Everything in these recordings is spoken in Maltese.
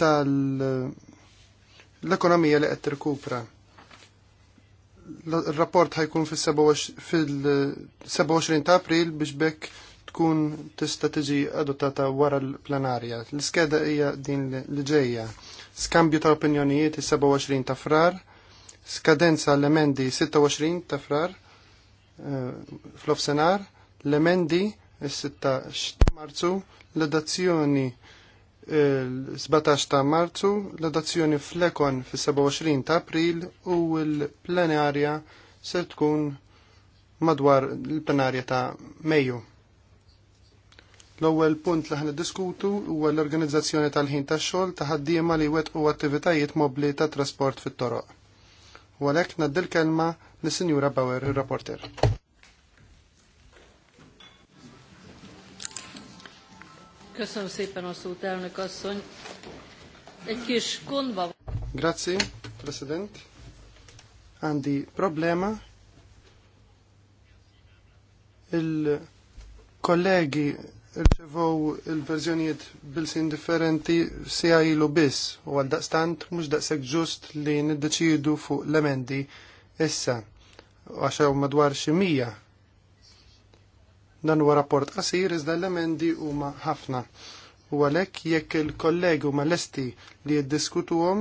tal-ekonomija li qed tirkupra. Il-rapport ħajkun fil-27 ta' April biex bekk tkun tista' tiġi adottata wara l-plenarja. L-iskeda hija din li ġejja. Skambju ta' opinjonijiet is-27 ta' frar, skadenza l-emendi 26 ta' frar eh, fl-ofsenar, l-emendi is-6 marzu, l-edazzjoni il-17 ta' marzu, l adazzjoni fl-ekon fil-27 ta' april u l-plenarja se tkun madwar l-plenarja ta' Mejju. L-ewwel punt li ħna diskutu huwa l-organizzazzjoni tal-ħin tax-xogħol ta' ħaddiema li wettqu attivitajiet mobbli ta' trasport fit-toroq. U għalhekk ngħaddi kelma lis-Sinjura Bauer, ir-rapporter. Köszönöm szépen a szót, elnök asszony. Egy kis gondba. Grazie, President. Għandi problema. Il-kollegi rċevow il-verżjonijiet bil-sin differenti sija ilu biss u għal-daqstant mux daqseg ġust li niddeċidu fuq l-emendi issa għaxaw madwar ximija Dan huwa rapport qasir iżda l-emendi huma ħafna. U għalhekk jekk il-kollegi huma lesti li jiddiskutuhom,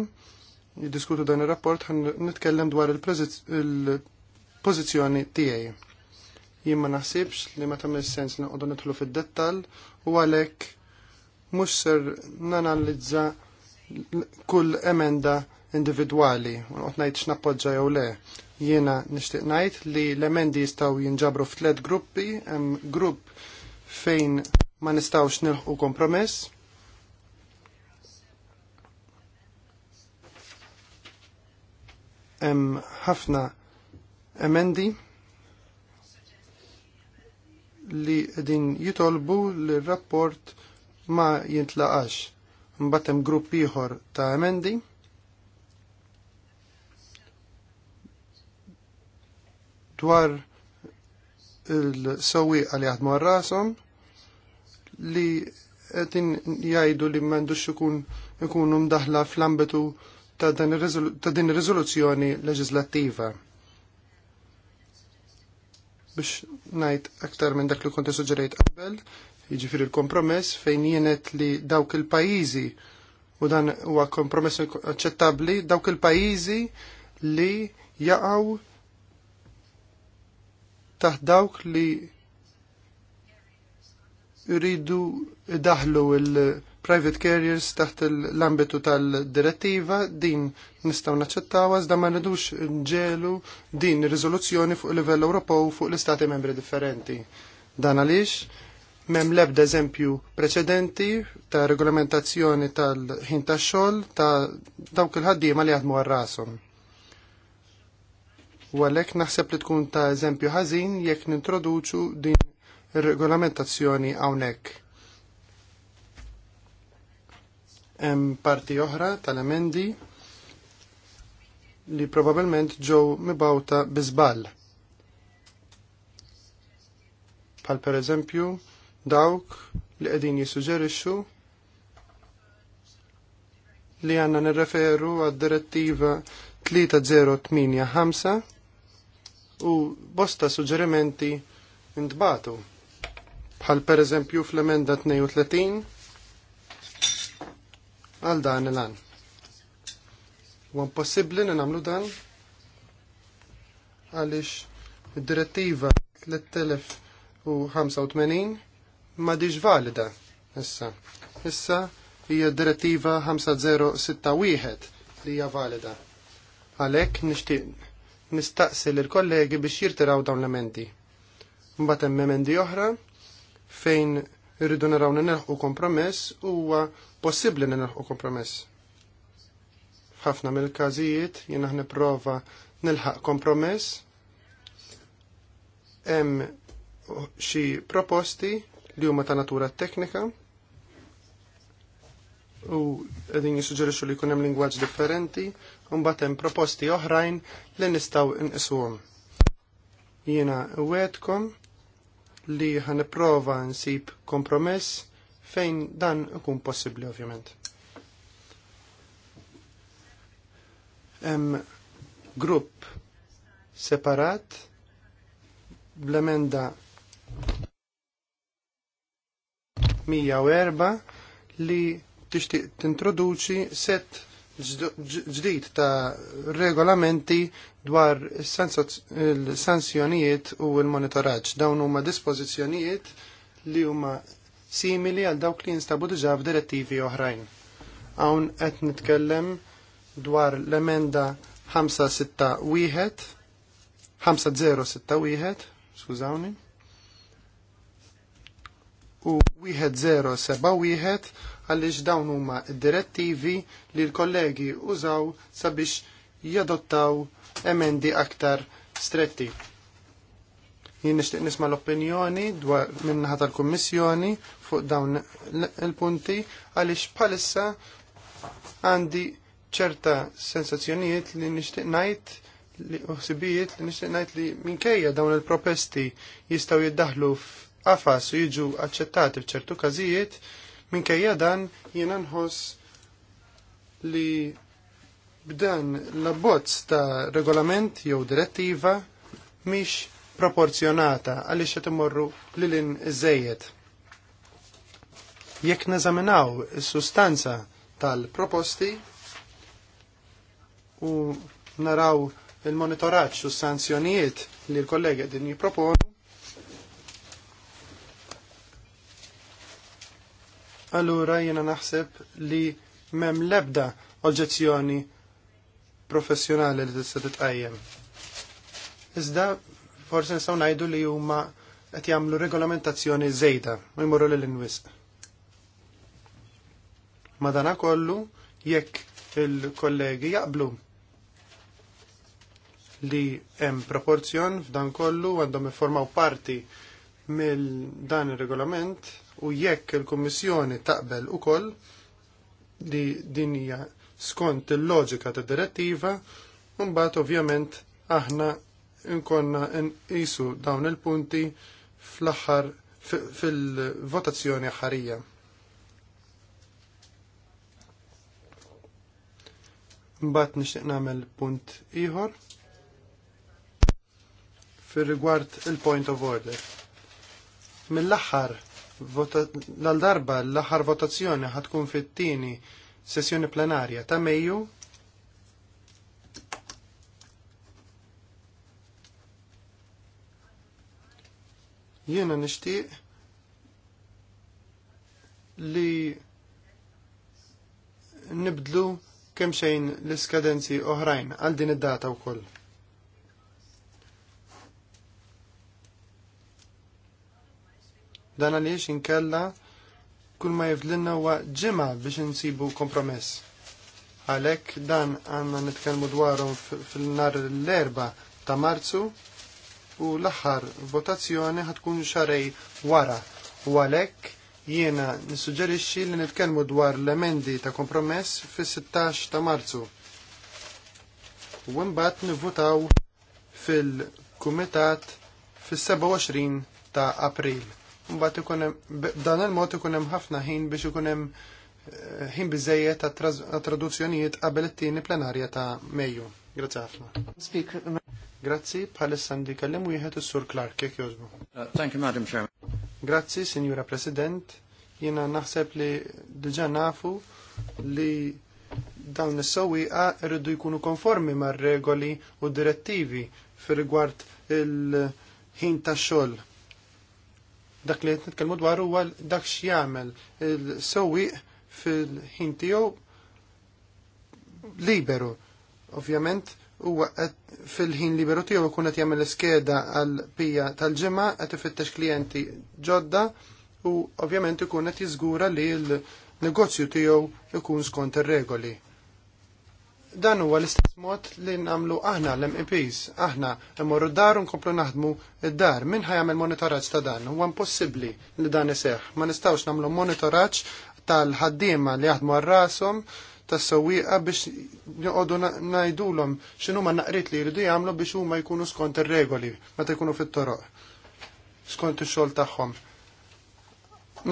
jiddiskutu dan ir-rapport ħan nitkellem dwar il-pożizzjoni tiegħi. Jien ma naħsibx li ma tagħmel sens noqogħdu nidħlu fid-dettall u għalhekk mhux ser nanalizza kull emenda individwali u qed ngħid x'nappoġġa jew le. Jiena nixtieq ngħid li l-emendi jistgħu jinġabru f'tlet gruppi, hemm grupp fejn ma nistgħux nilħu kompromess. Hemm ħafna emendi li din jitolbu li rapport ma jintlaqax. Mbagħad hemm grupp ieħor ta' emendi dwar il sawi li jaħdmu rasom li qegħdin jgħidu li m'għandux ikun ikunu mdaħla fl-ambitu ta' din ir leġislattiva. Biex ngħid aktar minn dak li kont suġġerejt qabel, jiġifieri il kompromess fejn jienet li dawk il-pajjiżi u dan huwa kompromess aċċettabbli dawk il-pajjiżi li jaqgħu taħt dawk li jridu daħlu il-private carriers taħt l-ambitu tal-direttiva, din nistaw naċċettaw iżda ma nridux nġelu din riżoluzzjoni fuq livell Ewropew fuq l-istati membri differenti. Dan għaliex, mem lebda eżempju preċedenti ta' regolamentazzjoni tal-ħin tax-xogħol ta' dawk il-ħaddiema li jaħdmu għarrasom. rashom U għalhekk naħseb li tkun ta' eżempju ħażin jekk nintroduċu din ir-regolamentazzjoni hawnhekk. Hemm parti oħra tal-emendi li probabbilment ġew mibawta biżball. Bħal pereżempju dawk li qegħdin jissuġġerixxu li għanna nirreferu għad direttiva 3085 u bosta suġġerimenti intbatu. Bħal per eżempju fl-emenda 32 għal dan il għan U impossibbli li nagħmlu dan għaliex id-direttiva 3085 ma diġ valida issa. Issa hija direttiva 5061 li hija valida. Għalhekk nixtieq nistaqsi l kollegi biex jirtiraw dawn l-emendi. Mbagħad hemm emendi oħra fejn irridu naraw nilħu kompromess huwa possibbli nilħu kompromess. F'ħafna mill-każijiet jien aħna prova nilħaq kompromess hemm xi proposti li huma ta' natura teknika u qegħdin jissuġġerixxu li jkun hemm lingwaġġ differenti u hemm proposti oħrajn li nistgħu nqisuhom. Jiena wetkom li ħaniprova nsib kompromess fejn dan ikun possibbli ovvjament. Hemm grupp separat bl-emenda 104 li tixtieq tintroduċi set ġdid ta' regolamenti dwar il-sanzjonijiet u il-monitoraġġ. Dawn huma dispożizzjonijiet li huma simili għal dawk li jinstabu diġà f'direttivi oħrajn. Hawn qed nitkellem dwar l-emenda 561 5061, skużawni, u 1071 għaliex dawn huma direttivi li l-kollegi użaw sabiex jadottaw emendi aktar stretti. Jien nixtieq nisma' l-opinjoni dwar min-naħa tal-Kummissjoni fuq dawn il-punti għaliex bħalissa għandi ċerta sensazzjonijiet li nixtieq ngħid li uħsibijiet li nixtieq ngħid li minkejja dawn il-propesti jistgħu jiddaħlu f'qafas u jiġu aċċettati f'ċertu każijiet, Minkejja dan jiena nħoss li b'dan l-abbozz ta' regolament jew direttiva mhix proporzjonata għaliex qed imorru lilin iżejjed. Jekk neżaminaw is-sustanza tal-proposti u naraw il-monitoraġġ u s sanzjonijiet li l-kollega din jipropon, allura jiena naħseb li m'hemm l-ebda oġġezzjoni professjonali li tista' titqajjem. Iżda forsi nistgħu ngħidu li huma qed jagħmlu regolamentazzjoni żejda u jmorru lil inwisq. Madana kollu jekk il-kollegi jaqblu li hemm proporzjon f'dan kollu għandhom iffurmaw parti mill dan ir-regolament u jekk il-Kummissjoni taqbel ukoll li din hija skont il-loġika ta' direttiva, mbagħad ovvjament aħna nkonna nqisu dawn il-punti fl-aħħar fil-votazzjoni ħarija. Mbagħad nixtieq nagħmel punt ieħor fir rigward il-point of order. Mill-aħħar l-darba l-aħħar votazzjoni ħatkun fit-tieni sessjoni plenarja ta' Mejju. Jiena nixtieq li nibdlu kemm xejn l-iskadenzi oħrajn għal din id-data wkoll. Dan għaliex inkella kull ma jifdlinna huwa ġimgħa biex insibu kompromess. Għalhekk dan għandna nitkellmu dwarhom fil nar l-erba ta' Marzu u l-aħħar votazzjoni ħatkun xarej wara u għalhekk jiena nissuġġerixxi li nitkellmu dwar l-emendi ta' kompromess fis-16 ta' Marzu. U mbagħad nivvutaw fil-Kumitat fis-27 ta' April mbagħad ikun dan il-mod ikun hemm ħafna ħin biex ikun hemm eh, ħin biżejjed ta' traduzzjonijiet qabel it-tieni plenarja ta' Mejju. Grazzi ħafna. Uh, Grazzi, bħalissa għandi kellem wieħed is-Sur Clark jekk jogħġbu. Uh, thank you, Madam Chairman. Grazzi, Sinjura President. Jiena naħseb li diġà nafu li dawn is-sewwieqa rridu jkunu konformi mar-regoli u direttivi fir rigward il-ħin tax-xogħol Dak li qed nitkellmu dwar huwa dak x'jagħmel il-sewwieq fil-ħin tiegħu liberu. Ovvjament huwa fil-ħin liberu tiegħu jkun qed jagħmel skeda għal pija tal-ġimgħa qed ifittex klijenti ġodda u ovvjament ikun qed jiżgura li l-negozju tiegħu ikun skont ir-regoli dan huwa l-istess mod li nagħmlu aħna l-MEPs. Aħna immorru d-dar nkomplu naħdmu d-dar. Min ħajamel monitoraġġ ta' dan? Huwa impossibbli li dan iseħħ. Ma nistgħux nagħmlu monitoraġġ tal-ħaddiema li jaħdmu għarrasom rashom tas-sewwieqa biex joqogħdu ngħidulhom x'inhuma ma naqrit li jridu jagħmlu biex huma jkunu skont ir-regoli meta jkunu fit-toroq. Skont ix-xogħol tagħhom.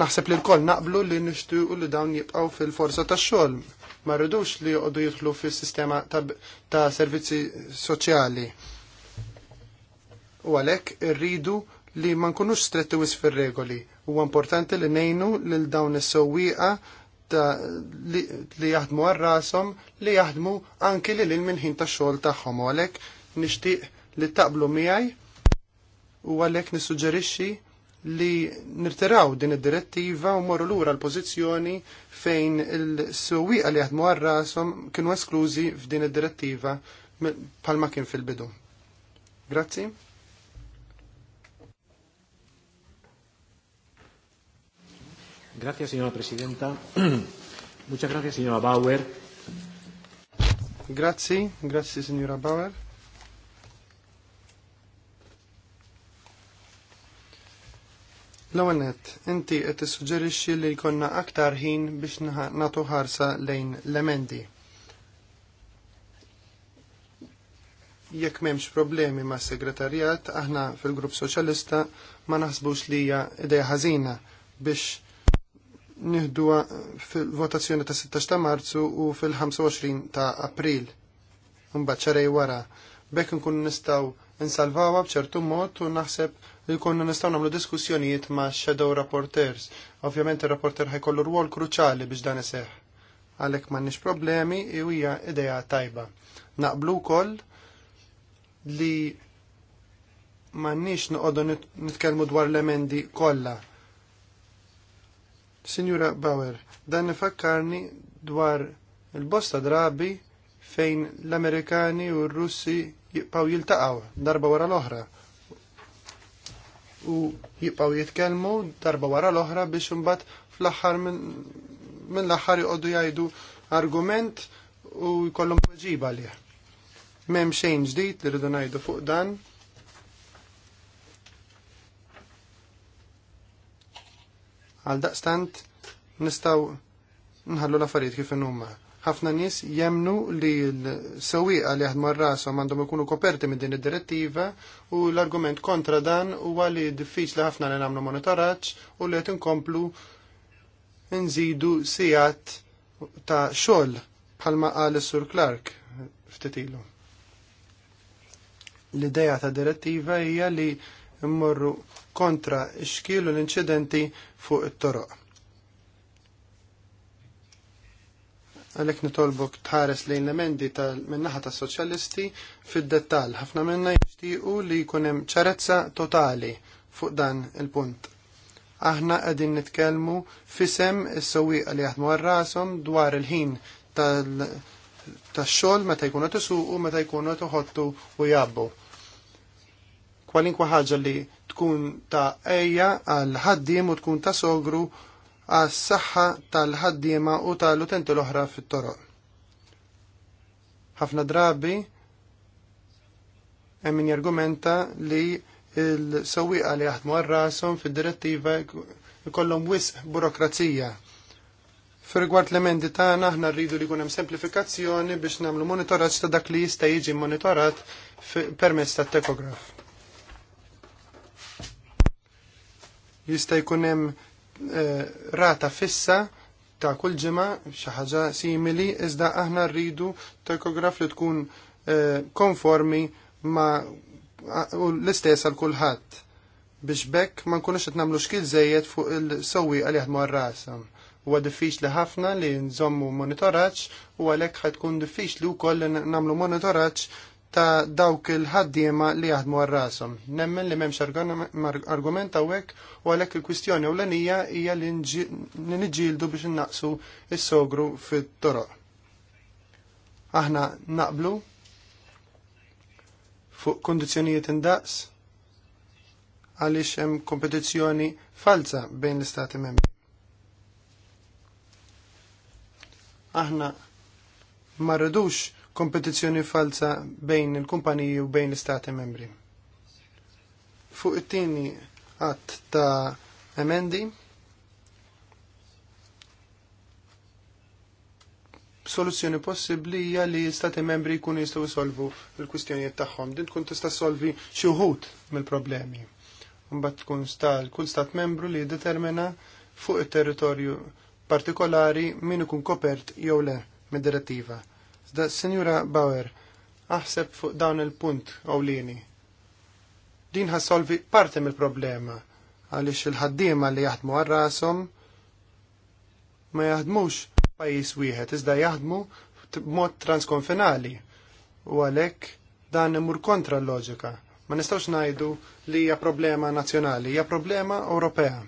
Naħseb li l-koll naqblu li nixtiequ li dawn jibqgħu fil-forza tax-xogħol ma rridux li joqogħdu jidħlu fis-sistema ta' servizzi soċjali. U għalhekk irridu li ma nkunux stretti wis fir-regoli. Huwa importanti li ngħinu lil dawn is-sewwieqa li jaħdmu għal rashom li jaħdmu anki li lil minħin tax-xogħol tagħhom u għalhekk nixtieq li taqblu miegħi u għalhekk nissuġġerixxi li nirteraw din id-direttiva u morru lura l-pożizzjoni fejn il sewiqa li għadmu għarrasom kienu esklużi f'din id-direttiva palma kien fil-bidu. Grazzi. Grazie signora Presidenta. Muchas gracias signora Bauer. Grazie, grazie signora Bauer. L-ewwel inti qed tissuġġerixxi li jkollna aktar ħin biex nagħtu ħarsa lejn l-emendi. Jekk m'hemmx problemi mas segretarjat, aħna fil-Grupp Soċjalista ma naħsbux li hija idea ħażina biex nieħduha fil-votazzjoni ta' 16 ta' Marzu u fil-25 ta' April. Mbagħad wara. Bekk nkun nistgħu insalvawa b'ċertu mod u naħseb li konna nistgħu nagħmlu diskussjonijiet ma' shadow rapporters. Ovvjament ir-rapporter ħajkollu rwol kruċali biex dan iseħħ. Għalhekk m'għandniex problemi u hija idea tajba. Naqblu wkoll li m'għandniex noqogħdu nitkellmu dwar l-emendi kollha. Sinjura Bauer, dan nifakkarni dwar il-bosta drabi fejn l-Amerikani u r-Russi jibqaw jiltaqaw darba wara l-oħra u jibqgħu jitkellmu darba wara l-oħra biex imbagħad fl-aħħar minn l-aħħar joqogħdu jgħidu argument u jkollhom tweġiba għalih. M'hemm xejn ġdid li rridu ngħidu fuq dan. Għal daqstant nistgħu nħallu l-affarijiet kif inhuma ħafna nies jemnu li l-sewwieqa li jaħdmu rashom għandhom ikunu koperti minn din id-direttiva u l-argument kontra dan huwa li diffiċli ħafna li nagħmlu monitoraġġ u li qed inkomplu nżidu sigħat ta' xogħol bħalma qal is-Sur Clark ftit ilu. L-idea ta' direttiva hija li mmorru kontra x l-inċidenti fuq it-toroq għalhekk nitolbok tħares lejn l-emendi min-naħa tas-soċjalisti fid-dettall. Ħafna minna jixtiequ li jkun hemm ċarezza totali fuq dan il-punt. Aħna qegħdin nitkellmu fisem is-sewwieqa li jaħdmu għarrasom rashom dwar il-ħin tal tax-xogħol meta jkunu tisuqu meta jkunu toħottu u jabbu. Kwalinkwa ħaġa li tkun ta' eja għal ħaddiem u tkun ta' sogru għas saħħa tal-ħaddiema u tal-utenti l-oħra fit-toroq. Ħafna drabi hemm min jargumenta li l-sewwieqa li jaħdmu għal rashom fid-direttiva jkollhom wisq burokrazija Fir-rigward l-emendi tagħna aħna rridu li jkun hemm semplifikazzjoni biex nagħmlu monitoraġġ ta' dak li jista' jiġi monitorat permezz tat tekograf. Jista' jkun hemm Eh, rata fissa ta' kull ġimgħa xi ħaġa simili iżda aħna rridu tekograf li tkun eh, konformi ma' l-istess għal kulħadd biex bekk ma nkunux qed nagħmlu xkil żejjed fuq il-sewwi għal jaħdmu għar-rasam. Huwa diffiċli ħafna li nżommu monitoraġġ u għalhekk ħad tkun diffiċli wkoll li nagħmlu monitoraġġ ta' dawk il-ħaddiema li jaħdmu għarrasom. Nemmen li memx argument għawek u għalek il-kwistjoni u l-anija hija li nġildu biex naqsu il-sogru fit-toroq. Aħna naqblu fuq kondizjonijiet indaqs għaliex hemm kompetizzjoni falza bejn l-istati membri. Aħna ma rridux kompetizzjoni falsa bejn il-kumpaniji u bejn l-istati membri. Fuq it-tieni għatt ta' emendi, soluzzjoni possibbli hija li stati membri jkunu jistgħu jsolvu l-kwistjonijiet tagħhom. Din tkun tista' solvi xi wħud mill-problemi. Mbagħad tkun stal kull stat membru li jiddetermina fuq it-territorju partikolari min ikun kopert jew le mid-direttiva. Zda, Senjura Bauer, aħseb fuq dawn il-punt għawlini. Din ħassolvi parte mill-problema għaliex il-ħaddiema li jaħdmu għarrasom ma jaħdmux pajis wieħed, iżda jaħdmu b'mod transkonfinali u għalhekk dan imur kontra l-loġika. Ma nistgħux ngħidu li hija problema nazzjonali, hija problema Ewropea.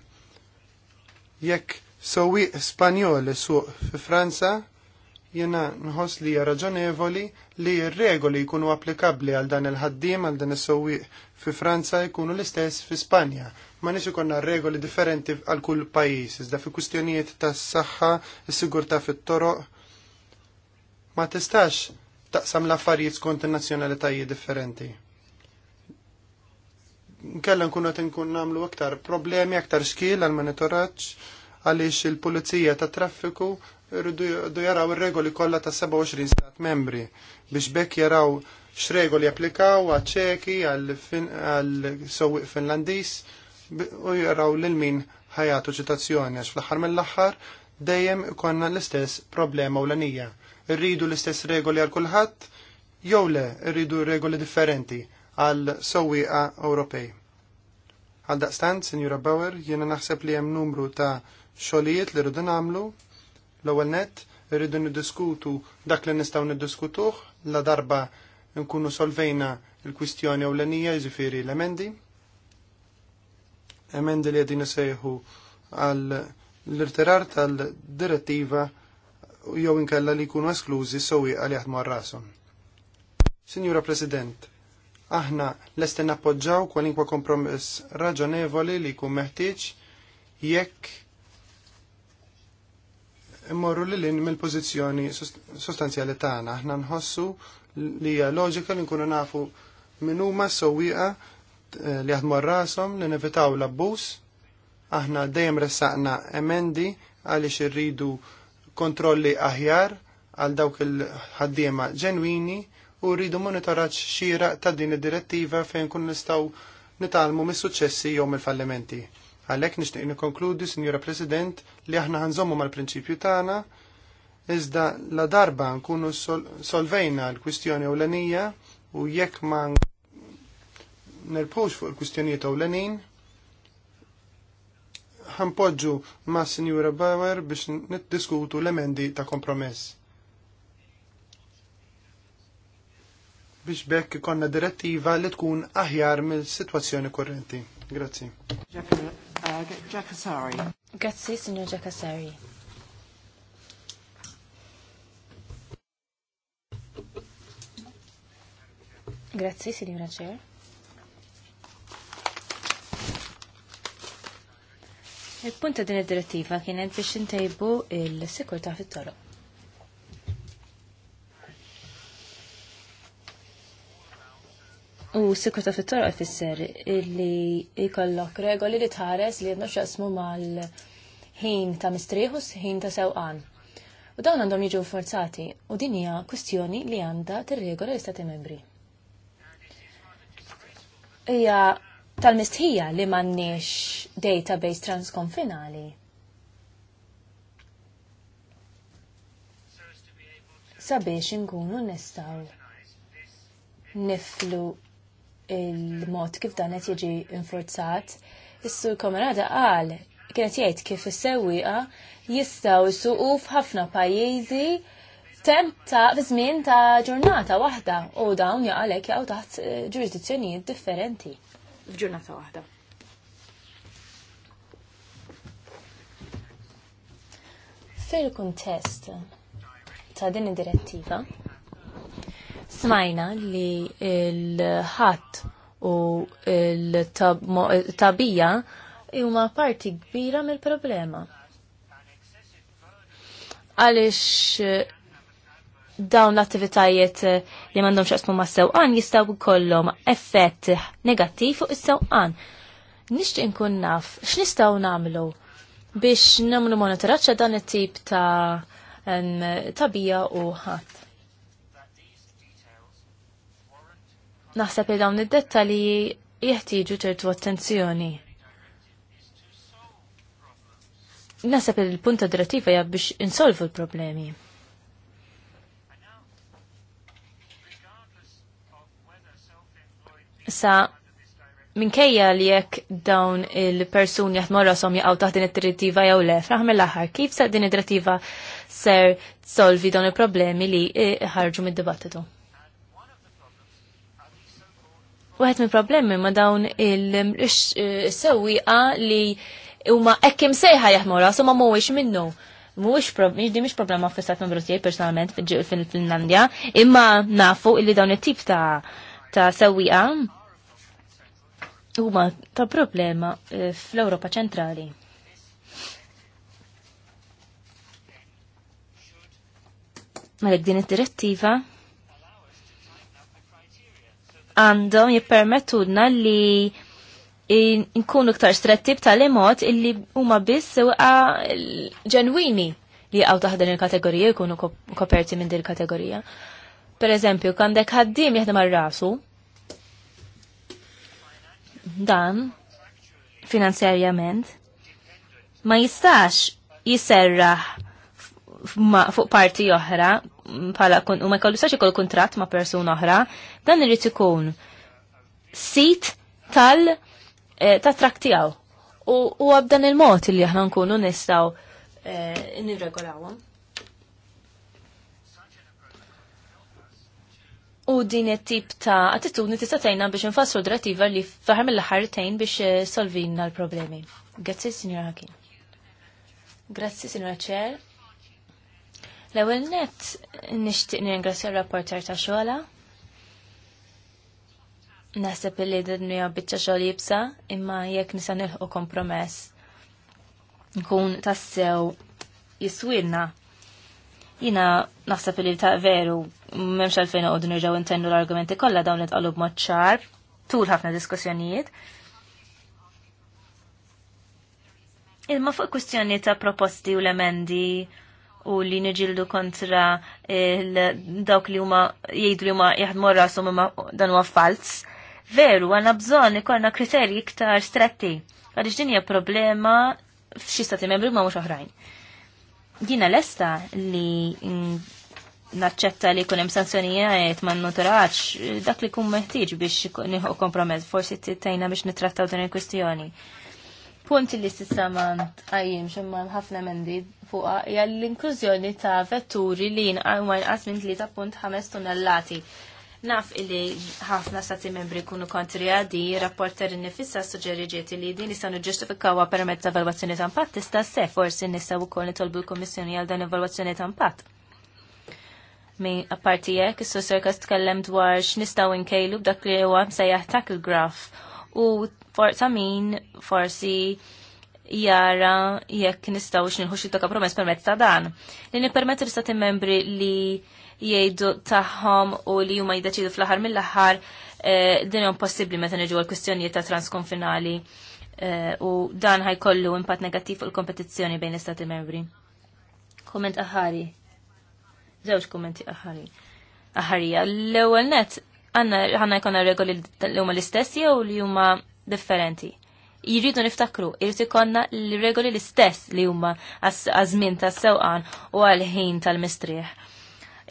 Jekk sowi Spanjol suq fi Franza jena nħoss li raġonevoli li regoli jkunu applikabli għal dan il-ħaddim, għal dan is-sewwieq fi Franza jkunu l-istess fi Spanja. Ma nix ikonna regoli differenti għal kull pajjiż, iżda fi kwistjonijiet tas-saħħa, is-sigurtà fit-toroq. Ma tistax taqsam l-affarijiet skont in differenti. Nkella nkunu qed nkun nagħmlu aktar problemi, aktar xkiel għal monitoraġġ għaliex il-pulizija ta' traffiku irridu jaraw ir-regoli kollha ta' 27 stat membri biex bekk jaraw x'regoli applikaw għal ċeki għal-sewwieq Finlandiż u jaraw lil min ħajatu ċitazzjoni għax fl-aħħar mill-aħħar dejjem ikonna l-istess problema u l-anija. Irridu l-istess regoli għal kulħadd jew le irridu regoli differenti għal sewwieqa Ewropej. Għal daqstant, Sinjura Bauer, jiena naħseb li hemm numru ta' xogħlijiet li rridu nagħmlu L-ewwel nett irridu niddiskutu dak li nistgħu niddiskutuh la darba nkunu solvejna l-kwistjoni ewlenija jiġifieri l-emendi. Emendi li qegħdin isejħu għal l-irtirar tal-direttiva jew inkella li jkunu esklużi sowi għal jaħdmu għal-rasom. Signora President, aħna lesti nappoġġaw kwalinkwa kompromess raġonevoli li jkun meħtieġ jekk immorru li l-in mill-pozizjoni sostanzjali tagħna. Aħna nħossu li hija loġika li nkunu nafu minn huma sewwieqa li jaħdmu rasom li nevitaw l-abbuż. Aħna dejjem ressaqna emendi għaliex irridu kontrolli aħjar għal dawk il-ħaddiema ġenwini u rridu monitoraġġ xira ta' din id-direttiva fejn kun nistgħu nitalmu mis-suċċessi jew mill-fallimenti. Għalhekk nixtieq nikkonkludi, Sinjura President, li aħna ħanżommu mal-prinċipju tagħna iżda la darba nkunu solvejna l-kwistjoni ewlenija u jekk ma nerpowx fuq il-kwistjonijiet ewlenin ħanpoġġu ma' Sinjura Bauer biex niddiskutu l-emendi ta' kompromess. biex bekk konna direttiva li tkun aħjar mill-situazzjoni korrenti. Grazzi. Jack, uh, Jack, sorry. Grazie, signor Giacassari. Grazie, signora Cher. il punto din id-direttiva kienet biex intejbu il-sikurta fit-toroq. U sikurta fit-toroq officer illi jkollok regoli li tħares li jibnox jasmu mal-ħin ta' mistriħus, ħin ta' sewqan. U dawn għandhom jiġu forzati u din hija kwistjoni li għandha tirregola l-Istati Membri. Ija tal-mistħija li m'għandniex database transkonfinali. Sabiex nkunu nistaw niflu il-mod kif dan qed jiġi infurzat, is-sur Komerada qal kienet jgħid kif is-sewwieqa jistgħu jsuqu f'ħafna pajjiżi temp ta' żmien ta' ġurnata waħda u dawn jaqalek jaqgħu taħt eh, ġurisdizzjonijiet differenti f'ġurnata waħda. Fil-kuntest ta' din id-direttiva, Smajna li il-ħadd u il-tabija huma parti kbira mill-problema. Għaliex eh, dawn l-attivitajiet li m'għandhomx jaqsmu ma' sewqan jistgħu jkollhom effett negattiv fuq is-sewqan. Nixtieq inkun naf x'nistgħu nagħmlu biex nagħmlu monitoraġġ dan it-tip ta' tabija u ħadd. Naħseb li dawn id-dettalji jeħtieġu ċertu attenzjoni. Naħseb li l-punta direttiva hija biex insolvu l-problemi. Sa minkejja li jekk dawn il-persuni jaħt morrasom jaqaw taħt din id-direttiva jew le, fraħmi l-aħħar, kif sa din id-direttiva ser solvi dawn il-problemi li ħarġu mid-dibattitu? Waħed minn problemi ma dawn il-sewwieqa li huma hekk sejħa jahmu rasu ma mhuwiex minnu. Mhuwiex di mhix problema fis-sat membru personalment fil-Finlandja, imma nafu illi dawn it-tip ta' ta' sewwieqa huma ta' problema fl-Ewropa ċentrali. Malek din id-direttiva għandhom jippermettudna li nkunu ktar stretti tal imot illi huma biss ġenwini li għaw taħdin il-kategorija jkunu koperti minn din il-kategorija. Per eżempju, kandek ħaddim jaħdem għal rasu. Dan, finanzjarjament, ma jistax jiserraħ fuq parti oħra, pala kun, u ma jkollu saċi kol kontrat ma persuna oħra, dan irrit ikun sit tal eh, ta' traktijaw. U, u għabdan il-mot li aħna nkunu nistaw e, nirregolawhom. U din it-tip ta' attitudni tista' tajna biex nfassru drattiva li faħar mill-aħħar tajn biex eh, solvinna l-problemi. Grazzi, Signor Hakim. Grazzi, Signora Chair. L-ewwel nett nixtieq nirringrazzja r-rapporter ta' xogħla. Naħseb li dinja bieċa xogħol jibsa imma jekk nisa nilħu kompromess nkun tassew jiswilna. Jina naħseb li ta' veru m'hemmx għalfejn noqogħdu nirġgħu intendu l-argumenti kollha dawn li tqalu b'mod ċar tul ħafna diskussjonijiet. Imma fuq kwistjoni ta' proposti u l-emendi u li niġildu kontra dawk li huma jgħidu li huma jaħdmu rashom imma dan huwa fals. Veru, għanna bżonn ikollna kriterji iktar stretti għaliex din hija problema f'xi stati membri ma mhux oħrajn. Dina lesta li naċċetta li hemm sanzjonijiet ma nnoturax dak li kun meħtieġ biex nieħu kompromess, forsi tittajna biex nittrattaw din il-kwistjoni. Punt li s-saman għajjim xemma ħafna mendi fuqa hija l-inklużjoni ta' vetturi li jinqajmu inqas minn 3.5 tonnellati. Naf illi ħafna stati membri kunu kontri għadi, rapporter nifissa suġġeriġieti li din nistgħu ġustifikawa per ta' valwazzjoni ta' impatt tista' se forsi nistgħu ukoll nitolbu l kommissjoni għal dan evalwazzjoni ta' impatt. Min apparti hekk, is-sur tkellem dwar x'nistgħu nkejlu b'dak li huwa msejjaħ il-graf u forza min forsi jara jekk nistgħux nilħu xi ta' promess permezz ta' dan. Li nippermett l-istati membri li jgħidu tagħhom u li huma jiddeċidu fl-aħħar mill-aħħar eh, din hemm possibbli meta niġu l-kwistjonijiet ta' transkonfinali eh, u dan ħajkollu impatt negattiv fuq il-kompetizzjoni bejn l-istati membri. Komment aħari. Żewġ kummenti aħari. Aħarija. L-ewwel net għanna jkollna regoli li huma l-istess jew li huma differenti. Jiridu niftakru, irrid ikonna l-regoli l-istess li huma għaż-żmien tas-sewqan u għal ħin tal-mistrieħ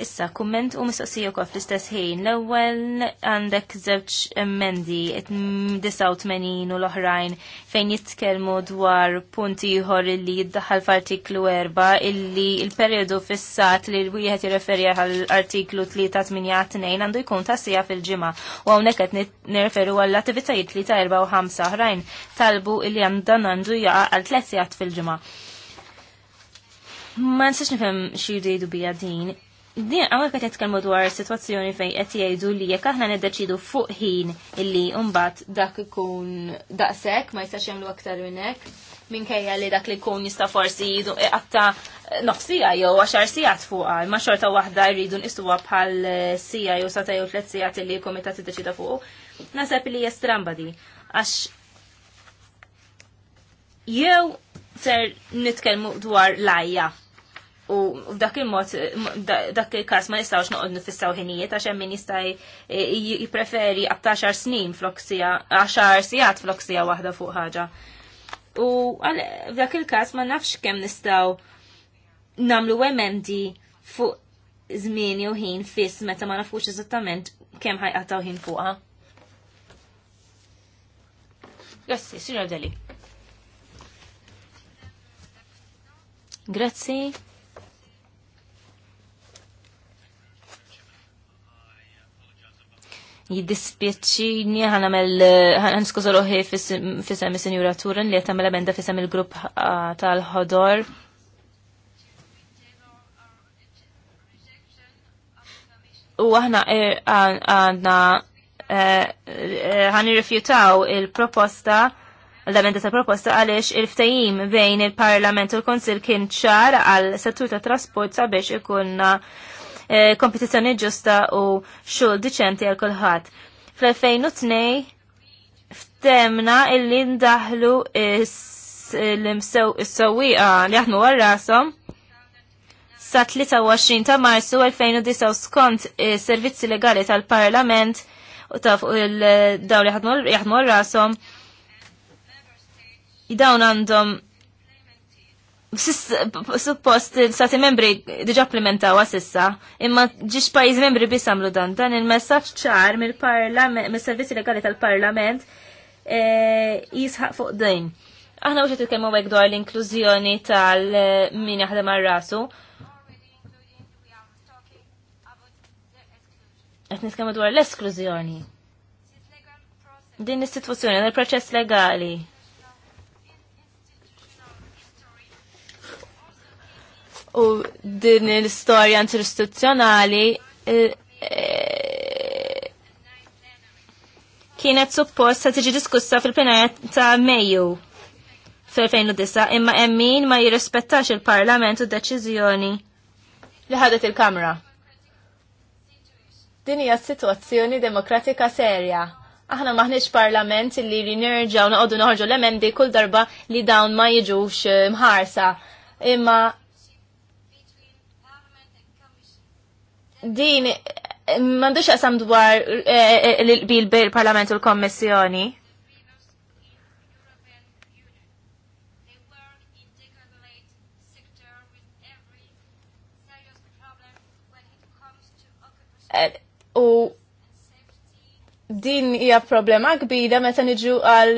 Issa, kumment u mistoqsija kol fl-istess ħin. L-ewwel għandek żewġ emendi 89 u l-oħrajn fejn jitkellmu dwar punti ieħor li jiddaħħal f'artiklu 4 illi il-perjodu fissat li l-wieħed jirreferi għall-artiklu 382 għandu jkun ta' sija fil-ġimgħa u hawnhekk qed nirreferu għall-attivitajiet 3 4 u 5 oħrajn talbu illi dan għandu jaqa' għal tliet fil-ġimgħa. Ma nistax nifhem xi jridu bija din. Din għawek qed jitkellmu dwar situazzjoni fejn qed jgħidu li jekk aħna niddeċidu fuq ħin illi mbagħad dak ikun daqshekk ma jistax jagħmlu aktar minn hekk minkejja li dak li kun jista' forsi jidu qatta nofsija jew għaxar sigħat għal ma xorta waħda jridu nqistuha bħal sija jew sata jew tliet sigħat illi l-kumitat iddeċida fuq. Naseb li jestramba di għax jew ser nitkellmu dwar lajja U f'dak il-mod, dak il-kas ma nistawx noqod nifissaw ħinijiet, għax min jista' jipreferi għab xar snin floksija, għaxar sijat floksija waħda fuq ħaġa. U f'dak il-kas ma nafx kemm nistaw namlu emendi fuq żmien u ħin fiss meta ma nafux eżattament kemm ħajqataw ħin fuqha. Grazie, signor Deli. Grazzi. jiddispjaċini ħanamel ħanskuża fis fisem is-Sinjura Turin li qed tagħmel emenda fisem il-grupp ah, tal-ħodor. U aħna eh, għandna eh, eh, ħan irrifjutaw il-proposta l-emenda ta' proposta għaliex il-ftajim bejn il-Parlament u l-Konsil kien ċar għal settur ta' trasport sabiex ikunna uh, Eh, kompetizzjoni ġusta u xogħol diċenti għal kulħadd. Fl-2002 ftemna illi ndaħlu is sewwieqa li aħna war rasom sa 23 ta' Marsu 2009 skont servizzi legali tal-Parlament u ta' fuq il-daw li jaħdmu rasom dawn għandhom suppost stati membri diġa implementawa sissa, imma ġiġ pajiz membri bisamlu dan, dan il messagġ ċar mill-parlament, mill-servizzi legali tal-parlament e, jisħaq fuq din. Aħna uġet il-kemmu għek dwar l-inklużjoni tal-min jaħdem marrasu. rasu Għet nitkemmu dwar l-esklużjoni. Din is istituzjoni l-proċess legali u din l-istorja interistituzzjonali eh, eh, kienet suppost se tiġi diskussa fil-plenarja ta' Mejju fil-2009 imma emmin ma jirrispettax il-Parlament u deċiżjoni li ħadet il-Kamra. Din hija situazzjoni demokratika serja. Aħna maħniex parlament li li nerġaw naqogħdu noħorġu l-emendi kull darba li dawn ma jiġux eh, mħarsa. Imma din mandux qasam dwar eh, eh, eh, bil parlament u l-kommissjoni. U din hija problema kbira meta niġu għal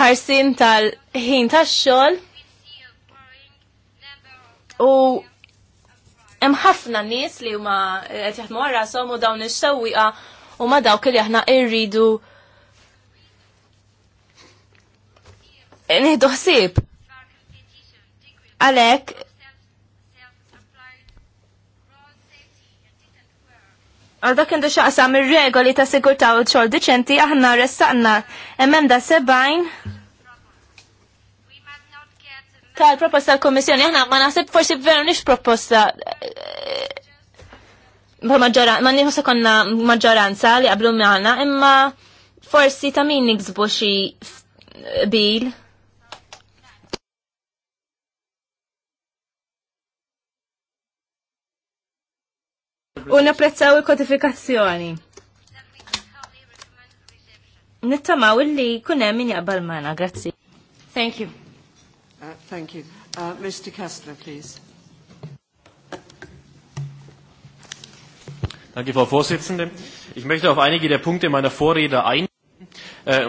ħarsin tal-ħin tax-xogħol u hemm ħafna nies li huma eh, qed jaħdmu wara rashom u dawn ix sewwieqa u ma dawk li aħna rridu nieħdu ħsieb. Għalhekk Għal dak indu xaqsam ir-regoli ta' sigurtà u ċol diċenti aħna ressaqna da' sebajn tal-proposta tal-Komissjoni, aħna ma naħseb forsi veru nix proposta eh, ma nieħu sekonna maġġoranza li qablu maħna, imma forsi ta' min nixbu xi bil. U napprezzaw il-kodifikazzjoni. Nittamaw illi kunem min jaqbal mana, grazzi. Thank you. Uh, thank you. Uh, Mr. Kessler, please. Danke, Frau Vorsitzende. Ich möchte auf einige der Punkte meiner Vorrede eingehen. Äh,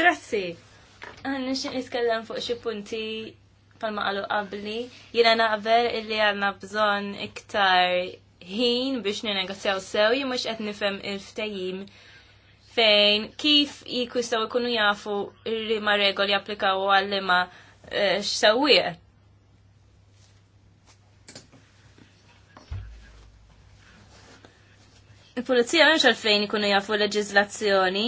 Grazie. Għanna ah, xin niskellem fuq xie punti palma għalu qabli. Jena naqbel illi għanna bżon iktar ħin biex ninegozjaw sew, jien mux nifem il-ftajim fejn kif jikustaw ikunu jafu il-rima regoli applikaw għal lima x'sawwieq. Il-pulizija mhemmx għalfejn ikunu jafu leġizlazzjoni.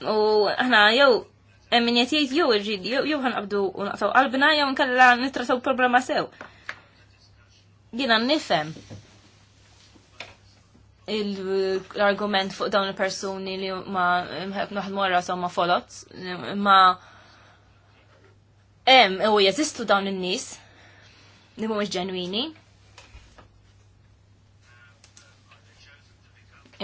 U aħna jew hemm min jgħid jew irrid jew ħanqabdu u naqtaw qalbna jew nkella nittrasaw problema sew. Jiena nifem l-argument fuq dawn il-persuni li ma naħdmu rasom ma folot, ma em u jeżistu dawn in-nies li mhumiex ġenwini.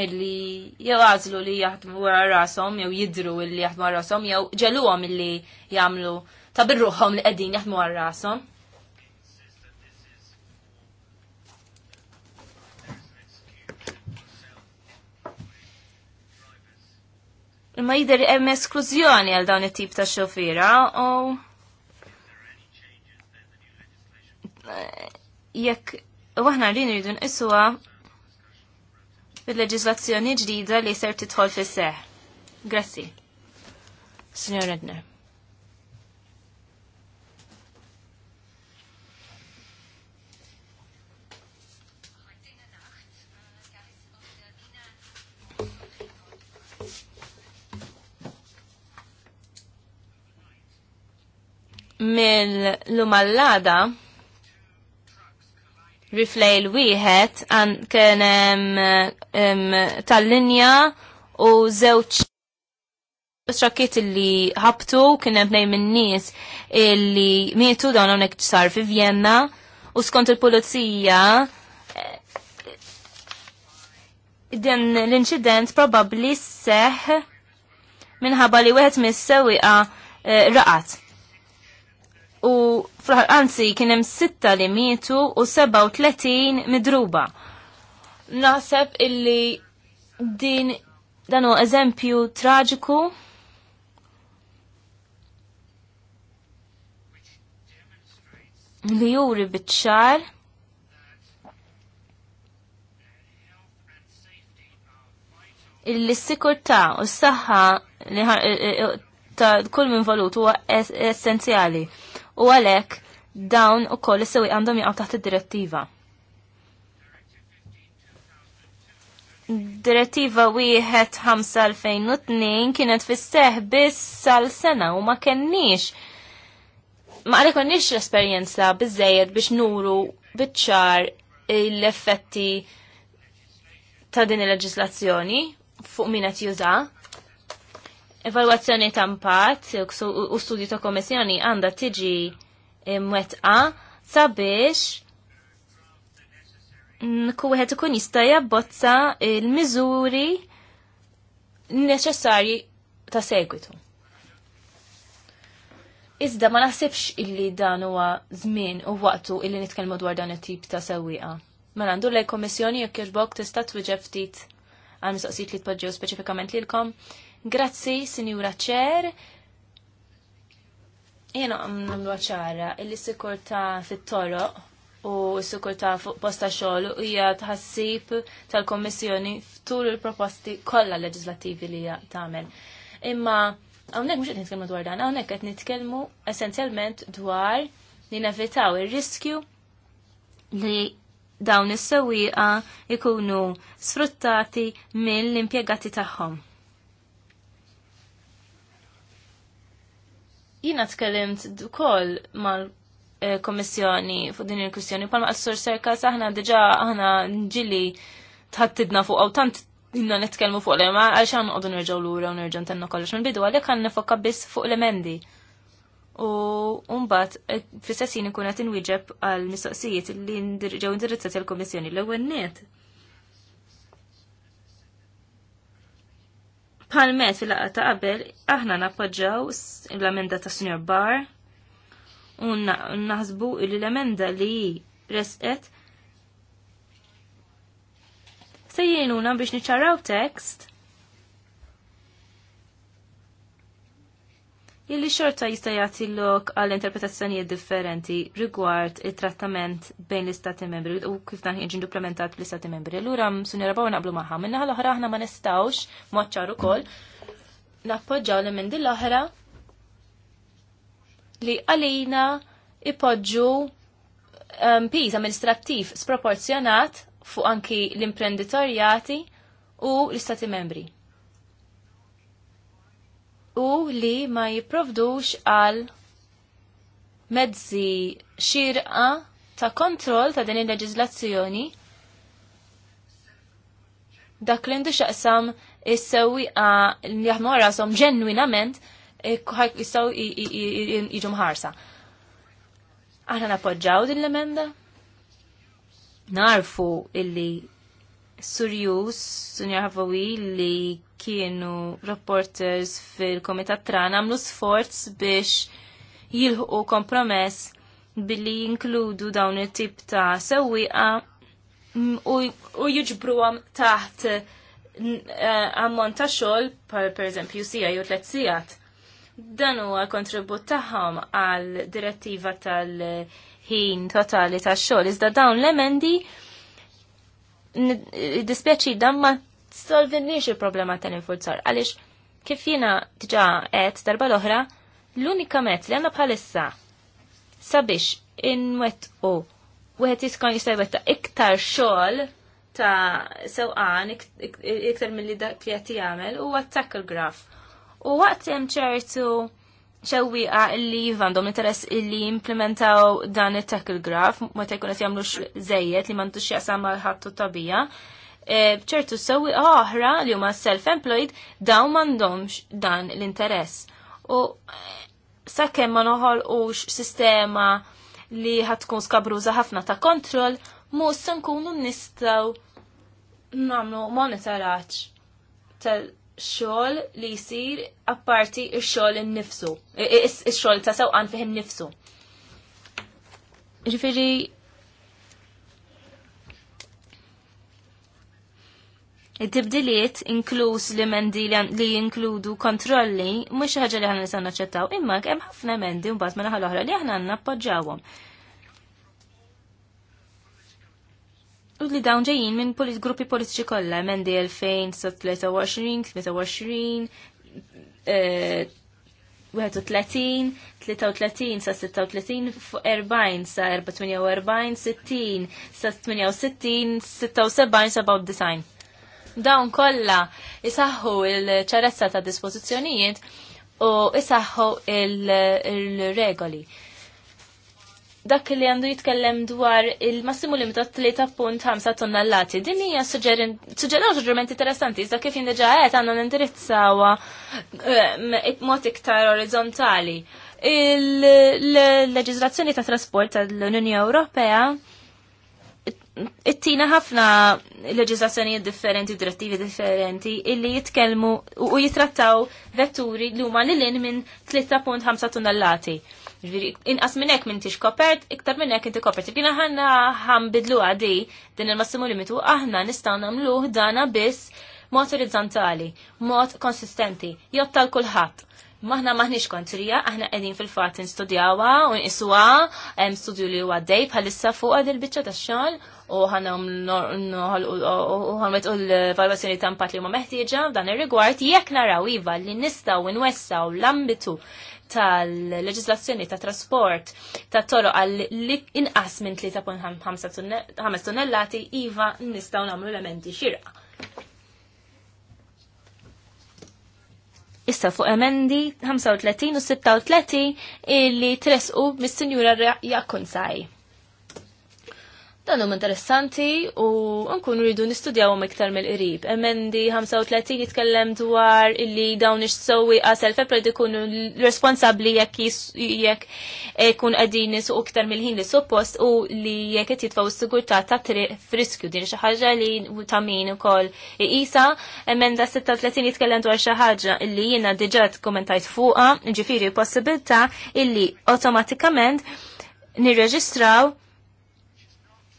Illi jew għażlu li jaħdmu wara rasom jew jidru illi jaħdmu wara rasom jew ġeluhom illi jagħmlu ta' birruħhom li qegħdin jaħdmu wara rasom. Ma jider hemm esklużjoni għal dawn it-tip ta' xofira u jekk waħna aħna rridu rridu nqisuha fil-leġiżlazzjoni ġdida li ser tidħol fis-seħ. Grazzi. Signor Edner. mill umallada riflej l-wieħed għan kien tal-linja u zewċ trakkiet li ħabtu kien hemm bnej min-nies illi mietu dawn hawnhekk sar fi Vienna u skont il-pulizija eh, din l-inċident probabbli seħ minħabba li wieħed mis-sewwieqa eh, raqat u anzi kien hemm sitta li mietu u 37 midruba. Naħseb illi din dan huwa eżempju traġiku li juri illi s sikurta u s-saħħa e- e- e- ta' kull minn valut huwa essenzjali. Es u għalhekk dawn ukoll is sewi għandhom jaqgħu taħt id-direttiva. Direttiva wieħed 5-2002 kienet fis bis biss sal-sena u ma kenniex ma għalek għannix l-esperienza bizzejed biex nuru bitċar l-effetti ta' din il-leġislazzjoni fuq min qed juża evalwazzjoni ta' mpat u studju ta' kommissjoni għandha tiġi mwetqa sabiex kuħet ikun jista' jabbozza il-miżuri neċessarji ta' segwitu. Iżda ma naħsibx illi dan huwa żmien u waqtu illi nitkellmu dwar dan it-tip ta' sewwieqa. Mela għandu lej kommissjoni jekk jogħġbok tista' tweġeb ftit għal mistoqsijiet li tpoġġew speċifikament lilkom Grazzi, Sinjura Ċer. Jena l-għacħara, ċara, s sikurta fit-toroq u s-sikurta fuq posta xogħol hija tħassib tal-Kommissjoni ftul il-proposti kollha leġislattivi li tagħmel. Imma hawnhekk mhux qed nitkellmu dwar dan, hawnhekk qed nitkellmu essenzjalment dwar li nevitaw ir-riskju li dawn is-sewwieqa ikunu sfruttati mill-impjegati tagħhom. Jina tkellimt ukoll mal-Komissjoni eh, fuq din il-kwistjoni, palma għal sur serkas aħna diġa aħna nġili tħattidna fuq għaw tant inna nitkellmu fuq l-ema għalx għan għodu nerġaw l-ura u nerġaw ntenna kollox minn bidu għalek għan nifokka biss fuq l-emendi. U mbagħad eh, fissessin sessin ikun qed inwieġeb għal mistoqsijiet li ġew indirizzati għal-komissjoni l-ewwel niet met fil-laqa ta' qabel, aħna nappoġġaw l-emenda ta' Sr. Bar u naħsbu l-emenda li resqet se biex niċċaraw tekst illi xorta jista' jagħti lok għal interpretazzjonijiet differenti rigward it-trattament bejn l-istati membri u kif dan jiġi duplementat bl-istati membri. Allura sunira baw naqblu magħha. minna l-oħra aħna ma nistgħux mod ċar ukoll nappoġġaw li minn din l-oħra li għalina ipoġġu um, piż amministrattiv sproporzjonat fuq anki l-imprenditorjati u l-istati membri u li ma jiprovdux għal mezzi xirqa ta' kontroll ta' din il-leġizlazzjoni dak li ndu xaqsam is għal li jaħmu ġenwinament eh, jistgħu jiġu mħarsa. Aħna napoġġaw din l-emenda? Narfu illi Surjus, Sunja Havawi, li kienu reporters fil-Komitat Tran għamlu sforz biex jilħu kompromess billi jinkludu dawn it-tip ta' sewwieqa u għam taħt eh, ammont ta' xogħol per pereżempju sija ju tliet sigħat. Dan huwa kontribut tagħhom għal direttiva tal-ħin totali tax xogħol iżda dawn l-emendi dispieċi dan ma solvinniex il-problema tal-infurzar għaliex kif jiena tġa għed darba l-oħra l-unika met li għandna bħalissa sabiex inwet u wieħed jiskon jista' iktar xogħol ta' sewqan iktar mill-li da' li għamel jagħmel huwa tackle graf U waqt hemm ċertu ċewwiqa illi għandhom interess illi implementaw dan it-tackle graph, ma ta' jkun qed jagħmlu żejjed li m'għandux jaqsam mal ħadd tabija. E, ċertu sewwiqa oħra li huma self-employed dawn m'għandhomx dan l-interess. U e, sakemm ma noħolqux sistema li ħatkun skabruża ħafna ta' kontroll, mhux se nkunu nistgħu nagħmlu monitoraġġ xogħol li jsir apparti x-xogħol innifsu, x-xogħol ta' sewqan fih innifsu. Ġifiri. Id-tibdiliet inkluż li mendi li jinkludu kontrolli mhux ħaġa li ħana nisa naċċettaw, imma hemm ħafna mendi mbagħad minn ħal oħra li aħna nappoġġawhom. U li dawn ġejjin minn gruppi politiċi kollha, mendi 2023, 23, 33 sa 36, 40 eh, sa 48, 60 sa 68, 76 sa 79. Dawn kollha isaħħu il-ċarezza ta' dispożizzjonijiet u isaħħu il-regoli. il regoli dak li għandu jitkellem dwar il-massimu ta' 3.5 tonnellati. Din hija suġġeraw suġġerimenti interessanti, iżda kif jindeġa qed għandna nindirizzawa eh, mod iktar orizzontali. il leġizrazzjoni ta' trasport tal-Unjoni Ewropea it-tina ħafna leġiżlazzjonijiet differenti, direttivi differenti, illi jitkellmu u jitrattaw vetturi li huma lil minn 3.5 tonnellati. Ġviri, inqas minn minn tix kopert, iktar minn hekk inti kopert. Għina ħanna ħambidlu għadi din il-massimu limitu, aħna nistgħu nagħmluh dana biss mod orizzontali, mod konsistenti, jotta tal kulħadd. Maħna maħniex kontrija, aħna qegħdin fil-fatt nistudjawa u nqiswa hemm studju li huwa dej bħalissa fuq il biċċa tax-xogħol u ħanhom u l-valwazzjoni ta' impatt li huma meħtieġa f'dan ir-rigward jekk naraw iva li nistgħu nwessaw l-ambitu tal-leġislazzjoni ta' trasport ta' toro għal inqas minn 3.5 tonnellati iva nistaw namlu elementi xirqa. Issa fuq emendi 35 u 36 illi tresqu mis-sinjura Jakonsaj. Dan huma interessanti u nkunu rridu nistudjawhom iktar mill-qrib. Emendi 35 jitkellem dwar illi dawn ix-sowi għasel fepred ikunu responsabbli jekk jekk ikun eh, qegħdin nisuq iktar mill-ħin li suppost u li jekk qed jitfgħu s-sigurtà ta' triq friskju din xi ħaġa li ta' min ukoll iqisa. Emenda 36 jitkellem dwar xi ħaġa illi jiena diġà kommentajt fuqha, ġifieri possibilità illi awtomatikament nirreġistraw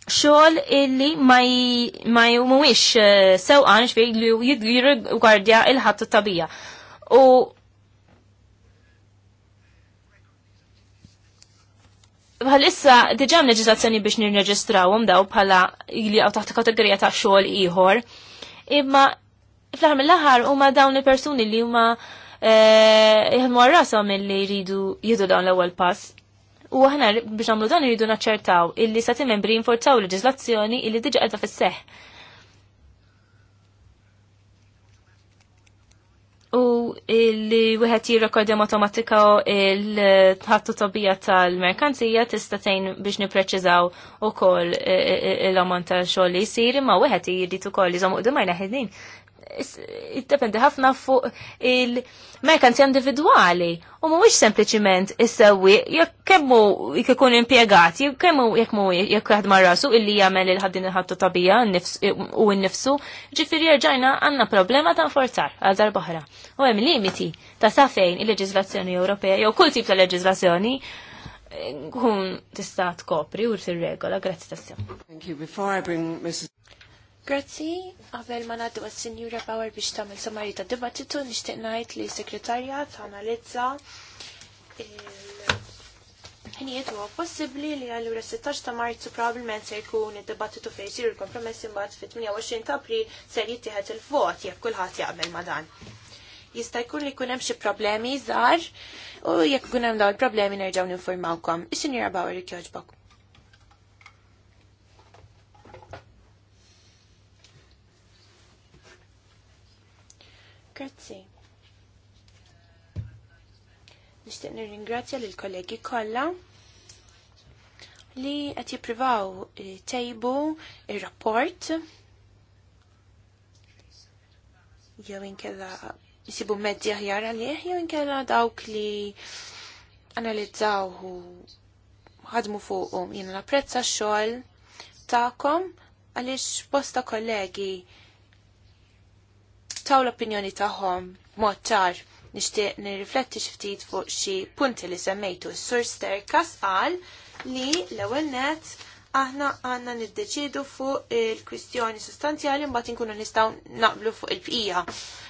xogħol illi ma jumwix eh, sewqan xfej li jirgwardja il-ħadd tabija. U Bħal-issa, diġam leġizazzjoni biex nirreġistrawhom daw bħala li għaw taħt kategorija ta' xogħol ieħor. Imma fl-aħħar mill-aħħar huma dawn il-persuni li huma eh, jħadmu għarrasom illi jridu jidu dawn l-ewwel pass. U aħna biex għamlu dan jridu naċċertaw illi stati membri jinforzaw leġislazzjoni illi diġa qiegħda fisseħ. U illi wieħed jirrekordjam automatika il-ħattu tobija tal-merkanzija tista' tgħin biex nippreċiżaw ukoll l-ammont ta' xogħol li jsir imma wieħed jrid ukoll jżomm qudu ma jneħħidin jiddependi ħafna fuq il-merkanti individwali u mhuwiex is issewwi jekk kemmu jekk ikun impjegat, jekk kemmu jekk mu jekk jaħdem rasu illi jagħmel il-ħaddin il-ħaddu tabija u nnifsu, ġifieri rġajna għandna problema ta' forzar għal darba oħra. U hemm limiti ta' sa fejn il leġislazzjoni Ewropea jew kull tip ta' leġislazzjoni eh, kun tista' tkopri u tirregola, grazzi tassja. Thank you. Before I bring Mrs. Grazzi, għabel ma naddu għas-Sinjura Power biex tamil samarita dibattitu nishtiq najt li ta analizza il-ħinijiet huwa possibbli li għallura 16 ta' Marzu probablement se jkun id debattitu fejn isiru l-kompromess imbagħad fit-28 ta' ser se jittieħed il-vot jekk kulħadd jaqbel ma' dan. Jista' jkun li jkun hemm xi problemi żgħar u jekk ikun hemm dawn il-problemi nerġgħu informawkom Is-Sinjura Bauer kjoġbok Grazzi. Nishtiq nirringrazzja lil kollegi kollha li qed jippruvaw eh, tejbu ir-rapport jew inkella jisibu mezzi aħjar għalih jew inkella dawk li analizzaw u ħadmu fuqu jien napprezza x-xogħol tagħkom għaliex bosta kollegi taw l-opinjoni tagħhom mottar nishtiq nixtieq nirrifletti xi ftit fuq xi punti li semmejtu. Sur Sterkas qal li l-ewwel net aħna għanna niddeċidu fuq il-kwistjoni sostanzjali mbagħad inkunu nistgħu naqblu fuq il-bqija.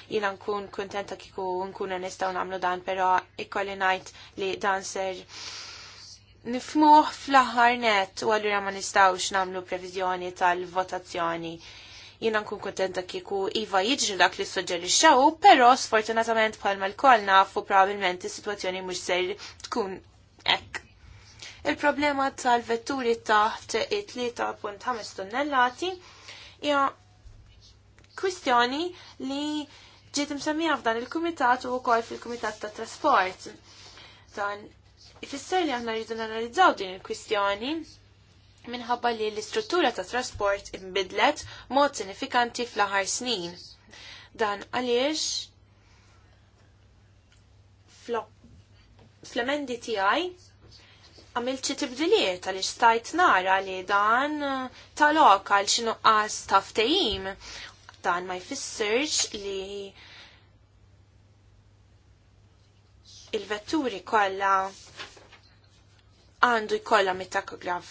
Jiena nkun kuntenta kieku nkunu nistgħu nagħmlu dan, però ikkolli ngħid li dan ser nifmuh fl-aħħar net u allura ma nistgħux nagħmlu previżjoni tal-votazzjoni Jina nkun kontenta kieku Iva jiġri dak li suġġerixxaw, però sfortunatament palma l-koll nafu probabbilment is-sitwazzjoni mhux ser tkun hekk. Il-problema tal-vetturi taħt ħames tonnellati hija kwistjoni li ġiet msemmija f'dan il-kumitat u wkoll fil-kumitat ta' trasport. Dan ifisser li aħna rridu nanalizzaw din il-kwistjoni minħabba li l-istruttura ta' trasport imbidlet mod sinifikanti fl-aħar snin. Dan għaliex fl-emendi tiegħi għamilt xi tibdiliet għaliex stajt nara li dan ta' għal xi nuqqas ta' ftehim. Dan ma jfissirx li il-vetturi kollha għandu jkollha mit-takograf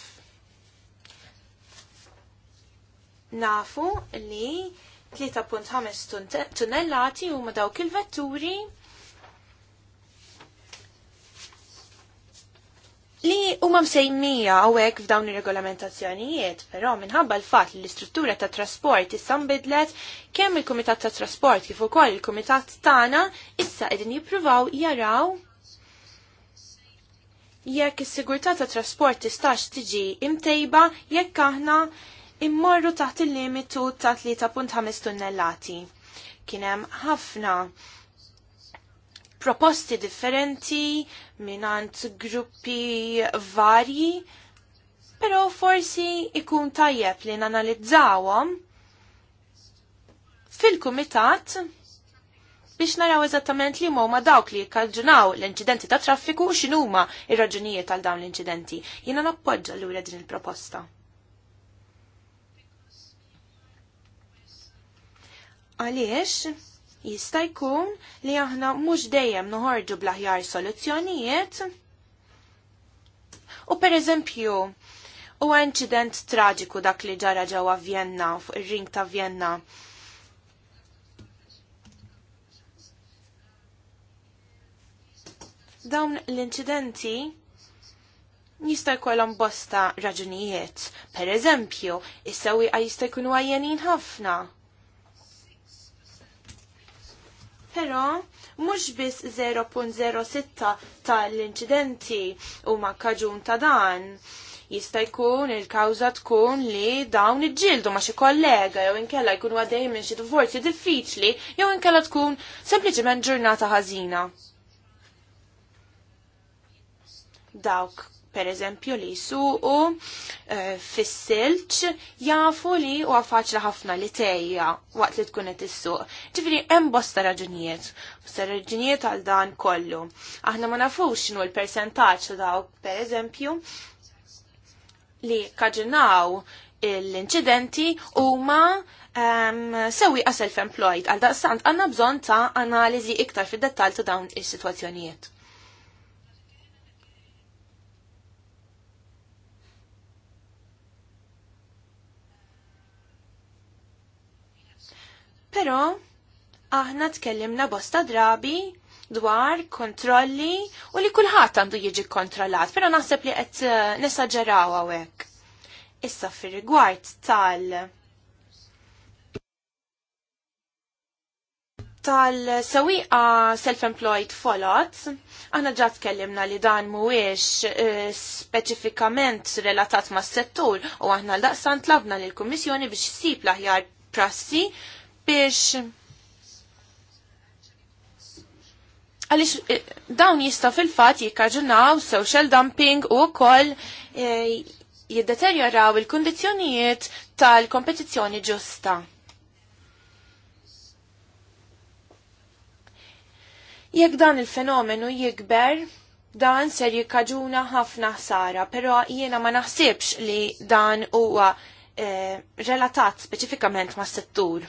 Nafu li 3.5 tunnellati huma dawk il-vetturi li huma msejmija hawnhekk f'dawn ir-regolamentazzjonijiet, però minħabba l-fatt li l-istruttura ta' trasport issa nbidlet kemm il-Kumitat ta' Trasport kif ukoll il-Kumitat tagħna issa qegħdin jippruvaw jaraw jekk is-sigurtà ta' trasport tistax tiġi imtejba jekk aħna immorru taħt il-limitu ta' 3.5 tunnellati. Kienem ħafna proposti differenti minant gruppi varji, pero forsi ikun tajjeb li nanalizzawhom fil-kumitat biex naraw eżattament li huma dawk li jikkaġunaw l-inċidenti ta' traffiku u x'inhuma ir-raġunijiet għal dawn l-inċidenti. Jiena nappoġġa lura din il-proposta. Għaliex, jista' jkun li aħna mhux dejjem noħorġu bl-aħjar soluzzjonijiet. U pereżempju, huwa inċident traġiku dak li ġara ġewwa Vjenna fuq ir-ring ta' Vjenna. Dawn l-inċidenti jista' jkollhom bosta raġunijiet. Per eżempju, is-sewwieqa jista' jkunu għajjenin ħafna. però mhux biss 0.06 tal-inċidenti huma kaġun ta' dan. Jista' jkun il-kawża tkun li dawn iġġieldu ma' xi kollega jew inkella jkun għaddej minn xi divorzi diffiċli jew inkella tkun sempliċement ġurnata ħażina. Dawk per eżempju li jsuqu eh, fis-silġ jafu li huwa faċli ħafna li tejja waqt li tkun qed issuq. Ġifieri hemm bosta raġunijiet, bosta raġunijiet għal dan kollu. Aħna ma nafux x'nu l-persentaġġ ta' dawk per eżempju li kaġinaw l-inċidenti huma um, ehm, sewi self-employed għal daqsant għanna bżon ta' analizi iktar fil dettal ta' dawn is-sitwazzjonijiet. Però aħna tkellimna bosta drabi dwar kontrolli u li kulħadd għandu jiġi kontrollat, però naħseb li qed eh, nesaġeraw hawnhekk. Issa fir-rigward tal tal-sewiqa self-employed folot, għana ġat kellimna li dan muwiex eh, specifikament relatat ma' settur u għahna l-daqsan tlabna l komissjoni biex jisib laħjar prassi biex għalix eh, dawn jista fil-fat jikkaġunaw social dumping u kol eh, jiddeterjoraw il-kondizjonijiet tal-kompetizjoni ġusta. Jekk dan il-fenomenu jikber, dan ser jikkaġuna ħafna ħsara, pero jiena ma naħsibx li dan huwa eh, relatat speċifikament ma' settur.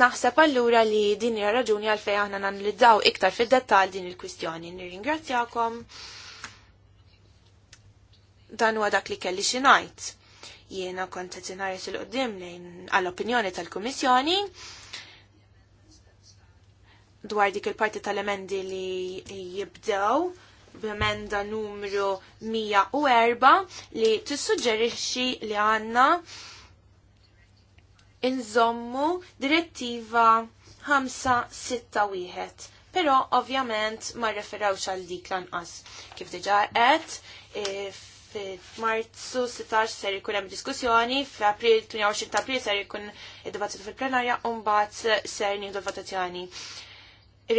Naħseb allura li din hija raġuni għalfejn aħna nanalizzaw iktar fid-dettall din il-kwistjoni. Nirringrazzjakom dan huwa dak li kelli xi ngħid. Jiena kont qed inħares il qudiem lejn għall-opinjoni tal-Kummissjoni dwar dik il-parti tal-emendi li jibdew b'emenda numru 104 li tissuġġerixxi li għandna inżommu direttiva 5-6-1. Pero ovvjament ma referawx għal dik lanqas. Kif diġa qed e, f'Marzu 16 ser ikun hemm diskussjoni, f'April 28 ta' April ser ikun id-dibattitu fil-plenarja u mbagħad ser nieħdu l-votazzjoni.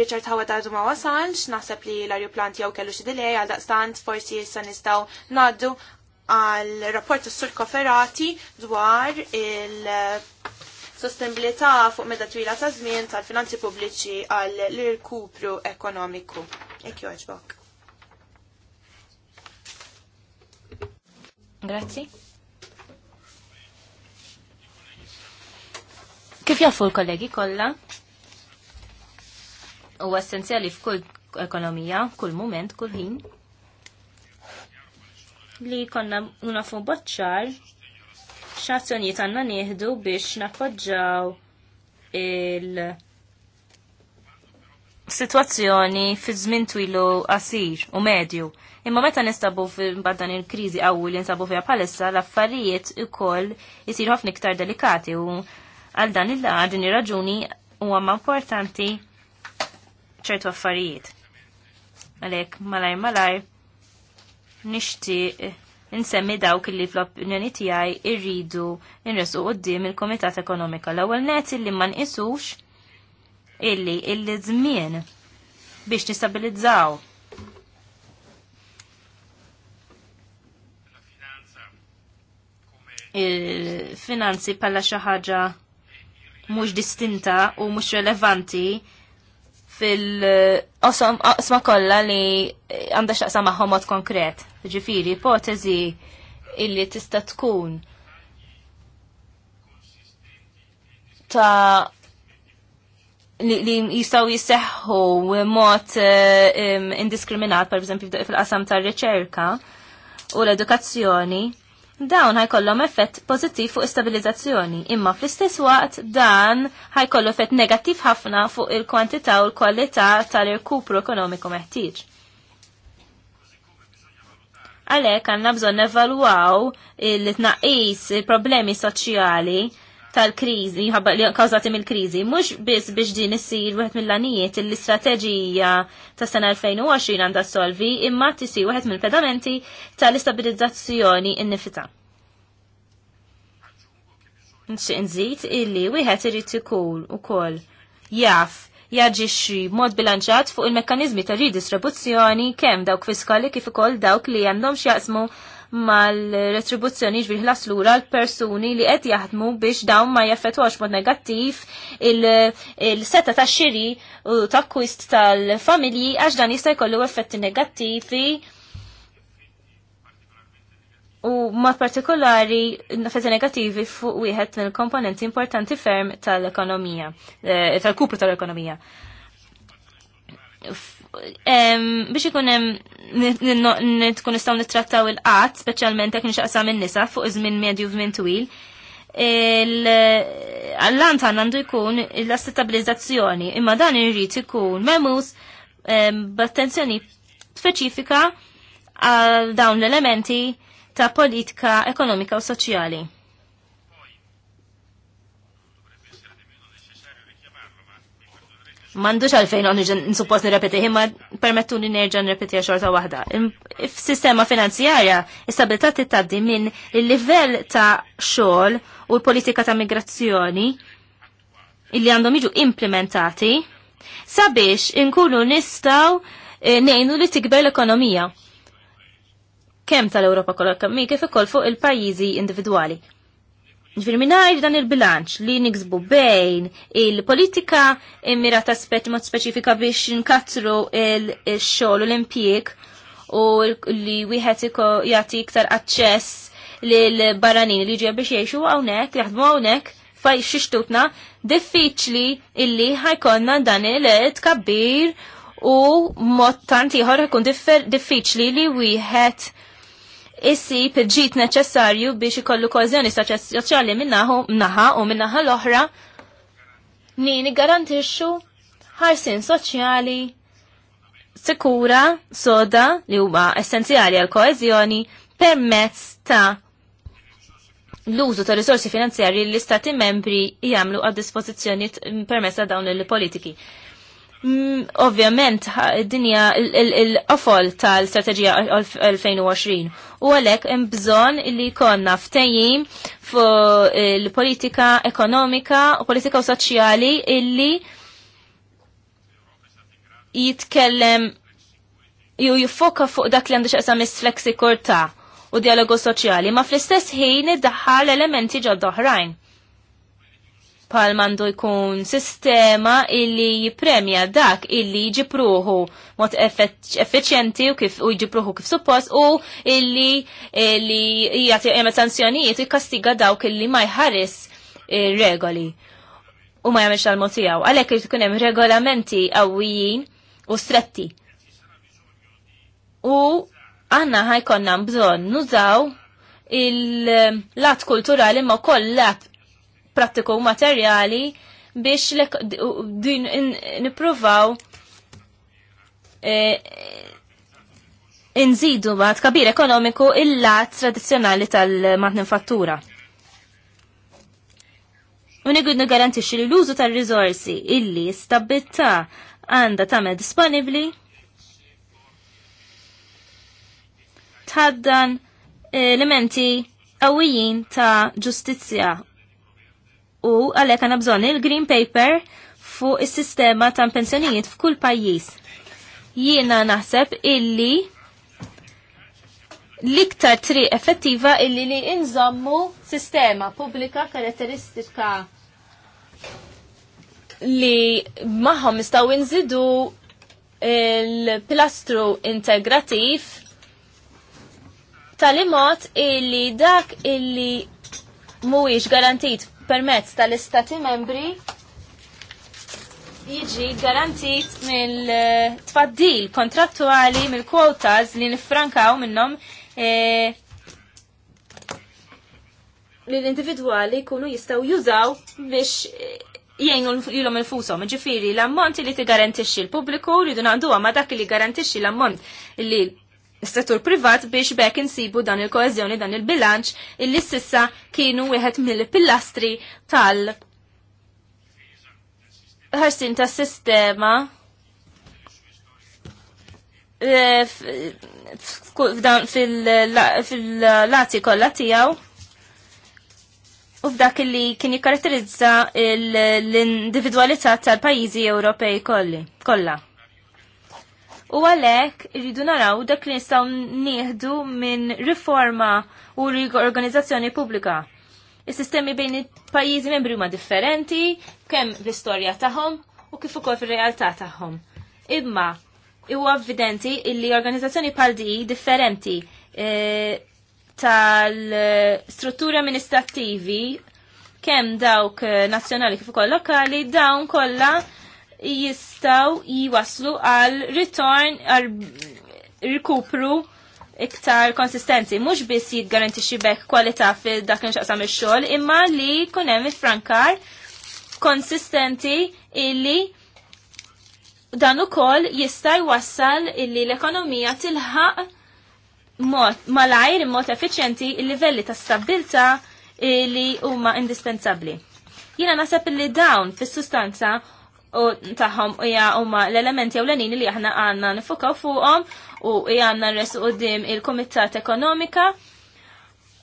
Richard Howard għadu ma wasalx, naħseb li l-arjuplan jew kellu xi delay għal daqstant forsi issa nistgħu ngħaddu għal rapport s sur Koferati dwar il- sostenibilità fuq meta twila ta' żmien tal-finanzi pubbliċi għal l-irkupru ekonomiku. Ek joġbok. Grazzi. Kif jaffu l-kollegi kollha? U essenzjali f'kull ekonomija, kull moment, kull ħin, li konna unafu boċċar x'azzjonijiet għandna nieħdu biex nappoġġaw il situazzjoni fi żmien twilu qasir u medju. Imma meta nistabu mbagħad dan il-kriżi qawwi li nsabu fiha bħalissa l-affarijiet ukoll jisir ħafna iktar delikati u għal dan il din ir-raġuni huwa importanti ċertu affarijiet. Għalhekk malajr malajr nixtieq nsemmi dawk li fl-opinjoni tiegħi irridu nresu qudiem il-Komitat Ekonomika. L-ewwel net illi ma nqisux illi illi żmien biex nistabilizzaw il-finanzi pala xi ħaġa mhux distinta u mhux relevanti fil-osma kollha li għandha x'aqsam magħhom mod konkret. Ġifiri, ipotezi illi tista' tkun ta' li, li jistaw jisseħu mod uh, eh, indiskriminat, per fil-qasam tar riċerka u l-edukazzjoni, dawn ħajkollhom effett pożittiv fuq istabilizzazzjoni, imma fl-istess waqt dan ħajkollu effett negattiv ħafna fuq il-kwantità u l-kwalità tal-irkupru ekonomiku meħtieġ. Għalhekk għandna bżonn nevaluaw il-tnaqqis il-problemi soċjali tal-kriżi, li kawżati mill-kriżi, mhux biss biex din issir wieħed mill lanijiet l-istrateġija ta' sena 2020 għandha solvi imma tisir wieħed mill-pedamenti tal-istabilizzazzjoni innifita. Nxie nżid illi wieħed irid ikun ukoll jaf jaġixxi mod bilanċat fuq il-mekkaniżmi ta' ridistribuzzjoni kemm dawk fiskali kif ukoll dawk li għandhom x'jaqsmu mal-retribuzzjoni ġbir ħlaslura l-persuni li qed jaħdmu biex dawn ma jaffetwax mod negattiv il-seta ta' xiri u ta' kwist tal-familji għax dan jista' jkollu effetti negattivi u mod partikolari nafeta negativi fuq wieħed mill-komponenti importanti ferm tal-ekonomija, eh, tal-kupru tal-ekonomija. Biex ikun hemm tkun nistgħu nittrattaw il-qatt, speċjalment jekk nixaqsam minn nisa fuq żmien medju f'żmien twil, l-lant għandu jkun l astabilizzazzjoni imma dan irrid ikun memus b'attenzjoni speċifika għal dawn l-elementi ta' politika ekonomika u soċjali. Mandux għalfejn għon suppost nirrepeti, imma permettu li nerġa nirrepeti għaxorta wahda. F-sistema finanzjarja, istabilità tittaddi minn il-livell ta' xol u l-politika ta' migrazzjoni illi għandhom iġu implementati sabiex inkunu nistaw eh, nejnu li tikber l-ekonomija kemm tal-Ewropa kolla kemm kif ukoll fuq il-pajjiżi individwali. Ġifieri minnaj dan il-bilanċ li niksbu bejn il-politika immirata aspett mod speċifika biex nkatru il-xogħol u l-impjieg u li wieħed jagħti iktar aċċess lil-barranin li ġew biex jgħixu hawnhekk, jaħdmu hawnhekk fa xiextutna diffiċli illi ħajkonna dan il-tkabbir u mod tant ieħor ikun diffiċli li wieħed issi pġit neċessarju biex ikollu kozjoni soċjali minnaħu naħa u minnaħa l-oħra nini garantixxu ħarsin soċjali sikura soda li huwa essenzjali għal koezjoni permezz ta' l-użu ta' risorsi finanzjarji li l-istati membri jagħmlu għad dispożizzjoni permezz ta' dawn il-politiki. Mm, ovvjament dinja il-qofol tal-strategija 2020 u għalek imbżon li konna ftejjim fu il-politika ekonomika u politika u soċjali illi jitkellem ju jiffoka fuq dak li għandu xaqsam is-flexikurta u dialogu soċjali ma fl-istess ħin id-daħħal elementi ġodda oħrajn pal mandu jkun sistema illi jipremja dak illi jġipruħu mot effiċjenti u kif u jġipruħu kif suppost u illi illi jagħti jagħmel sanzjonijiet jkastiga dawk illi ma jħares eh, regoli u ma jagħmelx xal mod tiegħu. Għalhekk irid hemm regolamenti qawwijin u stretti. U għanna ħajkonna bżonn nużaw il-lat kulturali ma koll lat prattiku u materjali biex din nipruvaw e, inżidu ma kabir ekonomiku il-lat tradizjonali tal-manifattura. Unigud garantixi li l-użu tal-rizorsi illi stabilta għanda tamed disponibli tħaddan e, elementi għawijin ta' ġustizja u għalhekk għandna bżonn il-Green Paper fuq is-sistema ta' pensjonijiet f'kull pajjiż. Jiena naħseb illi l-iktar triq effettiva illi li inżommu sistema pubblika karatteristika li maħom istaw inżidu il-pilastru integrativ tal-imot illi dak illi mhuwiex garantit permezz tal-istati membri jiġi garantit mill-tfaddil eh, kontrattuali mill quotas li nifrankaw minnom eh, li l-individuali kunu jistaw jużaw biex eh, jgħinu l-lom il-fusom. Ġifiri, l-ammont li ti garantixi l-publiku rridu naqduwa ma dak li garantixi l-ammont li settur privat biex bekk insibu dan il-koezjoni, dan il-bilanċ illi sissa kienu wieħed mill pillastri tal- ħarsin ta' sistema e, fil-lati kollha tiegħu u f'dak li kien jikkaratterizza l individualità tal-pajjiżi Ewropej kollha u għalhekk irridu naraw dak li nistaw nieħdu minn riforma u organizzazzjoni pubblika. Is-sistemi bejn il-pajjiżi membri huma differenti, kemm l-istorja tagħhom u kif ukoll fir-realtà tagħhom. Imma huwa evidenti li organizzazzjoni bħal di differenti e, tal-strutturi amministrattivi kemm dawk e, nazzjonali kif ukoll lokali dawn kollha jistaw jiwaslu għal return għal rikupru iktar konsistenzi, mux biss jitgarantixi xibek kwalità fi dak li il-xol, imma li kunem frankar konsistenti illi dan ukoll jista' jwassal illi l-ekonomija tilħaq malajr mod effiċjenti il-livelli ta' stabilta li huma indispensabbli. Jiena naħseb li dawn fis-sustanza u taħħom u ja huma l-elementi ewlenin li aħna għanna nifukaw fuqhom u għanna res dim il-Kumitat Ekonomika.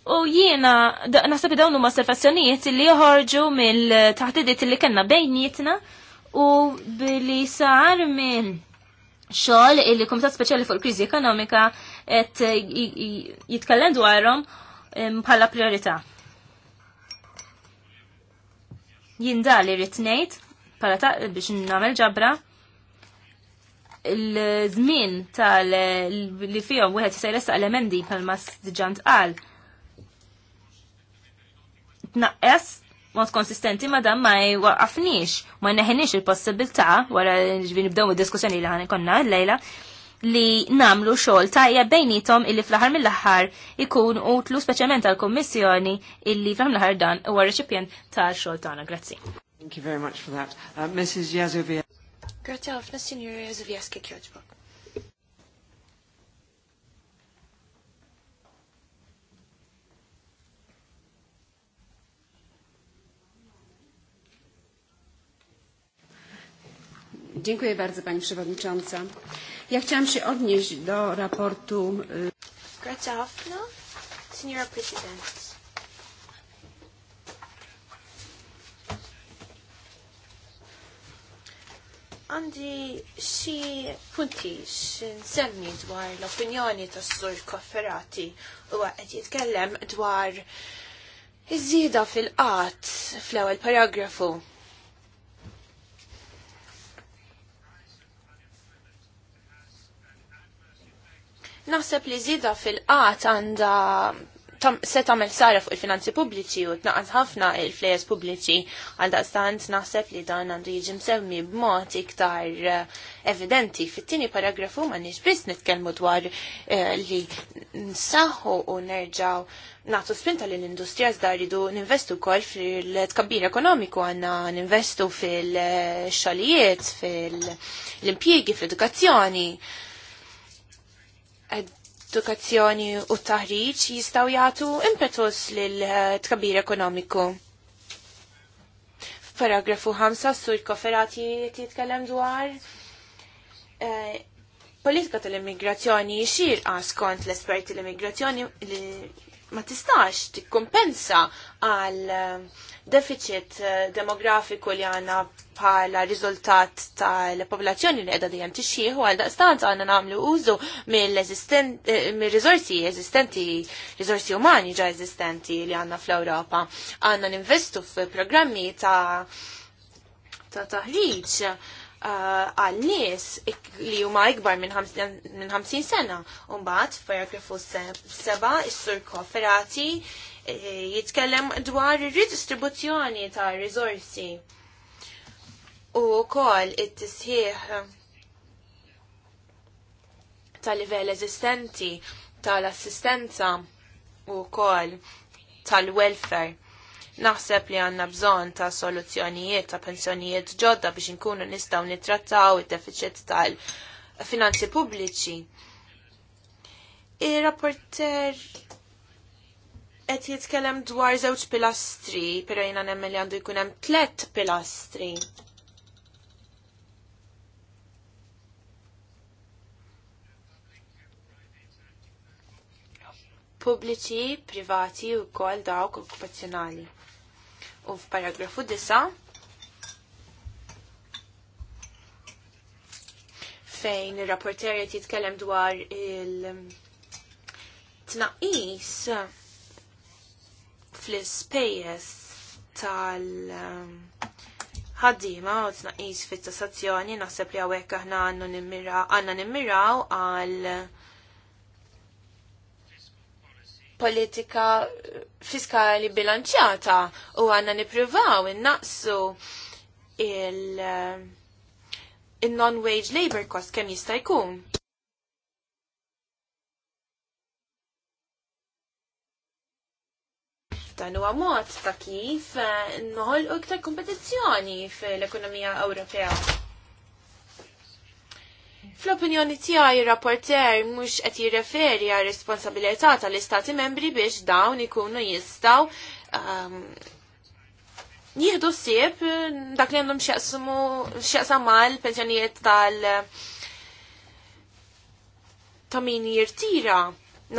U jiena naħseb dawn huma osservazzjonijiet li joħorġu mill taħtidiet li kellna bejnietna u billi sar minn xogħol il kumitat Speċjali fuq il-Kriżi Ekonomika qed jitkellem dwarhom bħala priorità. Jindali ritnejt pala ta' biex nagħmel ġabra il-żmien tal li fihom wieħed jista' jressaq l-emendi bħalma diġant qal tnaqqes mod konsistenti madam, ma jwaqafniex ma neħinix il-possibilità wara ġbin nibdew id-diskussjoni li ħan konna l-lejla li namlu xol tajja bejnietom illi fl-ħar mill-ħar ikun utlu speċjalment tal kummissjoni illi fl-ħar mill-ħar dan huwa reċipjent tal-xol tagħna. Grazzi. Thank you very much for that. Uh, Mrs. Yazovia. Grazie ħafna, Signor Yazovieski Dziękuję bardzo Pani Przewodnicząca. Ja chciałam się odnieść do raportu... Grazie ħafna, Signora President. Għandi xi punti x'insemmi dwar l-opinjoni tas-sur kofferati u qed jitkellem dwar iż-żieda fil qat fl-ewwel paragrafu. Naħseb li żieda fil qat għandha se tagħmel sara fuq il-finanzi pubbliċi u tnaqqas ħafna il flejers pubbliċi għal daqstant naħseb li dan għandu jiġi msemmi b'mod iktar eh, evidenti. Fit-tieni paragrafu ma nix biss nitkellmu dwar eh, li nsaħħu u nerġaw nagħtu spinta lill industrija iżda rridu ninvestu wkoll fil-tkabbir ekonomiku għandna ninvestu fil-xalijiet, fil-impjiegi, fl-edukazzjoni l edukazzjoni u taħriġ jistaw jagħtu impetus lil eh, tkabbir ekonomiku. F'paragrafu 5 sur koferati jitkellem dwar eh, politika tal-immigrazzjoni xir skont l-esperti l-immigrazzjoni ma tistax tikkompensa għal eh, deficit eh, demografiku li għanna bħala riżultat tal-popolazzjoni li għedha dejjem tixxieħu għal daqstant għanna namlu użu eh, mill-rizorsi eżistenti, rizorsi umani ġa eżistenti li għanna fl-Ewropa. Għanna ninvestu f'programmi ta' ta' taħriġ Eh, għal-nies li huma ikbar minn 50 sena. Umbagħad paragrafu 7 is-sur kooperati eh, jitkellem dwar ir-redistribuzzjoni ta' riżorsi u wkoll it-tisħiħ ta' livell eżistenti tal-assistenza u wkoll tal-welfare Naħseb li għanna bżon ta' soluzzjonijiet ta' pensjonijiet ġodda biex nkunu nistaw nitrattaw id-deficit tal-finanzi pubbliċi. Il-rapporter qed jitkellem dwar żewġ pilastri, però jiena nemmen li għandu jkun hemm tliet pilastri. pubbliċi, privati u kol dawk okkupazzjonali u f'paragrafu 9 fejn ir-rapporter qed jitkellem dwar il-tnaqqis fl-ispejjeż tal- ħaddima u tnaqqis fit tassazzjoni naħseb li hawnhekk aħna għandna nimmiraw għandna nimmiraw għal politika fiskali bilanċjata u għanna niprivaw innaqsu il-non-wage il labor cost kem jista' jkun. dan huwa mod ta' kif eh, noħolqu iktar kompetizzjoni fl-ekonomija Ewropea. Fl-opinjoni tiegħi rapporter mhux qed jirreferi għal responsabilità tal-Istati membri biex dawn ikunu jistgħu um, jieħdu sieb dak li għandhom x'jaqsmu x'jaqsam mal-pensjonijiet tal- ta' min jirtira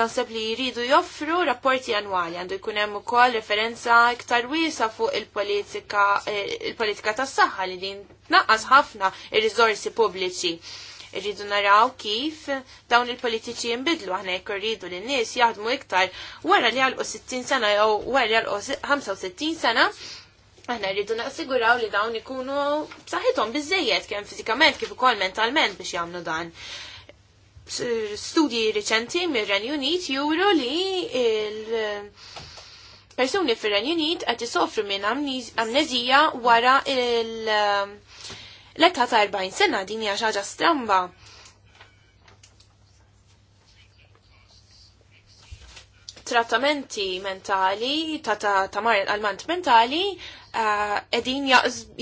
naħseb li jridu joffru rapporti annwali għandu jkun hemm ukoll referenza iktar wiesa fuq il-politika il-politika tas-saħħa li din tnaqqas ħafna ir-riżorsi pubbliċi Irridu naraw kif dawn il-politiċi jimbidlu aħna jekk rridu li n jaħdmu iktar wara li għalqu 60 sena jew wara li għalqu 65 sena Aħna rridu naqsiguraw li dawn ikunu b'saħħithom biżejjed kemm fiżikament kif ukoll mentalment biex jagħmlu dan studji riċenti mir-Renju Unit juru li il- persuni fir-Renju Unit qed isofru minn amnezija wara il- l-età ta' 40 sena din hija xi ħaġa stramba. Trattamenti mentali, ta' ta' ta' mentali, edin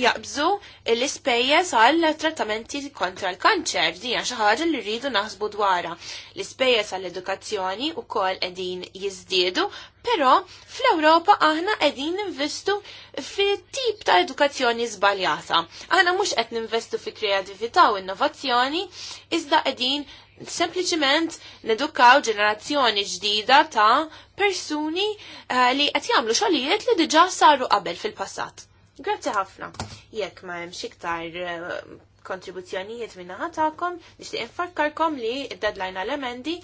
jaqbżu l-ispejjeż għal trattamenti kontra l-kanċer. Dinja xi ħaġa li rridu naħsbu dwarha. L-ispejjeż għall edukazzjoni wkoll qegħdin jiżdiedu, però fl-Ewropa aħna qegħdin investu fi tip ta' edukazzjoni żbaljata. Aħna mhux qed ninvestu fi kreatività u innovazzjoni, iżda qegħdin sempliciment nedukaw ġenerazzjoni ġdida ta' persuni uh, li qed jagħmlu xogħlijiet li diġà saru qabel fil-passat. Grazzi ħafna. Jekk ma hemm xi uh, eh, kontribuzzjonijiet minna ħatakom, nixtieq infakkarkom li d deadline għal-emendi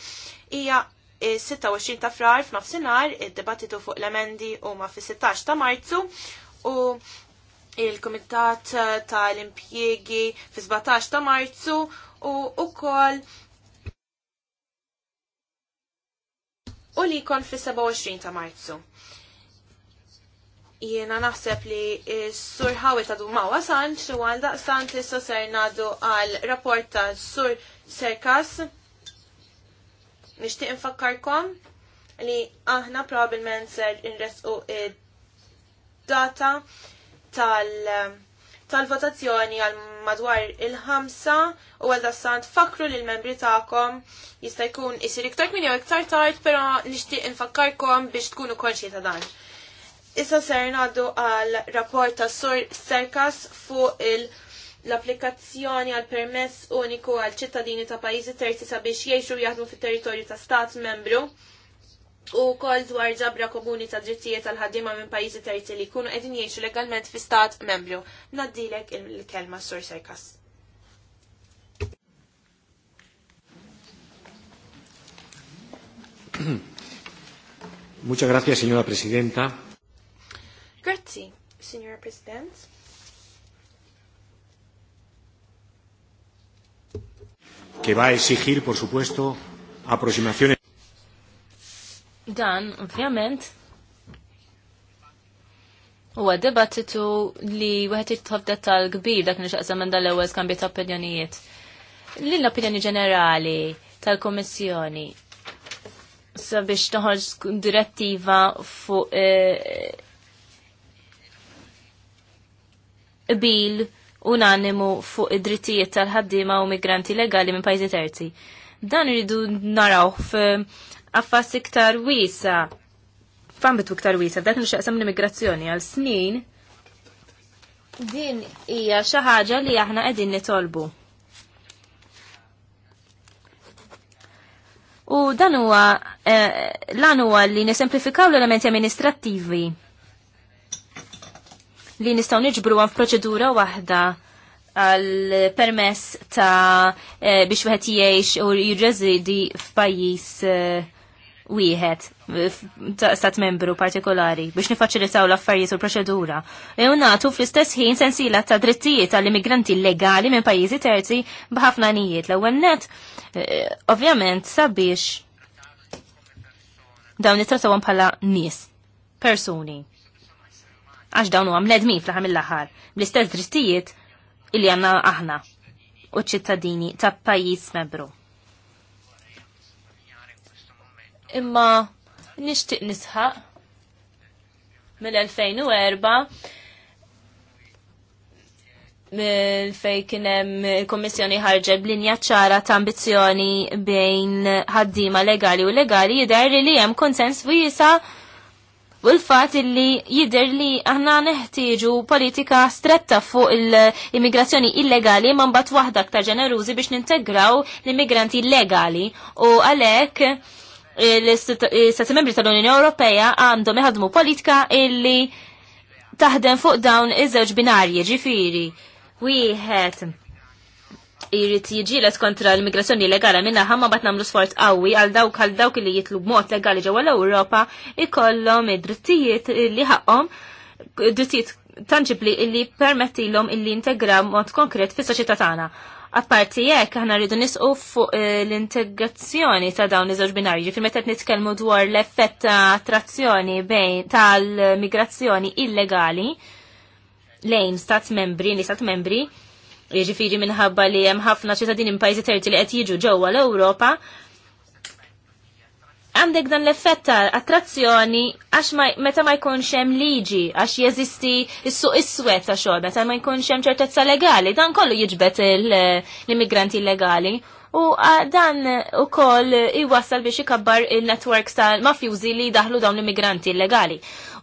hija 26 eh, ta' frar f'nofsinhar, id debattitu fuq l-emendi huma fis-16 ta' Marzu u il-Komitat tal-Impjiegi fi 17 ta' Marzu u wkoll. u li kon fis-27 ta' Marzu. Jiena naħseb li s-sur ħawet għadu ma wasanx u għal daqstant issa ser nadu għal rapport ta' sur Serkas. Nishtiq infakkarkom li aħna probablement ser inresqu id-data tal- tal-votazzjoni għal madwar il-ħamsa u għal sant fakru li l-membri ta'kom jista' jkun isir iktar minn jew iktar tard, pero nixtieq infakkarkom biex tkunu konxi ta' dan. Issa ser ngħaddu għal rapport ta' Sur Serkas fuq il- l-applikazzjoni għal permess uniku għal ċittadini ta' pajjiżi terzi sabiex jgħixu jaħdmu fit-territorju ta' stat membru u kol dwar ġabra komuni ta' drittijiet tal-ħaddima minn pajjiżi terzi li jkunu qegħdin jgħixu legalment fi stat membru. Naddilek il-kelma Sur Serkas. Muchas gracias, señora presidenta. Grazie, señora President. Que va a exigir, por supuesto, aproximaciones. Dan, ovvjament, huwa dibattitu li wieħed jitħob tal kbir dak nixaqsam minn dal-ewwel skambju ta' opinjonijiet. L-opinjoni ġenerali tal-Kummissjoni sabiex toħorġ direttiva fuq eh, bil unanimu fuq id-drittijiet tal-ħaddiema u migranti legali minn pajzi terzi. Dan irridu naraw għaffas iktar wisa bitu iktar wisa f'dak xaqsam l-immigrazzjoni għal snin din hija xi ħaġa li aħna qegħdin nitolbu. U dan huwa eh, lan huwa li nisemplifikaw l-elementi amministrattivi li nistgħu niġbru għan f'proċedura waħda għal permess ta' eh, biex wieħed jgħix u jirreżidi f'pajjiż eh, wieħed stat membru partikolari biex nifaċilitaw l-affarijiet u l-proċedura. Ew nagħtu fl-istess ħin sensila ta' drittijiet tal-immigranti legali minn pajjiżi terzi b'ħafna nijiet. L-ewwel net eh, ovvjament sabiex dawn nitratawhom bħala nies, persuni. Għax dawn huwa mledmin fl ħam l aħħar bl-istess drittijiet illi għandna aħna u ċittadini ta' pajjiż membru. imma nixtieq nisħaq mill-2004 fej kienem il-Kommissjoni ħarġeb linja ċara ta' ambizjoni bejn ħaddima legali u legali jider li hemm konsens u jisa u l-fat li jider li aħna neħtieġu politika stretta fuq l-immigrazzjoni illegali man bat waħda aktar ġenerużi biex nintegraw l-immigranti illegali u għalek l istati membri tal-Unjoni Ewropea għandhom iħadmu politika illi taħdem fuq dawn iż-żewġ binarji ġifiri. Wieħed irid jiġilet kontra l immigrazzjoni legali minna ħamma bat namlu sfort qawwi għal dawk għal dawk li jitlu b'mod legali ġewwa l-Ewropa ikollhom id-drittijiet li ħaqhom drittijiet tanġibli illi permettilhom illi integra mod konkret fis-soċjetà tagħna. Apparti jekk aħna rridu nisqu fuq eh, l-integrazzjoni ta' dawn iż-żewġ binarji, fil meta nitkellmu dwar l-effett ta' attrazzjoni bejn tal-migrazzjoni illegali lejn stat membri, li stat membri, jiġifieri minħabba li hemm ħafna ċittadini minn pajjiżi terzi li qed jiġu ġewwa l-Ewropa, għandek dan l-effett ta' attrazzjoni għax meta ma jkunx hemm liġi, għax jeżisti s-suq ta' xogħol, meta ma jkunx hemm ċertezza legali, dan kollu jiġbet l-immigranti illegali. U dan u koll iwassal biex ikabbar il-networks tal-mafjużi li daħlu dawn l-immigranti illegali.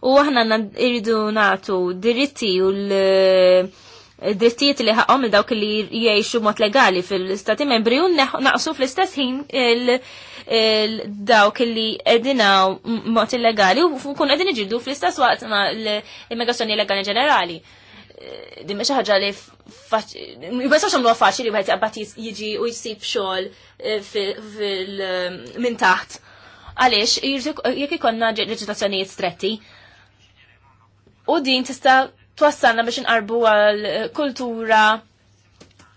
U aħna irridu natu diritti u l- drittijiet li ħaqom il dawk li jgħixu mot legali fil-stati membri u naqsu fl-istess ħin dawk li edina mod illegali u kun edin iġildu fl-istess waqt ma l-immigrazzjoni illegali ġenerali. Eh, Di meċa ħagġa li Jibessa xamlu faċi li bħajti għabbat jiġi u jisib xol eh, eh, minn taħt. Għalix, jek ikonna ġeġitazzjoni stretti. U din tista' twassalna biex nqarbu għal kultura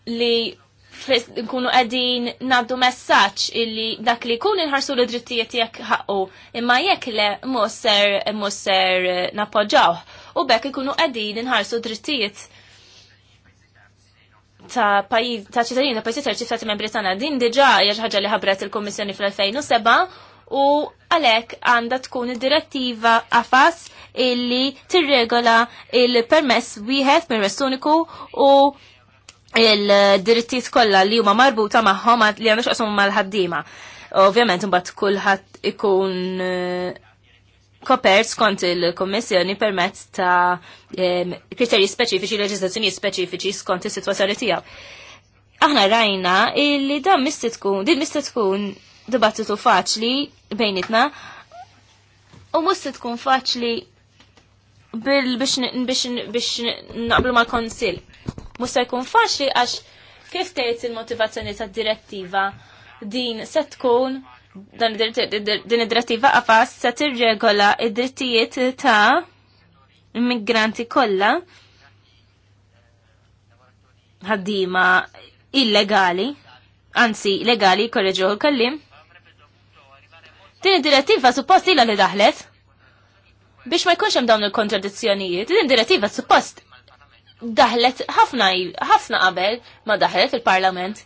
li nkunu qegħdin naddu messaġġ illi dak li jkun inħarsu l-drittijiet jekk ħaqqu imma jekk le musser musser eh, nappoġġawh u bekk ikunu qegħdin inħarsu drittijiet ta' pajiz ta' ċittadini ta' pajjiż terċi membri tagħna din diġà hija xi ħaġa li ħabret il-Kummissjoni fl-2007 u għalhekk għandha tkun id-direttiva qafas illi tirregola il-permess wieħed permess uniku u il-dirittijiet kollha li huma marbuta magħhom li għandux qasum mal-ħaddiema. Ovvjament imbagħad kulħadd ikun eh, kopert skont il-Kommissjoni permezz ta' eh, kriterji speċifiċi, leġiżlazzjoni speċifiċi skont is-sitwazzjoni tiegħu. Aħna rajna li dan mista tkun, din mista tkun dibattitu faċli bejnitna u mista tkun faċli bil biex naqblu mal-konsil Musa jkun faċli għax kif tgħid il-motivazzjoni tad-direttiva din se tkun din id-direttiva qafas se tirregola id-drittijiet ta' immigranti kollha ħaddiema illegali, anzi legali, korreġu kallim. Din id-direttiva suppost ilha li daħlet biex ma jkunx hemm dawn il-kontradizzjonijiet. Din id-direttiva suppost daħlet ħafna ħafna qabel ma daħlet il-Parlament.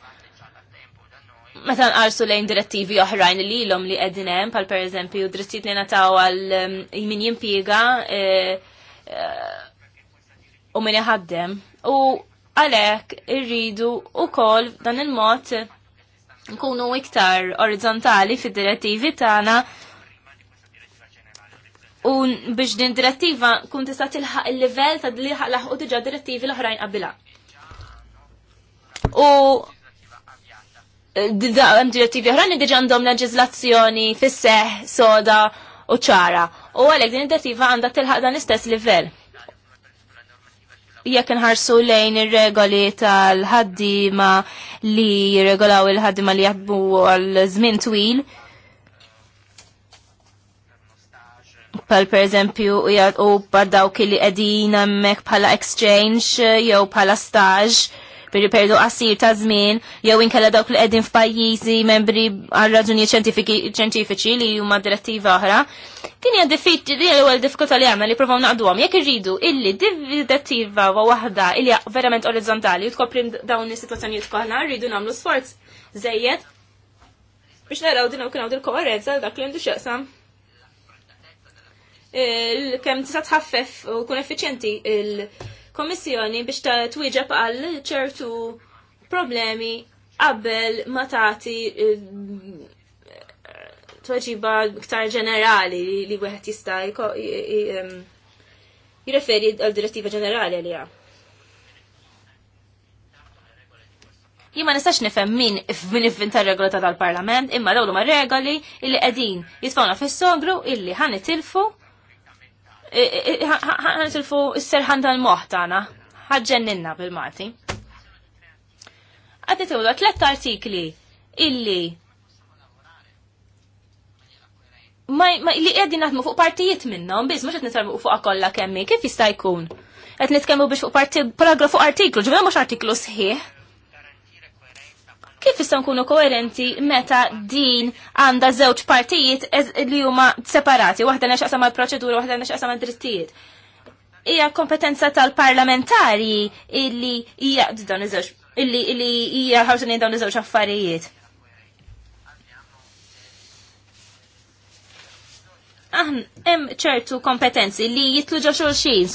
Meta nqarsu lejn direttivi oħrajn li l-om li qegħdin hemm pal pereżempju drittijiet li nataw għal ehm, min jimpjega e, e, u min iħaddem. U għalhekk irridu wkoll dan il-mod nkunu iktar orizzontali fid-direttivi tagħna u biex din direttiva kun tista' tilħaq il-livell ta' li laħqu diġà direttivi l-oħrajn qabilha. U eh, hemm direttivi oħrajn li diġà għandhom leġiżlazzjoni fis-seħ, soda u ċara. U għalhekk din id-direttiva għandha tilħaq dan l-istess livell jekk nħarsu lejn ir-regoli tal-ħaddima li jirregolaw il-ħaddima li jaħdmu għal żmien twil, pal per eżempju u bardaw li edin emmek pala exchange eh, jew pala stage per periodu qasir ta' żmien jew inkella dawk li qegħdin f'pajjiżi membri għal raġunijiet ċentifiċi li huma direttiva oħra. kien hija diffiċli l għal diffikultà li għandna li provaw naqduhom jekk irridu illi direttiva wa waħda illi verament orizzontali u tkopri dawn is-sitwazzjonijiet kollha rridu nagħmlu sforz żejjed biex naraw din hawn kien hawn il-koerenza dak li għandu x'jaqsam kemm tista' tħaffef u kun effiċjenti il-Kommissjoni biex ta' twieġeb għal ċertu problemi qabel ma tagħti eh, tweġiba iktar ġenerali li wieħed jista' jirreferi għal direttiva ġenerali li Jien ma nistax nifhem min min ivvinta regola ta' tal-Parlament, imma dawlu ma regoli illi qegħdin jitfawna fis-sogru illi ħanitilfu ħantilfu s-serħan tal-moħ tagħna, ħaġġenninna bil-Malti. Għaddi tewla tlet artikli illi ma, ma li qegħdin naħdmu fuq partijiet minnhom biss mhux qed nitalmu fuq kollha kemmi, kif jista' jkun? Qed nitkellmu biex fuq paragrafu artiklu, ġifier mhux artiklu sħiħ. Kif issa nkunu koerenti meta din għandha żewġ partijiet li huma separati, waħda nexaqsa mal-proċedura, waħda nexaqsa mal-drittijiet? Hija kompetenza tal-parlamentari illi hija dawn iż-żewġ illi illi hija ħarsin dawn iż-żewġ affarijiet. aħn hemm ċertu kompetenzi li jitlu ġo xulxin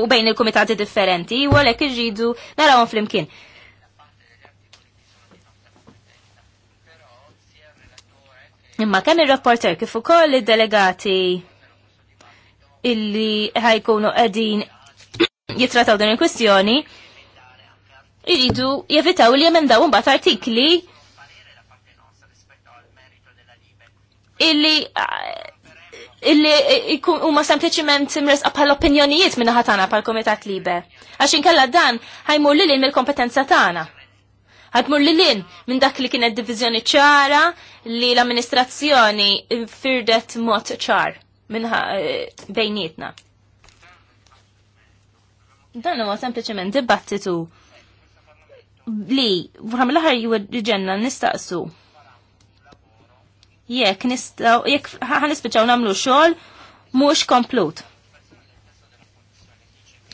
u bejn il-komitati differenti u għalhekk irridu narawhom flimkien. Imma kemm ir-rapporter kif ukoll id-delegati illi ħajkunu qegħdin jitrataw din il-kwistjoni iridu jevitaw li jemendaw mbagħad artikli illi ah, illi ikun huma sempliċiment imresqa' bħal opinjonijiet minn ħatana bħal kumitat libe. Għax inkella dan ħajmur li mill-kompetenza tagħna ħadmur li lin minn dak li kienet divizjoni ċara li l-amministrazzjoni firdet mod ċar minn eh, bejnietna. Dan huwa sempliċement dibattitu li fram l ju jiġenna nistaqsu jekk nistgħu jekk ħanispiċċaw nagħmlu xogħol mhux komplut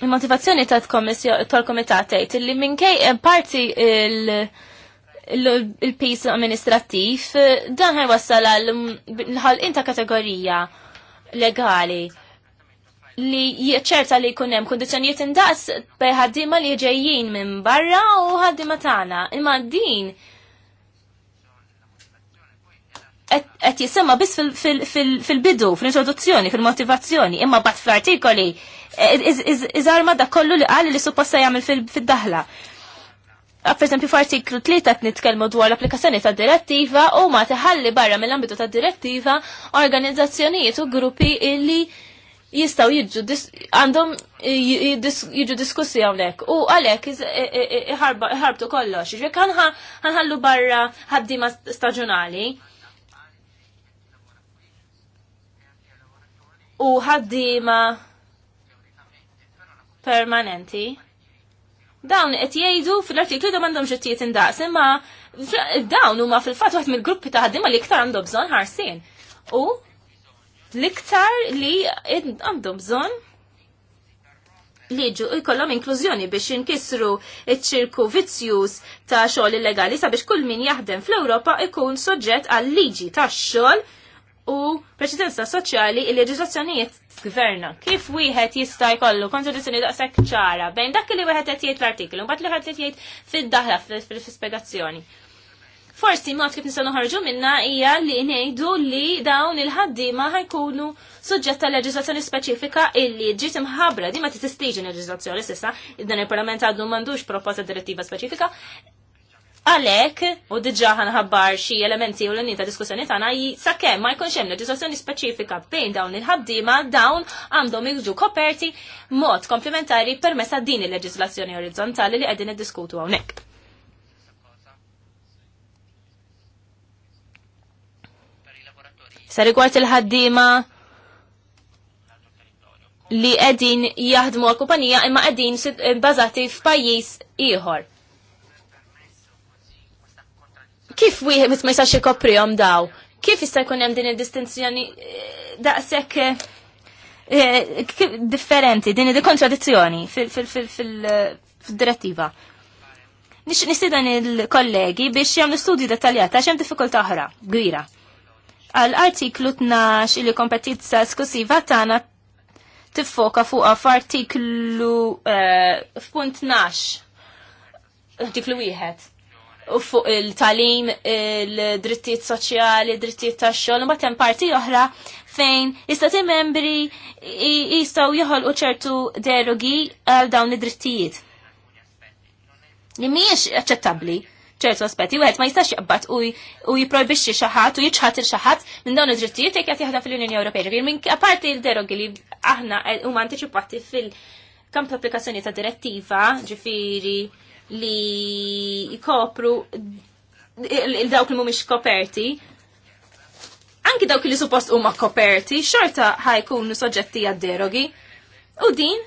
il-motivazzjoni tal-komitat tgħid li minkej eh, parti il-pis amministrattiv dan wassal għal ta' kategorija legali li jċerta li jkun hemm kundizzjonijiet indaqs bej ħaddima li ġejjin minn barra u ħaddima tagħna. Imma din qed jisemma biss fil-bidu, fil-introduzzjoni, fil-motivazzjoni, imma bat fl-artikoli Eh, iżar madda kollu li għalli li supposta jagħmel fid-daħla. Ah, per esempio, f'artiklu 3 nitkellmu dwar l-applikazzjoni ta' direttiva u ma teħalli barra mill-ambitu ta' direttiva organizzazzjonijiet u gruppi illi jistaw jidġu għandhom jidġu diskussi għawlek. U għalek ħarbtu kollox. Ġvek ħanħallu barra ħaddima staġunali. U ħaddima permanenti. Dawn qed jgħidu fil-artiklu għandhom m'għandhomx ittijiet indaqs, imma dawn huma fil-fatt waħed mill-gruppi ta' ħaddiema li iktar għandhom bżonn ħarsien. U l-iktar li għandhom bżonn li ġu jkollhom inklużjoni biex inkisru iċ-ċirku vizzjuż ta' xogħol illegali sabiex kull min jaħdem fl-Ewropa ikun soġġett għal liġi tax-xogħol u preċedenza soċjali il leġiżlazzjonijiet gverna. Kif wieħed jista' jkollu kontradizzjoni daqshekk ċara bejn dak li wieħed qed jgħid l-artiklu, mbagħad li ħadd jgħid fid-daħla fil-spjegazzjoni. Forsi mod kif nistgħu noħorġu minnha hija li ngħidu li dawn il-ħaddiema ħajkunu suġġett tal leġiżlazzjoni speċifika illi ġiet imħabbra di ma tistiġi leġiżlazzjoni s'issa, dan il-Parlament għadu m'għandux proposta direttiva speċifika, Għalek, u diġa ħanħabbar xi elementi u l-nita diskussjoni tagħna hi sakemm ma jkunx hemm diskussjoni speċifika bejn dawn il-ħaddiema dawn għandhom jgħu koperti mod komplementari per ta' din il leġislazzjoni orizzontali li qegħdin diskutu hawnhekk. Sa rigward il ħaddima li qegħdin jaħdmu għal kumpanija imma qegħdin bazati f'pajjiż ieħor kif wieħed ma jistax ikoprihom daw? Kif jista' jkun hemm din id-distinzjoni eh, daqshekk eh, eh, differenti, din id kontradizzjoni fil-direttiva? Nix nisidan il-kollegi biex jagħmlu studju dettaljata għax hemm diffikultà oħra, gwira. Għal-artiklu 12 li kompetizza esklusiva tagħna tiffoka fuqa f'artiklu f'punt 12 artiklu wieħed U fuq il-talim, il-drittijiet soċjali, drittijiet tax-xogħol, imbagħad hemm parti oħra fejn istati membri jistgħu joħolqu ċertu derogi għal dawn id-drittijiet. Li mhijiex aċċettabbli ċertu aspetti, wieħed ma jistax jaqbad u jipprojbixxi xi ħadd u jiġħad il ħadd minn dawn id-drittijiet jekk qed jaħdem fil-Unjoni Ewropea. Minn apparti l-derogi li aħna huma antiċipati fil- kamp applikazzjoni ta' direttiva, ġifieri li jkopru il-dawk li mhumiex koperti. Anki dawk li suppost huma koperti, xorta ħajkunu soġġetti għad-derogi. U din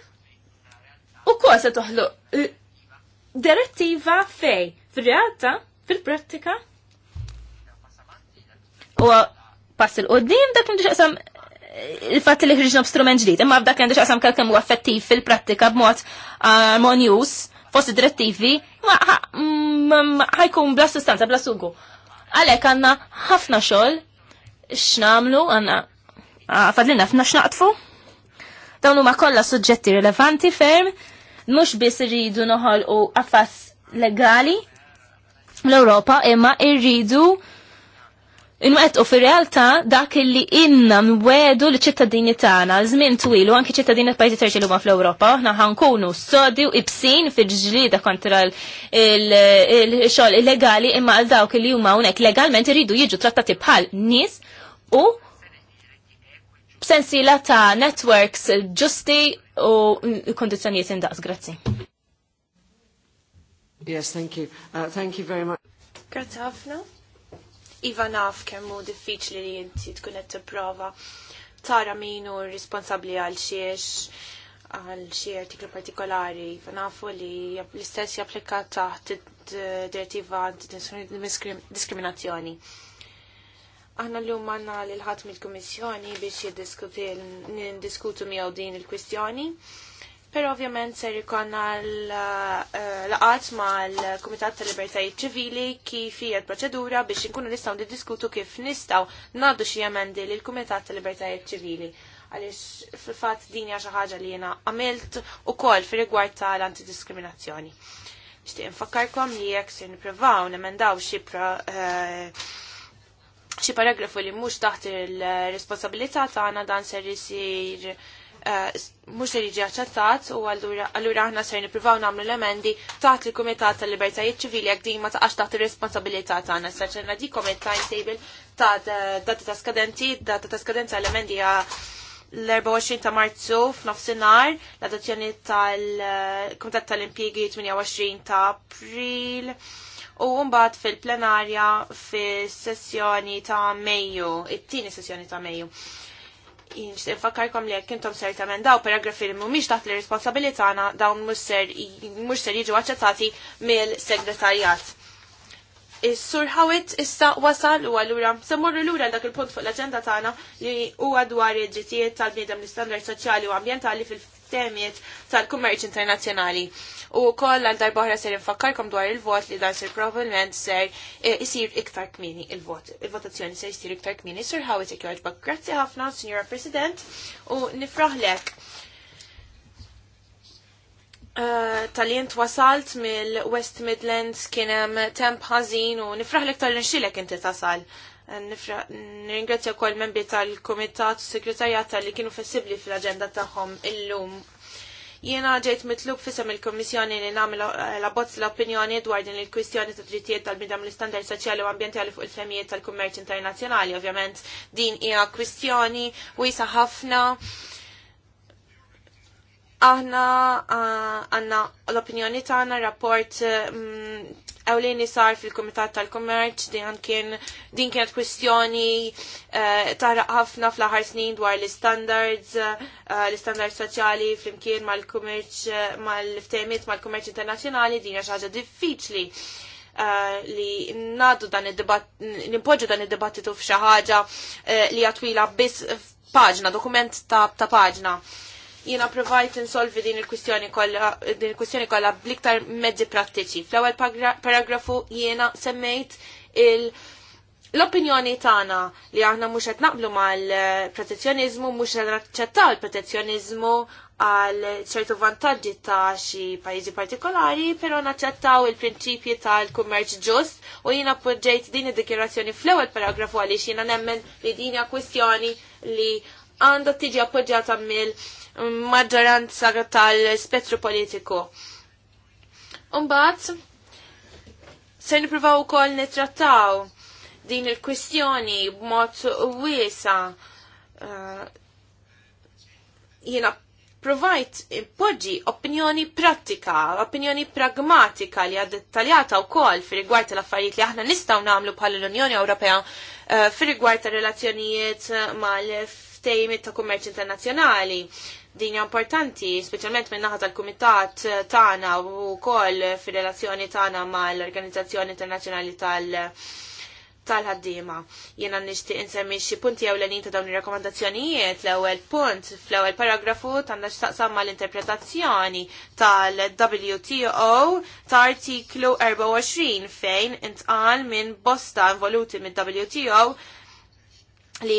u kol se toħloq eh, direttiva fej fil-realtà, fil-prattika. U pass il-qoddim dak li xaqsam eh, il-fatt li ħriġna strument ġdid, imma f'dak li xaqsam kelkem u affettiv fil-prattika b'mod armonjus fost direttivi ma ħajkun bla sustanza, bla sugu. Għalek għanna ħafna xol, x'namlu, għanna fadlina ħafna x'naqtfu. Dawn huma kollha suġġetti rilevanti ferm, mhux biss irridu noħolqu affas legali l-Ewropa imma irridu Inwet u fil-realtà dak li inna mwedu li ċittadini tagħna żmien twil u anki ċittadini pajjiżi terċi l fl europa aħna ħankunu sodi u ibsin fil-ġlieda kontra l-xogħol illegali imma għal dawk li huma hawnhekk legalment iridu jiġu trattati bħal nies u la ta' networks ġusti u kondizzjonijiet indaqs. Grazzi. Yes, thank you. Uh, thank you very much. Grazie ħafna. Iva naf kemm hu diffiċli li inti tkun qed tipprova tara minu responsabbli għal xiex għal xie artiklu partikolari, nafu li l-istess japplika taħt direttiva diskriminazzjoni. Aħna l-lum għanna l ħatmi mill-Komissjoni biex jiddiskutu miegħu din il-kwistjoni Per ovvjament ser ikonna l eh, qat ma l-Komitat tal libertajiet ċivili kif hija l-proċedura biex inkunu nistgħu niddiskutu kif nistgħu ngħaddu xi emendi lil kumitat tal libertajiet ċivili għaliex fil-fatt din hija xi ħaġa li jiena għamilt ukoll fi rigward tal-antidiskriminazzjoni. Nixtieq infakkarkom li jekk se nippruvaw nemendaw xi eh, xi paragrafu li mhux taħt il-responsabilità tagħna dan ser isir Eh, mux se jiġi aċċettat u allura aħna ser nippruvaw nagħmlu l-emendi taħt il-Kumitat tal-Libertajiet Ċivili jekk din ma taqax taħt ir-responsabilità tagħna. Ser ċerna di comment timetable ta' eh, data ta' skadenti, data ta' skadenti tal emendi l-24 ta' Marzu f'nofsinhar, l-adozzjoni tal eh, komitat tal impiegi 28 ta' April u mbagħad fil-plenarja fis-sessjoni ta' Mejju, it-tieni sessjoni ta' Mejju jinxtieq nfakkarkom li jekk intom ser tamendaw paragrafi li mhumiex taħt li-responsabili responsabilitana dawn mhux ser jiġu aċċettati mill-segretarjat. Is-sur ħawit issa wasal u allura semmorru lura dak il-punt fuq l-aġenda tagħna li huwa dwar il-ġitijiet tal-bniedem l-istandard soċjali u ambjentali fil- temiet tal-kummerċ internazzjonali. U koll għal darbohra ser infakkarkom dwar il-vot li dan ser probablement ser eh, isir iktar kmini il-vot. Il-votazzjoni ser isir iktar kmini. Sir Hawit ikjoġbak. Grazzi ħafna, Signora President, u nifraħlek eh, tal wasalt mill-West Midlands kienem temp ħażin u nifraħlek tal-nxilek inti tasal. Nirringrazzja wkoll membri tal-Kumitat Segretarjat li kienu flessibbli fil-aġenda tagħhom illum. Jiena ġejt mitluk fisem il kummissjoni li nagħmel bozz l-opinjoni dwar din il-kwistjoni ta' drittijiet tal-bidam l-istandard soċjali u ambjentali fuq il-femijiet tal-kummerċ internazzjonali. Ovvjament din hija kwistjoni wisa ħafna Aħna ah, għanna l-opinjoni tagħna rapport mm, ewlieni sar fil-Kumitat tal-Kummerċ din kien din kienet kwistjoni eh, taħraq ħafna fl-aħħar snin dwar l-standards eh, l-standards soċjali flimkien mal-kummerċ eh, mal ftehmiet mal-kummerċ internazzjonali din hija xi ħaġa diffiċli. li nadu dan id-dibatt nimpoġġu dan id-dibattitu f'xi ħaġa li hija twila biss paġna, dokument ta', ta paġna. Jiena provajt insolvi din il-kwistjoni kollha din il-kwistjoni kollha bliktar mezzi prattiċi. Fl-ewwel paragrafu jiena semmejt il- L-opinjoni tagħna li aħna mhux qed naqblu mal-protezzjonizmu mhux qed naċċettaw l protezzjonizmu għal ċertu vantaġġi ta' xi pajjiżi partikolari, però naċċettaw il-prinċipji tal-kummerċ ġust u jiena appoġġejt din id-dikjerazzjoni fl-ewwel paragrafu għaliex jiena nemmen li din hija kwistjoni li għandha tiġi appoġġjata mill maġġoranza tal-spettru politiku. Umbat, se nipruvaw ukoll nitrattaw din il-kwistjoni b'mod wiesa uh, jiena provajt poġġi opinjoni pratika, opinjoni pragmatika li għad dettaljata u kol fi rigward tal-affarijiet li aħna nistaw namlu bħal l-Unjoni Ewropea uh, fi rigward tal-relazzjonijiet mal ftejmi ta' kummerċ internazzjonali din importanti, speċjalment minn naħa tal-Kumitat tagħna u wkoll fir-relazzjoni tagħna mal-Organizzazzjoni Internazzjonali tal- tal-ħaddiema. Jiena nixtieq insemmi xi punti ewlenin ta' dawn ir-rakkomandazzjonijiet. L-ewwel punt fl-ewwel paragrafu tanna x'taqsam mal-interpretazzjoni tal-WTO ta' artiklu 24 fejn intqal minn bosta involuti mid-WTO li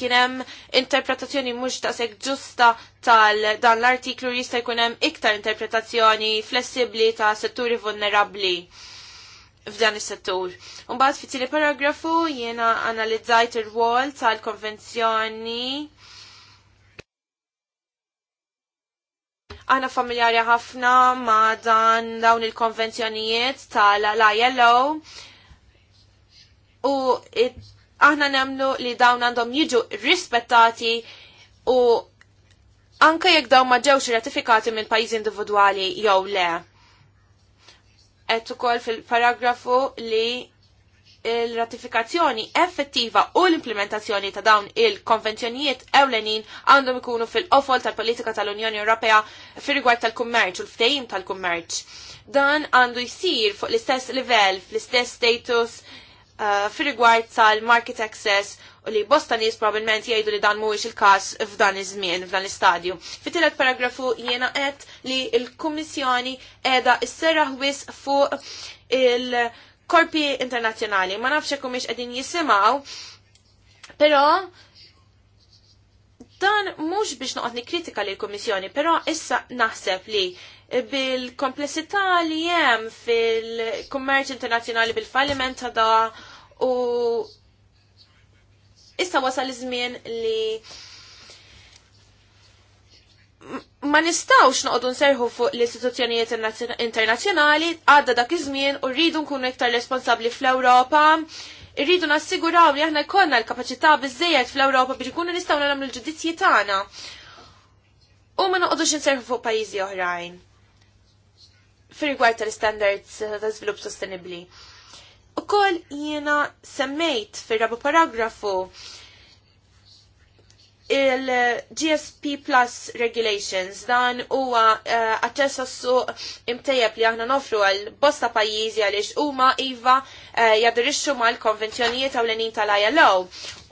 kienem interpretazzjoni mux taqseg ġusta tal dan l-artiklu jista' jkunem iktar interpretazzjoni flessibli ta' setturi vulnerabli f'dan is-settur. Mbagħad fi tieni paragrafu jiena analizzajt ir-rwol tal-konvenzjoni Għana familjari ħafna ma' dan dawn il-konvenzjonijiet tal-ILO u it aħna nemlu li dawn għandhom jiġu rispettati u anke jekk dawn ma ġewx ratifikati minn pajjiż individwali jew le. Qed ukoll fil-paragrafu li il-ratifikazzjoni effettiva u l-implementazzjoni ta' dawn il-konvenzjonijiet ewlenin għandhom ikunu fil-qofol tal-politika tal-Unjoni Ewropea fir-rigward tal-kummerċ u l-ftehim tal-kummerċ. Dan għandu jsir fuq l-istess livell, fl-istess status Uh, fil-rigward tal-market access u li bosta nis probabbilment jgħidu li dan mhuwiex il-każ f'dan iż-żmien, f'dan l-istadju. Fit-tielet paragrafu jiena qed li l-Kummissjoni qiegħda sserraħ wis fuq il-korpi internazzjonali. Ma nafx hekk mhix qegħdin jisimgħu, però dan mhux biex noqgħod nikkritika lill kummissjoni però issa naħseb li bil-komplessità li jem fil-kummerċ internazjonali bil-falliment ta' da u issa wasal iż-żmien li ma nistawx noqogħdu nserħu fuq l-istituzzjonijiet internazzjonali għadda dak iż-żmien u rridu nkunu iktar responsabbli fl-Ewropa irridu nassiguraw li aħna jkollna l-kapaċità biżejjed fl-Ewropa biex ikunu nistgħu nagħmlu l-ġudizzji tagħna. U ma noqogħdux inserħu fuq pajjiżi oħrajn fil rigward tal-standards ta' sostenibli. sostenibbli. Ukoll jiena semmejt fir-rabu paragrafu il-GSP Plus Regulations dan huwa uh, aċċess suq imtejjeb li aħna nofru għal bosta pajjiżi għaliex huma iva uh, eh, jadirixxu mal-konvenzjonijiet ewlenin tal-ILO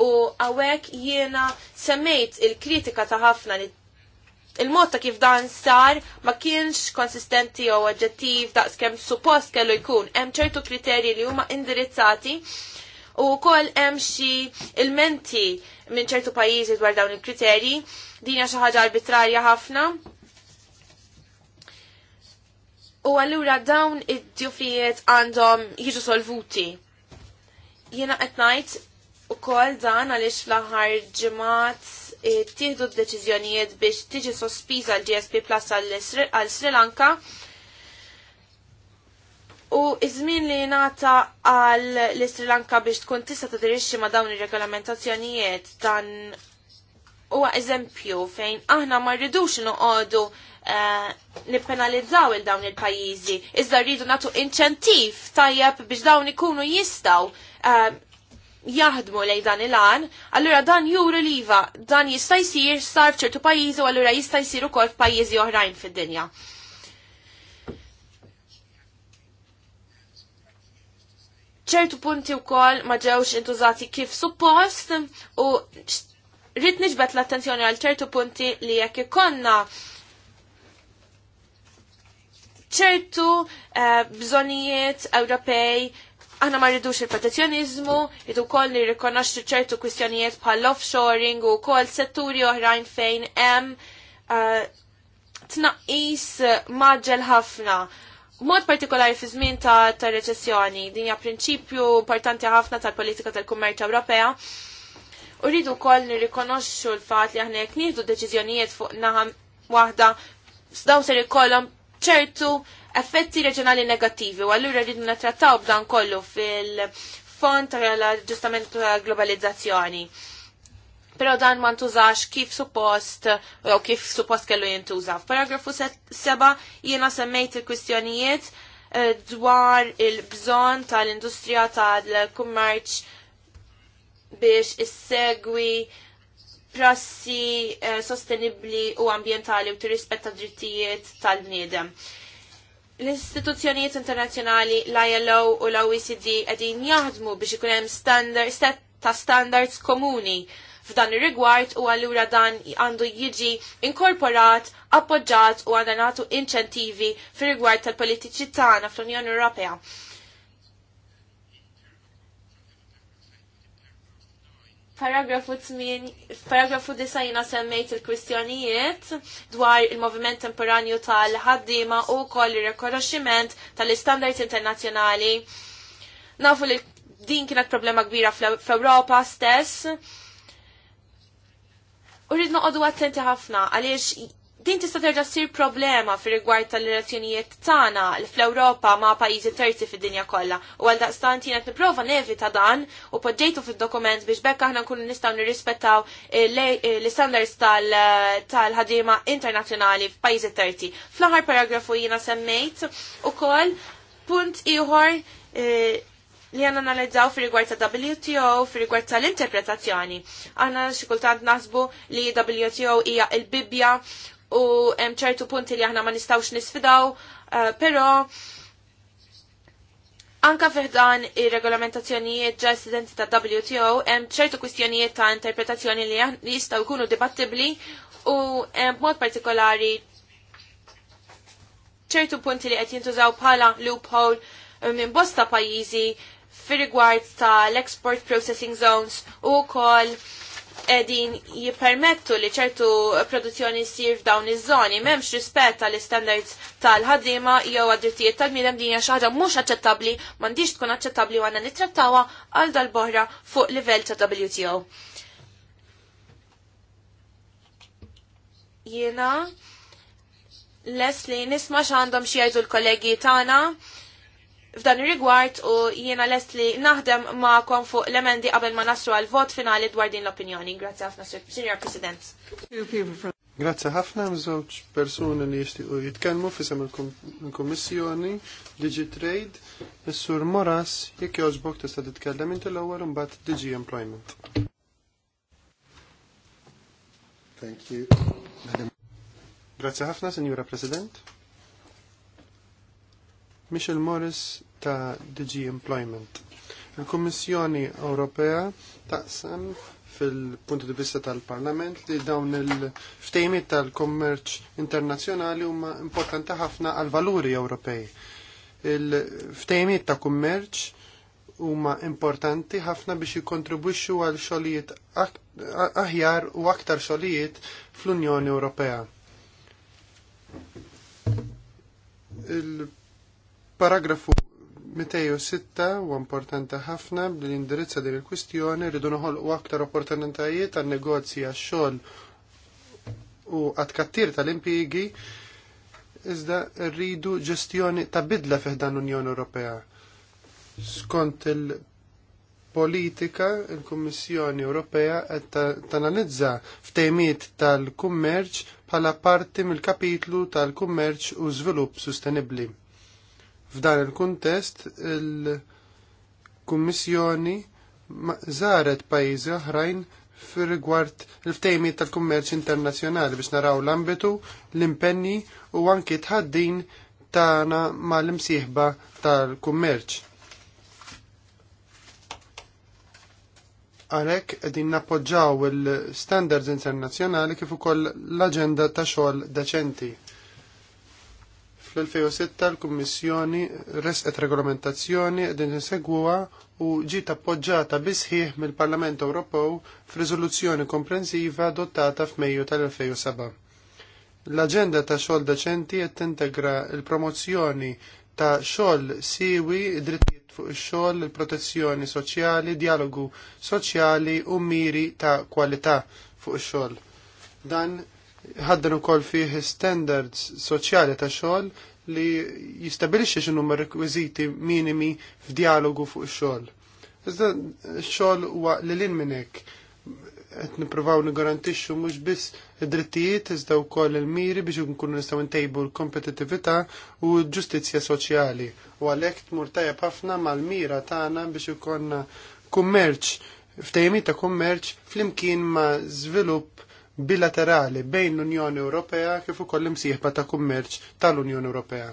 u hawnhekk jiena semmejt il-kritika ta' ħafna li il-mod ta' kif dan sar ma kienx konsistenti jew oġġettiv daqskemm suppost kellu jkun. Hemm ċertu kriterji li huma indirizzati u wkoll hemm xi ilmenti minn ċertu pajjiżi dwar dawn il-kriterji. Din hija xi ħaġa arbitrarja ħafna. U allura dawn id-djufijiet għandhom jiġu solvuti. Jiena qed ngħid ukoll dan għaliex fl-aħħar ġimgħat Eh, tieħdu d-deċiżjonijiet biex tiġi sospiża l-GSP Plus għal Sri Lanka u iż-żmien li jingħata għal l-Sri Lanka biex tkun tista' tidirixxi ma' dawn ir-regolamentazzjonijiet dan huwa eżempju fejn aħna ma rridux noqogħdu eh, nippenalizzaw il-dawn il-pajjiżi, iżda rridu nagħtu inċentiv tajjeb biex dawn ikunu jistgħu eh, jaħdmu lej dan il-għan, allura dan juru liva, dan jista' jsir sar f'ċertu pajjiżi u allura jista' jsir ukoll f'pajjiżi oħrajn fid-dinja. ċertu punti wkoll ma ġewx intużati kif suppost u rrit nġbet l-attenzjoni għal ċertu punti li jekk ikonna ċertu uh, bżonijiet Ewropej Aħna ma rridux il-protezzjonizmu, id ukoll li rikonoxxu ċertu kwistjonijiet bħal offshoring u wkoll setturi oħrajn fejn hemm eh, tnaqqis maġġel ħafna. Mod partikolari fi żmien ta', ta reċessjoni, din hija prinċipju importanti ħafna tal-politika tal-kummerċ Ewropea. Urridu wkoll nirrikonoxxu l-fatt li aħna jekk nieħdu deċiżjonijiet fuq naħa waħda, s'daw ser ikollhom ċertu effetti reġjonali negattivi u allura rridu nattrattaw b'dan kollu fil-fond tal-ġustament ta' globalizzazzjoni. Pero dan ma ntużax kif suppost, u kif suppost kellu jintuża. F'paragrafu 7 jiena semmejt il-kwistjonijiet eh, dwar il-bżon tal-industrija tal-kummerċ biex issegwi prassi eh, sostenibli u ambientali u tirrispetta drittijiet tal-bniedem l-istituzzjonijiet internazzjonali, l-ILO u l-OECD għedin jaħdmu biex ikun hemm standard, set ta' standards komuni f'dan ir-rigward u allura dan għandu jiġi inkorporat, appoġġat u għandna nagħtu inċentivi fir-rigward tal-politiċi tagħna fl-Unjoni Ewropea. Paragrafu 8, paragrafu 9 semmejt il-kwistjonijiet dwar il-moviment temporanju tal-ħaddima u koll il-rekonoximent tal-standards internazjonali. Nafu li din kienet problema kbira fl-Europa stess. U rridna qodu attenti ħafna għaliex din tista' terġa' ssir problema fir rigward tal-relazzjonijiet tagħna fl-Ewropa ma' pajjiżi terzi fid-dinja kollha. U għal daqstant jien qed nipprova nevita dan u poġġejtu fid-dokument biex bekk aħna nkunu nistgħu nirrispettaw l-istandards tal-ħadiema internazzjonali f'pajjiżi terzi. Fl-aħħar paragrafu jiena semmejt ukoll punt ieħor eh, li għanna analizzaw fi rigward ta' WTO, fi rigward tal interpretazzjoni. Għanna xikultant nasbu li WTO hija il-bibja u hemm ċertu punti li aħna ma nistawx nisfidaw, uh, però anka fiħdan ir-regolamentazzjonijiet ġa studenti ta' WTO hemm ċertu kwistjonijiet ta' interpretazzjoni li jistgħu jkunu dibattibli u hemm mod partikolari ċertu punti li qed jintużaw bħala loophole eh, minn bosta pajjiżi fir rigward ta' l-export processing zones u wkoll edin jipermettu li ċertu produzzjoni sir f'dawn iż-żoni m'hemmx rispett tal istandards tal-ħaddiema jew għad-drittijiet tal miedem din hija xi ħaġa mhux aċċettabbli, m'għandix tkun aċċettabbli għanna nitrattawa nittrattawha għal dal-boħra fuq livell ta' WTO. Jiena les li nisma' x'għandhom xie jgħidu l-kollegi tagħna f'dan ir-rigward u jiena lest li naħdem ma'kom fuq l-emendi qabel ma nasru għal vot finali dwar din l-opinjoni. Grazzi ħafna, Senior President. Grazzi ħafna mżewġ persuni li u jitkellmu fisem il kommissjoni DigiTrade, Trade. sur Moras jekk jogħġbok tista' titkellem inti l-ewwel imbagħad Digi Employment. Thank you. Grazzi ħafna, Signora President. Michel Morris ta' DG Employment. Il-Kommissjoni Ewropea taqsam fil-punti di vista tal-Parlament li dawn il ftejmi tal-kommerċ internazzjonali huma importanti ħafna għal-valuri Ewropej. il ftejmi ta' kummerċ huma importanti ħafna biex jikontribwixxu għal xogħlijiet aħjar u aktar xogħlijiet fl-Unjoni Ewropea. Paragrafu 206 u importanti ħafna bl indirizza din il-kwistjoni rridu noħolqu aktar opportunitajiet għan negozji għax-xogħol u għat-kattir tal-impjigi iżda rridu ġestjoni ta' bidla fiħdan l-Unjoni Ewropea. Skont il-politika, il-Kummissjoni Ewropea qed tanalizza ftejmiet tal-kummerċ bħala parti mill-kapitlu tal-kummerċ u żvilupp sostenibbli. F'dan il-kuntest il-Kummissjoni zaret pajjiżi oħrajn fir rigward il ftejmi tal-kummerċ internazzjonali biex naraw l-ambitu, l-impenni u anki tħaddin tagħna mal-imsieħba tal-kummerċ. Għalhekk qegħdin nappoġġaw il-standards internazzjonali kif ukoll l-aġenda ta' xogħol deċenti fl-2006 l-Kummissjoni resqet regolamentazzjoni din insegwa u ġiet appoġġata bisħieħ mill-Parlament Ewropew f'riżoluzzjoni komprensiva adottata f'Mejju tal-2007. L-aġenda ta' xogħol deċenti qed tintegra l-promozzjoni ta' xogħol siwi, drittijiet fuq ix-xogħol, il-protezzjoni soċjali, dialogu soċjali u miri ta' kwalità fuq ix-xogħol. Dan ħaddan ukoll fih standards soċjali ta' xogħol li jistabilixxi x'inhu rekwiżiti minimi f'dialogu fuq ix-xogħol. Iżda x-xogħol huwa lil hinn minn hekk qed nippruvaw nigarantixxu mhux biss id-drittijiet iżda wkoll il-miri biex nkunu nistgħu ntejbu l-kompetittività u l-ġustizzja soċjali. U għalhekk tmur tajjeb ħafna mal-mira tagħna biex ikollna kummerċ ftejmi ta' kummerċ flimkien ma' żvilupp bilaterali bejn l-Unjoni Ewropea kif ukoll imsieħba ta' kummerċ tal-Unjoni Ewropea.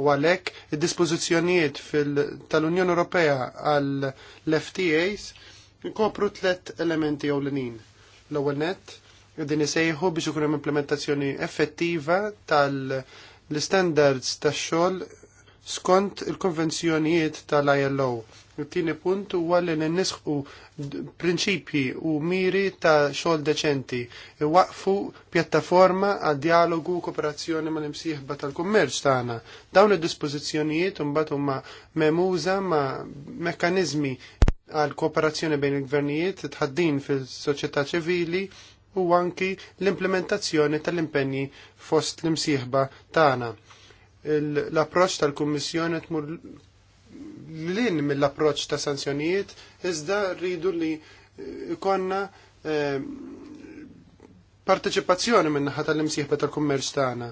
U għalhekk id-dispożizzjonijiet tal-Unjoni Ewropea għall ftas inkopru tliet elementi ewlenin. L-ewwel nett din isejħu biex ikun hemm implementazzjoni effettiva tal-standards tax-xogħol skont il-konvenzjonijiet tal-ILO Il-tieni punt huwa li nisħu prinċipji u miri ta' xogħol deċenti waqfu pjattaforma għad dialogu u kooperazzjoni mal-imsieħba tal-kummerċ tagħna. Dawn id un imbagħad huma memuża ma' mekkaniżmi għal kooperazzjoni bejn il-gvernijiet tħaddin fil-soċjetà ċivili u anki l-implementazzjoni tal-impenji fost l-imsieħba tagħna. L-approċċ tal-Kummissjoni tmur lin mill-approċ ta' sanzjonijiet, iżda rridu li eh, konna eh, parteċipazzjoni minnaħat tal-imsieħba tal-kummerċ tagħna.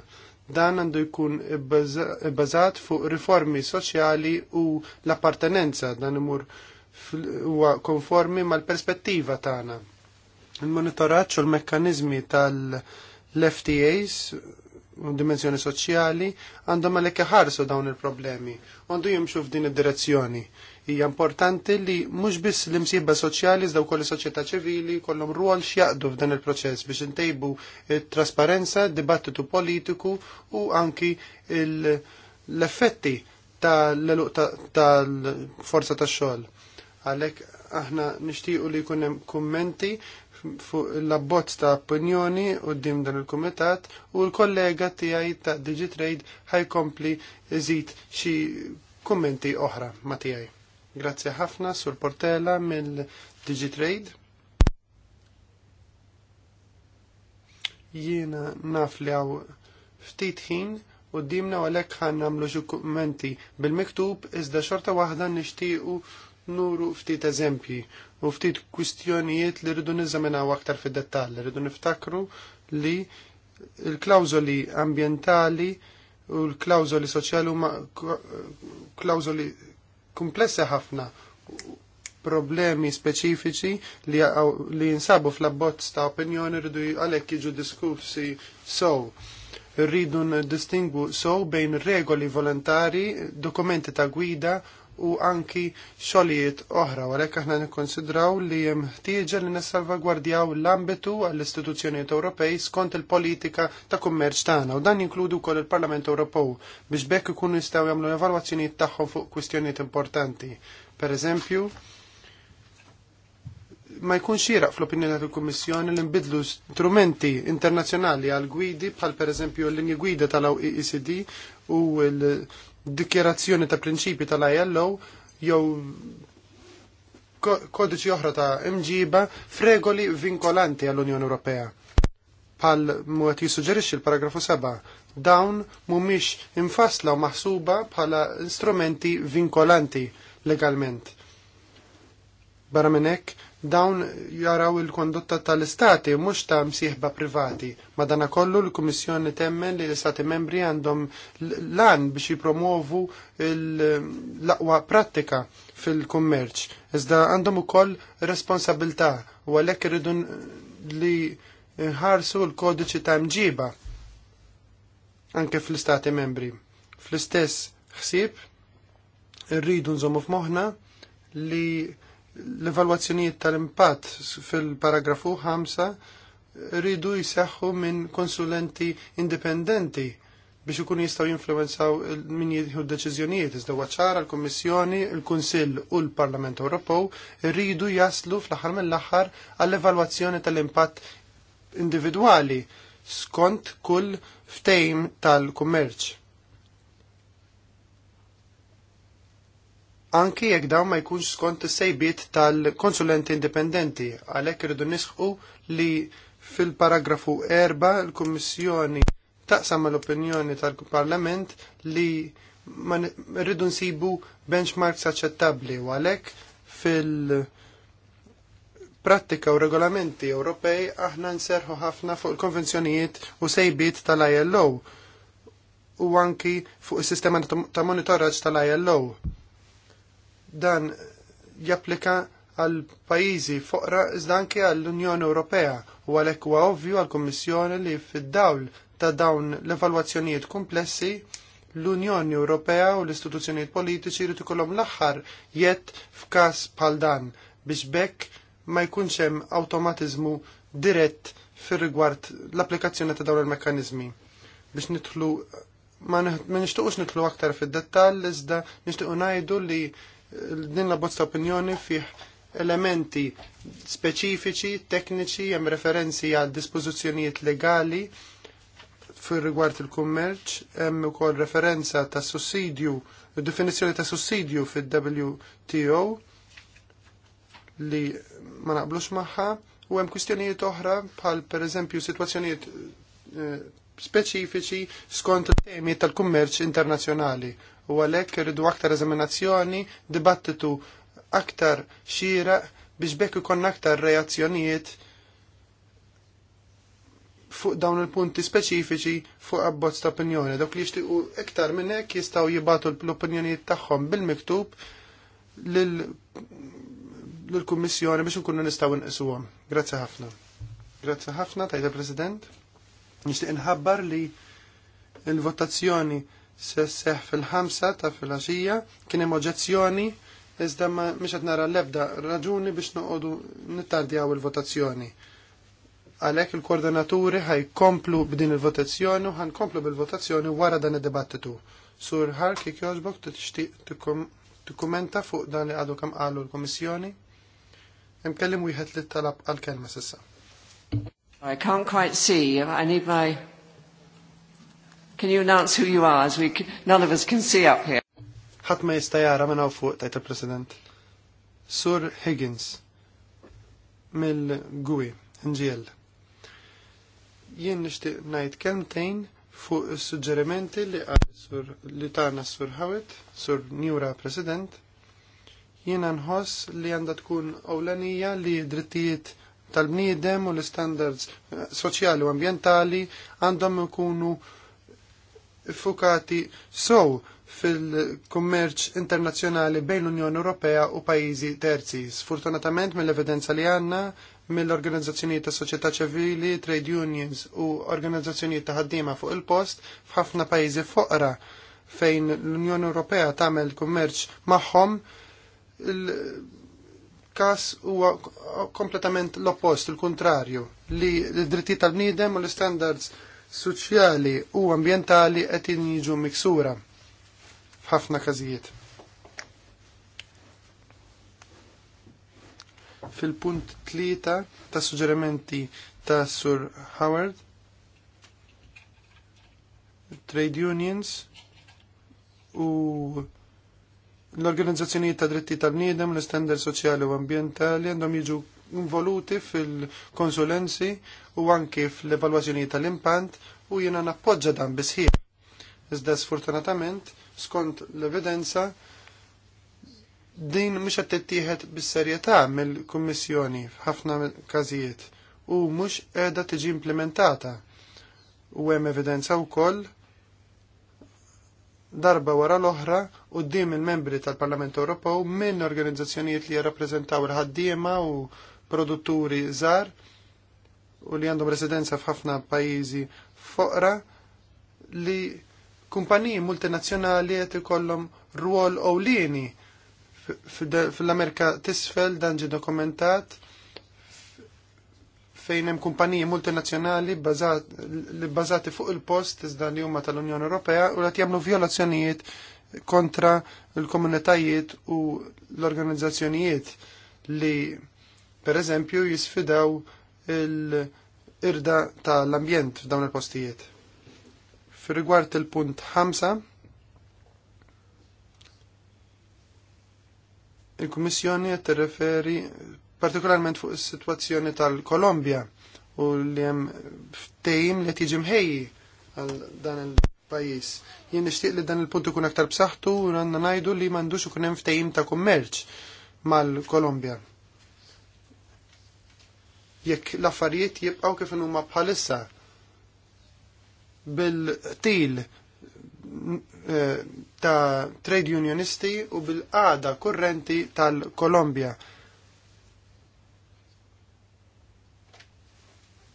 Dan għandu jkun bbażat fuq riformi soċjali u l-appartenenza dan imur huwa konformi mal-perspettiva tagħna. Il-monitoraġġ u l-mekkaniżmi tal-FTAs dimensjoni soċjali għandhom għalhekk iħarsu dawn il-problemi. Għandu jimxu f'din id-direzzjoni. Hija importanti li mhux biss l-imsiba soċjali wkoll is soċjetà ċivili kollhom rwol x'jaqdu f'dan il-proċess biex intejbu trasparenza, dibattitu politiku u anki l-effetti tal-forza tax-xogħol. Għalhekk aħna nixtiequ li jkun hemm kummenti fuq l-abbozz ta' opinjoni u d-dim dan il-komitat u l-kollega tijaj ta' DigiTrade ħajkompli iżid xi kummenti oħra ma tijaj. Grazie ħafna sur Portela mill-DigiTrade. Jiena naf li għaw ftit ħin u d-dimna għalek ħan namlu xi kummenti bil-miktub iżda xorta waħda nixtiequ nuru ftit eżempji u ftit kwistjonijiet li rridu niżaminaw aktar fid-dettall, rridu niftakru li il-klawżoli ambientali u l-klawżoli soċjali huma klawżoli komplessi ħafna problemi speċifiċi li, li jinsabu fl-abbozz ta' opinjoni rridu għalhekk jiġu diskussi sow. Rridu distingu sow bejn regoli volontari, dokumenti ta' gwida u anki xogħlijiet oħra għalhekk aħna nikkonsidraw li hemm ħtieġa li nissalvagwardjaw l-ambitu għall-istituzzjonijiet Ewropej skont il-politika ta' kummerċ tagħna u dan jinkludu wkoll il-Parlament Ewropew biex bekk ikunu jistgħu jagħmlu evalwazzjonijiet tagħhom fuq kwistjonijiet importanti. Per eżempju, ma jkunx xira fl-opinjoni tal-Kummissjoni li nbidlu strumenti internazzjonali għal gwidi bħal per eżempju l-linji gwida tal-OECD e u l dikjerazzjoni ta' prinċipi tal-ILO jew kodiċi oħra ta' imġiba f'regoli vinkolanti għall-Unjoni Ewropea. Pal mwet jissuġġerixxi l-paragrafu 7, dawn mhumiex infasla u maħsuba bħala instrumenti vinkolanti legalment. Barra minn hekk, dawn jaraw il-kondotta tal-istati mhux ta' msieħba privati. Madana kollu l-Kummissjoni temmen li l-istati membri għandhom lan biex jipromovu l-aqwa prattika fil-kummerċ. Iżda għandhom ukoll responsabilità u għalhekk rridun li nħarsu l-kodiċi ta' mġiba anke fl-istati membri. Fl-istess ħsieb irridu nżommu f'moħħna li l-evalwazzjonijiet tal-impatt fil-paragrafu 5 rridu jseħħu minn konsulenti indipendenti biex ikunu jistgħu jinfluwenzaw min jieħu deċiżjonijiet iżda waċar l-Kummissjoni, il-Kunsill u l-Parlament Ewropew rridu jaslu fl-aħħar mill-aħħar għall-evalwazzjoni tal-impatt individwali skont kull ftejm tal-kummerċ. anki jekk dawn ma jkunx skont is-sejbiet tal-konsulenti indipendenti għalhekk irridu nisħu li fil-paragrafu 4 l-Kummissjoni taqsam l-opinjoni tal-Parlament li ma rridu nsibu benchmarks aċċettabbli u għalhekk fil- prattika u regolamenti Ewropej aħna nserħu ħafna fuq il-konvenzjonijiet u sejbiet tal-ILO u anki fuq is-sistema ta' monitoraġġ tal-ILO dan japplika għal pajjiżi foqra iżda anke għall unjoni Ewropea u għalhekk huwa ovvju għall kummissjoni li fid-dawl ta' dawn l-evalwazzjonijiet komplessi l-Unjoni Ewropea u l-istituzzjonijiet politiċi jrid ikollhom l-aħħar jett f'każ bħal dan biex bekk ma jkunx hemm awtomatiżmu dirett fir-rigward l-applikazzjoni ta' dawn il-mekkaniżmi biex nidħlu ma nixtuqux nitlu aktar fid-dettall iżda nixtiequ ngħidu li din la bozza opinjoni fih elementi speċifiċi, tekniċi, hemm referenzi għal dispożizzjonijiet legali fir rigward il-kummerċ, hemm ukoll referenza ta' sussidju, definizzjoni ta' sussidju fil-WTO li ma naqblux magħha, u hemm kwistjonijiet oħra bħal pereżempju sitwazzjonijiet eh, speċifiċi skont temi tal-kummerċ internazzjonali u għalhekk rridu aktar eżaminazzjoni, dibattitu aktar xira biex bekk ikon aktar reazzjonijiet fuq dawn il-punti speċifiċi fuq abbozz ta' opinjoni. Dok li jixtiqu iktar minn hekk jistgħu jibatu l-opinjonijiet tagħhom bil-miktub lill-Kummissjoni biex nkunu nistgħu nqisuhom. Grazzi ħafna. Grazzi ħafna tajda President. Nixtieq inħabbar li il-votazzjoni se seħ fil-ħamsa ta' fil-ħaxija kien hemm oġezzjoni iżda ma mhix qed nara l-ebda raġuni biex noqogħdu nittardjaw il-votazzjoni. Għalhekk il-koordinaturi ħaj komplu b'din il-votazzjoni u komplu bil-votazzjoni wara dan id-dibattitu. Sur ħar kik jogħġbok t tikkumenta fuq dan li għadu kemm qalu l-Komissjoni? Mkellim kellim wieħed li talab għal-kelma s'issa. I can't quite see. I need my Can you announce who you are as we can, none of us can see up here? Ħadd ma jista' jara minn hawn fuq tajt il-President. Sur Higgins mill-Gwi, NGL. Jien nixtieq ngħid kelmtejn fuq is-suġġerimenti li qal li tagħna Sur Hawit, Sur Njura President, jiena nħoss li għandha tkun ewlenija li drittijiet tal-bniedem u l-standards eh, soċjali u ambjentali għandhom ikunu Fukati sow fil-kummerċ internazzjonali bejn l-Unjoni Ewropea u pajjiżi terzi. Sfortunatament mill-evidenza li għandna mill-organizzazzjonijiet ta' soċjetà ċivili, trade unions u organizzazzjonijiet ta' ħaddiema fuq il-post f'ħafna pajjiżi foqra fejn l-Unjoni Ewropea tagħmel kummerċ magħhom il-kas huwa kompletament l-oppost, il-kontrarju, li l-drittijiet tal-bniedem u l-standards soċjali u ambjentali qed jiġu miksura f'ħafna każijiet. Fil-punt tlieta ta' suġġerimenti ta' Sur Howard, trade unions u l-organizzazzjoni ta' dritti tal-bniedem, l istender soċjali u ambjentali għandhom jiġu involuti fil-konsulenzi u anki fl evaluazzjoni tal-impant u jiena nappoġġa dan bisħieħ. Iżda sfortunatament, skont l-evidenza, din mhux qed tittieħed bis-serjetà mill-Kummissjoni f'ħafna każijiet u mhux qiegħda tiġi implementata. U hemm evidenza wkoll darba wara l-oħra d-dim il-membri tal-Parlament Ewropew minn organizzazzjonijiet li jirrappreżentaw il-ħaddiema u produtturi żgħar u li għandhom residenza f'ħafna pajjiżi foqra li kumpaniji multinazzjonali qed ikollhom rwol ewlieni fl-Amerika tisfel dan ġi dokumentat fejn hemm kumpaniji multinazzjonali li bbażati fuq il-post iżda li huma tal-Unjoni Ewropea u qed jagħmlu violazzjonijiet kontra l-komunitajiet u l-organizzazzjonijiet li per eżempju jisfidaw il-irda tal-ambjent f'dawn il-postijiet. Fir-rigward il-punt 5, il-Kummissjoni qed tirreferi partikolarment fuq is-sitwazzjoni tal-Kolombja u li hemm ftehim li tiġi mħejji għal dan il-pajjiż. Jien nixtieq li dan il-punt ikun aktar b'saħħtu u għandna ngħidu li m'għandux ikun hemm ftehim ta' kummerċ mal-Kolombja jekk l-affarijiet jibqgħu kif huma bħalissa bil-til e, ta' trade unionisti u bil-qada kurrenti tal-Kolombja.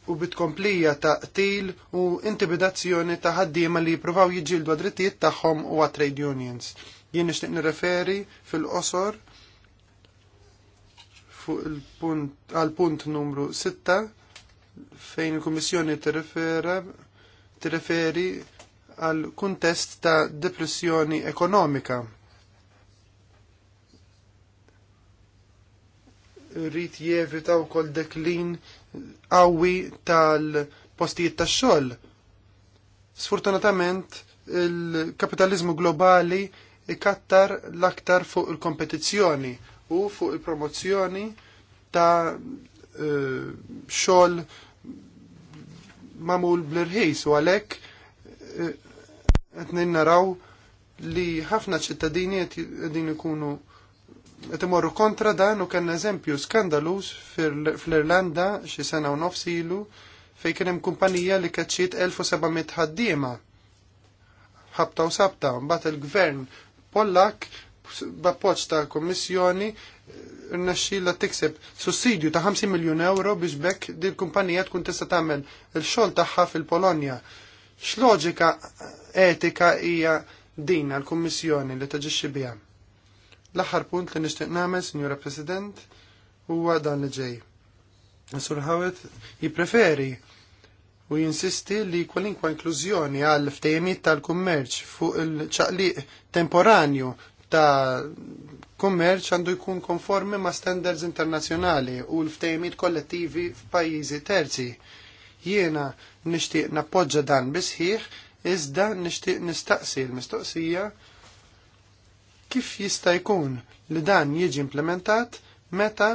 u bitkomplija ta' qtil u intimidazzjoni ta' ħaddiema li jipruvaw jiġildu għad-drittijiet tagħhom u għat trade unions. Jien nixtieq nirreferi fil-qosor fuq il-punt għal-punt numru 6 fejn il-Kummissjoni tirreferi għal kuntest ta' depressjoni ekonomika. Rrit jevita wkoll deklin qawwi tal-postijiet tax-xogħol. Sfortunatament il-kapitalizmu globali ikattar l-aktar fuq il-kompetizzjoni u fuq il-promozzjoni ta' eh, xogħol mamul bl-irħis u għalhekk eh, qed naraw li ħafna ċittadini għedin ikunu qed imorru kontra dan u kellna eżempju skandalus fl-Irlanda xi sena u nofs ilu fejn kien hemm kumpanija li kaċċiet 1700 ħaddiema ħabta u sabta mbagħad il-gvern Pollak b'appoġġ ta' kommissjoni rnexxila tikseb sussidju ta' 50 miljun euro biex bekk din kumpanija tkun tista' tagħmel il-xogħol tagħha fil-Polonja. X'loġika etika hija din għall-Kummissjoni li taġixxi biha? L-aħħar punt li nixtieq nagħmel, Sinjura President, huwa dan li ġej. Sur Hawet jippreferi u jinsisti li kwalinkwa inklużjoni għall ftejemiet tal-kummerċ fuq il-ċaqliq temporanju ta' kummerċ għandu jkun konformi ma' standards internazzjonali u l-ftejmiet kollettivi f'pajjiżi terzi. Jiena nixtieq nappoġġa dan bisħiħ, iżda nixtieq nistaqsi l-mistoqsija kif jista' jkun li dan jiġi implementat meta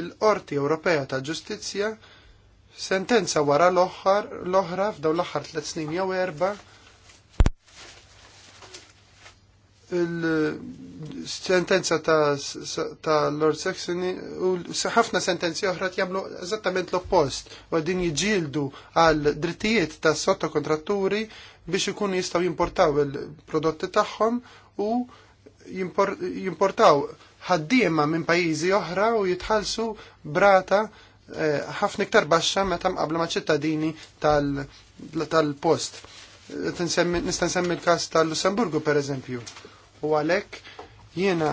l-Qorti Ewropea ta' Ġustizzja sentenza wara l-oħra f'daw l-aħħar tliet snin jew erba' il-sentenza ta' Lord Saxony u ħafna sentenzi oħra jagħmlu eżattament l-oppost u din jġildu għal drittijiet ta' sottokontratturi biex ikunu jistgħu jimportaw il-prodotti tagħhom u jimportaw ħaddiema minn pajjiżi oħra u jitħallsu brata eh, ħafna iktar baxxa meta mqabla ma' ċittadini tal-post. Nista' nsemmi l-każ tal-Lussemburgu pereżempju. U għalhekk jiena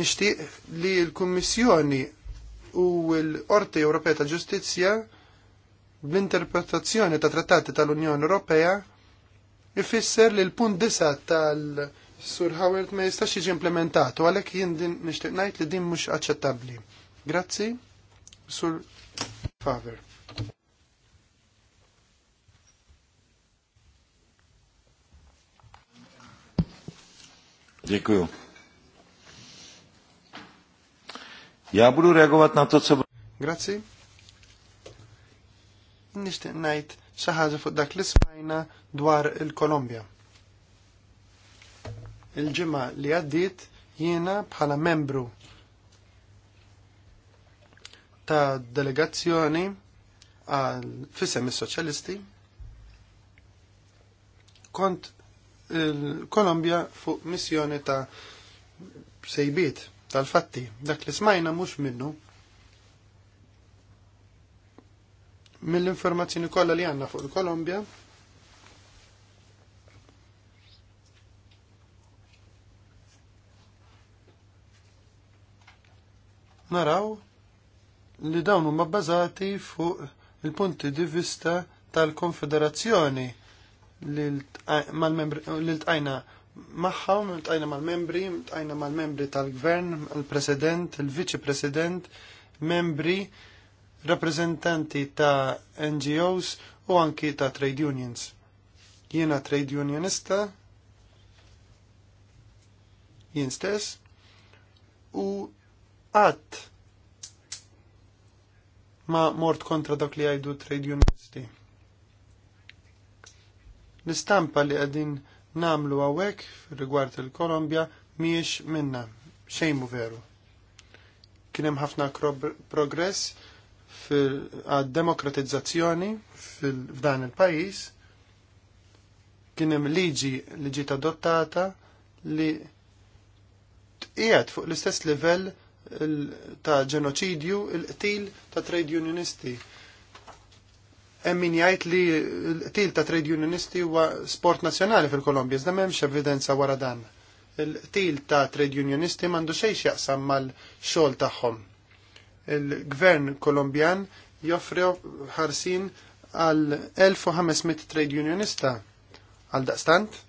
nixtieq li l-Kummissjoni u l-Qorti Ewropea ta' Ġustizzja bl-interpretazzjoni ta' trattati tal-Unjoni Ewropea ifisser li l-punt disa tal- Sur Howard ma jistax jiġi implementatu, għalhekk jien din nixtieq ngħid li din mhux aċċettabbli. Grazzi, Sur Faver. Děkuju. Já budu reagovat na to, co... Grazie. Nishtiq najt xaħġa fuq dak l-ismajna dwar il-Kolombja. Il-ġimma li għaddit jiena bħala membru ta' delegazzjoni għal fisem il-soċalisti kont il-Kolombja fuq missjoni ta' sejbiet tal-fatti. Dak li smajna mhux minnu mill-informazzjoni kollha li għandna fuq il-Kolombja naraw li dawn huma bbażati fuq il-punti di vista tal-Konfederazzjoni l-tqajna maħħa, l tajna mal-membri, l tajna mal-membri tal-gvern, l president il-viċi president, membri, rappresentanti ta' NGOs u anki ta' trade unions. Jiena trade unionista, jien stess, u għat ma mort kontra dak li għajdu trade unionisti. L-istampa li qegħdin namlu hawnhekk rigward il-Kolombja miex minna xejmu veru. Kien hemm ħafna progress għad-demokratizzazzjoni f'dan il-pajjiż. Kien hemm liġi li ġiet adottata li qiegħed fuq l-istess livell ta' ġenoċidju il-qtil ta' trade unionisti emmin min jgħid li til ta' trade unionisti huwa sport nazzjonali fil-Kolombja, iżda m'hemmx evidenza wara dan. Il-til ta' trade unionisti m'għandu xejx jaqsam mal-xogħol tagħhom. Il-gvern Kolombjan joffri ħarsin għal 1500 trade unionista għal daqstant.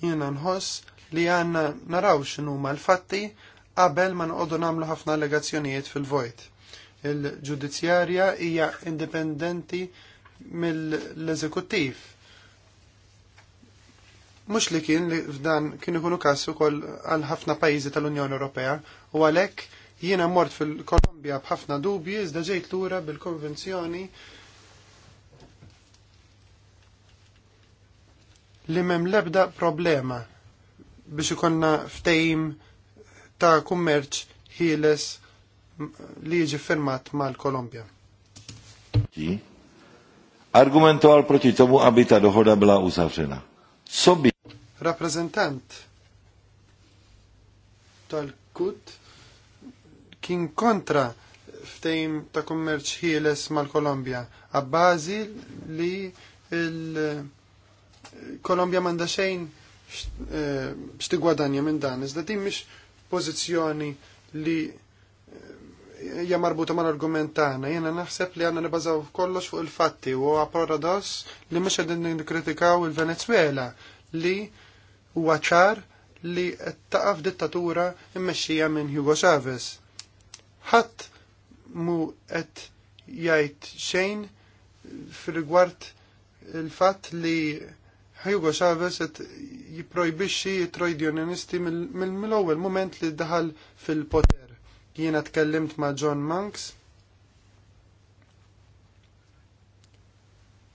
Jiena nħoss li għanna naraw x'inhuma l-fatti qabel ma nqogħdu nagħmlu ħafna allegazzjonijiet fil-vojt il-ġudizzjarja hija indipendenti mill-eżekuttiv. Mhux li kien li f'dan kien ikunu każ ukoll għal ħafna pajjiżi tal-Unjoni Ewropea u għalhekk jiena mort fil-Kolombja b'ħafna dubji iżda ġejt lura bil-konvenzjoni li mem lebda problema biex ikonna ftejim ta' kummerċ ħieles li jiġi firmat mal-Kolombja. Argumento għal protitomu għabita ta dohoda byla uzavřena. Co tal-Kut kien kontra ftejm ta' kummerċ ħieles mal-Kolombja għabbażi li il-Kolombja manda xejn eh, x'tigwadanja minn dan. Iżda din mhix pożizzjoni li eh, hija marbuta mal-argument tagħna. Jiena naħseb li għandna nibbażaw kollox fuq il-fatti u huwa paradoss li mhux qegħdin nikkritikaw il-Venezuela li huwa ċar li qed taqaf dittatura mmexxija minn Hugo Chavez. Ħadd mu qed jgħid xejn fil-rigward il-fatt li Hugo Chavez qed jipprojbixxi t-trojdjonisti mill-ewwel mument li daħal fil-poter Jiena tkellimt ma' John Monks.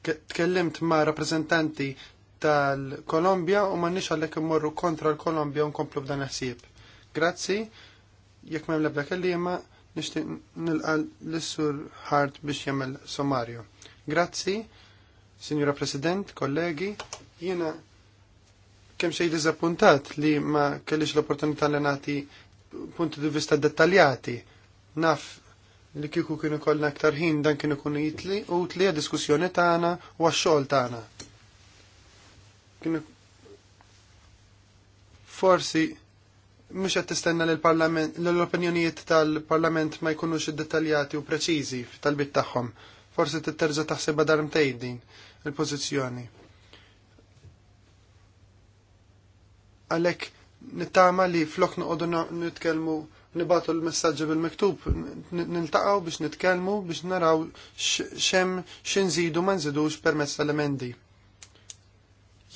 Tkellimt ma' rappresentanti tal-Kolombja u ma' nix għallek morru kontra l-Kolombja unkomplu f'dan ħsieb. Grazzi, jekk ma' mlebda kellima, nishtiq nilqal l-sur Hart biex jagħmel sommario. Grazzi, Signora President, kollegi, jiena kemm xej diżappuntat li ma kellix l-opportunità li nagħti punti di vista dettaljati. Naf li kiku kienu kollna aktar ħin dan kienu kunu jitli u tli diskussjoni tagħna u għax-xogħol tagħna. Kienu forsi mhux qed tistenna l parlament l-opinjonijiet tal-Parlament ma jkunux iddettaljati u preċiżi tal-bit tagħhom. Forsi t-terġa taħsibha darm tgħid il-pożizzjoni. Għalhekk nittama li flok noqodu nitkelmu nibatu l messagġa bil-miktub, niltaqaw biex nitkelmu biex naraw xem xinżidu ma nżidux permess tal-emendi.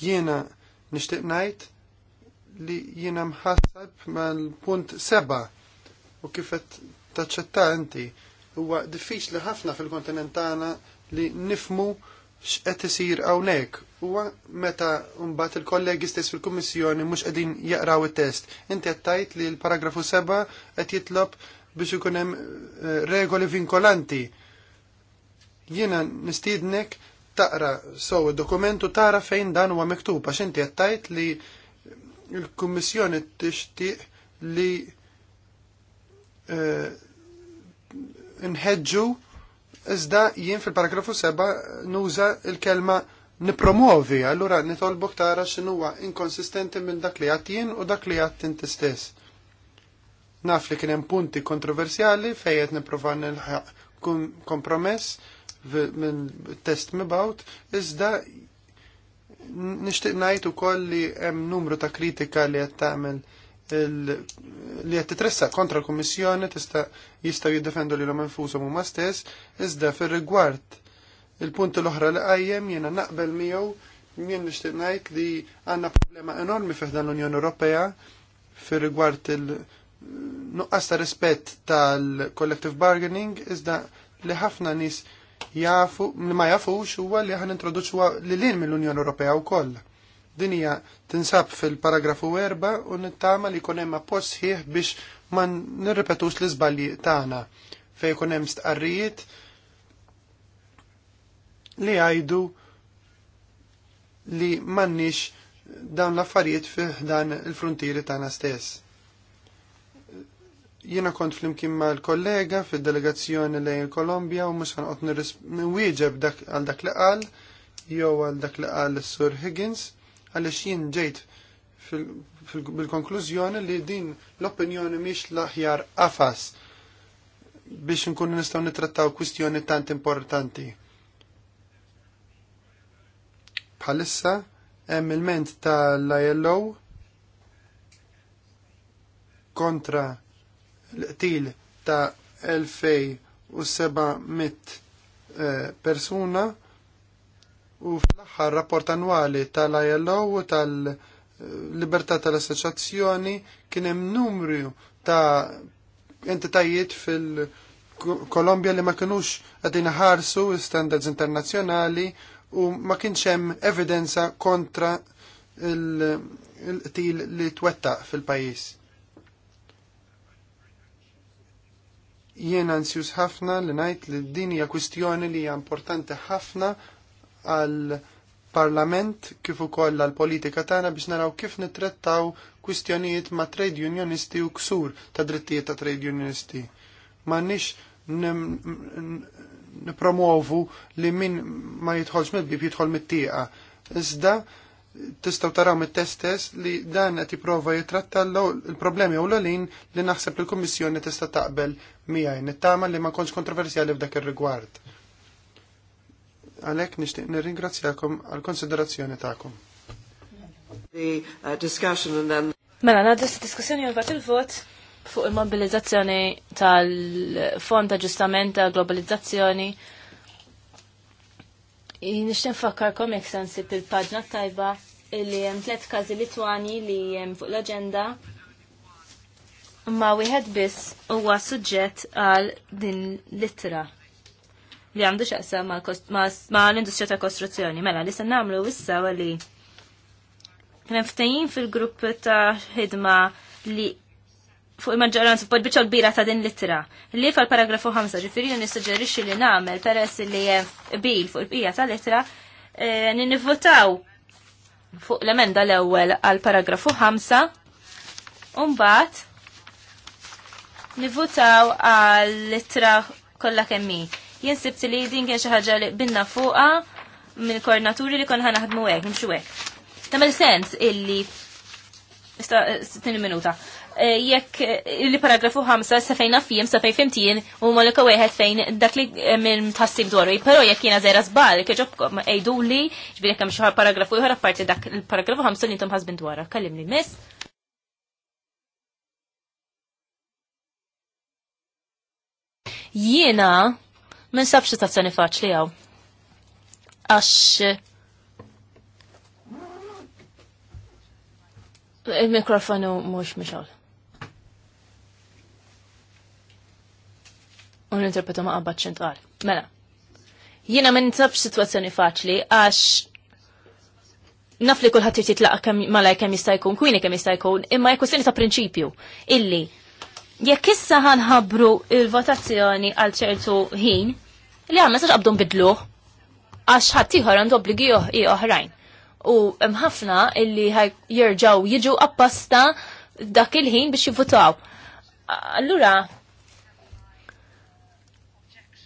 Jiena nishtiq najt li jiena mħassab ma l-punt seba u kifet taċċetta inti. Huwa diffiċli ħafna fil kontinentana li nifmu x'qed isir hawnhekk huwa meta mbagħad il-kollegi stess fil-Kummissjoni mhux qegħdin jaqraw it-test. Inti qed tgħid li l-paragrafu 7 qed jitlob biex ikun hemm eh, regoli vinkolanti. Jiena nistiednek taqra sew id-dokumentu tara fejn dan huwa miktub għax inti qed tgħid li l-Kummissjoni tixtieq li eh, nħeġġu iżda jien fil-paragrafu 7 nuża il-kelma nipromovi, allura nitolbok tara x'inhuwa inkonsistenti minn dak li għattien u dak li għattin stess. Naf li kien hemm punti kontroversjali fejn qed nipprova nilħaq kompromess minn test mibgħut, iżda nixtieq ngħid ukoll li hemm numru ta' kritika li qed tagħmel li qed titressa kontra l-Kummissjoni tista' jistgħu jiddefendu lilhom infushom huma stess, iżda fir-rigward Il-punti l-oħra li qajjem jiena naqbel miegħu jien nixtieq ngħid li għandna problema enormi fih dan l-Unjoni Ewropea fir rigward il-nuqqas ta' rispett tal-collective bargaining iżda li ħafna nies jafu li ma jafux huwa li ħan introduċuha lilin mill-Unjoni Ewropea wkoll. Din hija tinsab fil-paragrafu 4 u nittama li jkun hemm appoġġ biex ma nirrepetux l-iżbalji tagħna fejn jkun hemm stqarrijiet li għajdu li mannix dawn l-affarijiet fih dan il-frontieri tagħna stess. Jiena kont flimkien mal kollega fid-delegazzjoni lejn il-Kolombja u mhux ħanqod nwieġeb għal dak li qal jew għal dak li qal is-Sur Higgins għaliex jien ġejt bil-konklużjoni li din l-opinjoni miex l-aħjar qafas biex nkunu nistgħu nitrattaw kwistjoni tant importanti bħalissa hemm il-ment tal-ILO kontra l-qtil ta' 2700 eh, persuna u fl-aħħar rapport annwali tal-ILO u tal-libertà tal-assoċjazzjoni kien hemm numru ta' entitajiet fil- Kolombja li ma kinux għadin ħarsu standards internazzjonali u ma kienx hemm evidenza kontra il-qtil li twettaq fil-pajjiż. Jien ansjus ħafna li ngħid li din hija kwistjoni li hija importanti ħafna għal parlament kif ukoll għal politika tagħna biex naraw kif nitrettaw kwistjonijiet ma' trade unionisti u ksur ta' drittijiet ta' trade unionisti. Ma' nix nipromovu li min ma jidħolx mill-bib jidħol mit-tieqa. Iżda tistaw taraw mit-test li dan qed jipprova jitratta l-problemi ewlenin li naħseb li l-Kummissjoni tista' taqbel miegħi nittama li ma kontx kontroversjali f'dak ir-rigward. Għalhekk nixtieq nirringrazzjakom għall-konsiderazzjoni tagħkom. Uh, mela, s diskussjoni għal vot il-vot fuq il-mobilizzazzjoni tal-Fond ta' globalizzazzjoni ta' Globalizzazzjoni. Nixtin fakkarkom jek sensi pil-pagġna tajba illi hemm tliet każi Litwani li hemm fuq l-aġenda ma wieħed biss huwa suġġett għal din litra li għandu xaqsa ma l-industrija ta' kostruzzjoni. Mela, li se nagħmlu wissa għalli. kien fil-grupp ta' ħidma li fuq il-maġġoranza fuq il bicċa kbira ta' din l-ittra. Li fal-paragrafu 5 ġifieri jien nissuġġerixxi li nagħmel peress li jem bil fuq il-bqija tal-ittra eh, nivvotaw fuq l-emenda l-ewwel għal paragrafu 5 u mbagħad għal ittra kollha kemm Jinsibt Jien li din kien xi ħaġa li binna fuqha mill-koordinaturi li konna ħadmu hekk, nimxu hekk. Tamel sens illi Sta, minuta. Eh, jekk eh, li paragrafu 5 sa fejn sefej sa fimtien u molika wieħed fejn dak li eh, minn tħassib dwaru. Però jekk jiena zera zbal keġobkom ejdu li ġbir jekk hemm xi paragrafu ieħor parti dak il-paragrafu 5 li intom dwaru dwarha. li miss. Jiena minn sabx situazzjoni li għaw. Għax il-mikrofonu mux mxol. u interpretu ma' qabad ċentral. Mela, jiena ma ninsabx situazzjoni faċli għax nafli kullħat kulħadd irid jitlaqa malaj kemm jista' jkun, kwini kemm jista' jkun, imma hekk ta' prinċipju illi jekk issa ħanħabru il-votazzjoni għal ċertu ħin, li għamma saċ għabdu nbidluh għax ħaddieħor għandu obbligi oħrajn. U hemm ħafna illi jerġgħu jiġu appasta dak il-ħin biex jivvutaw. Allura,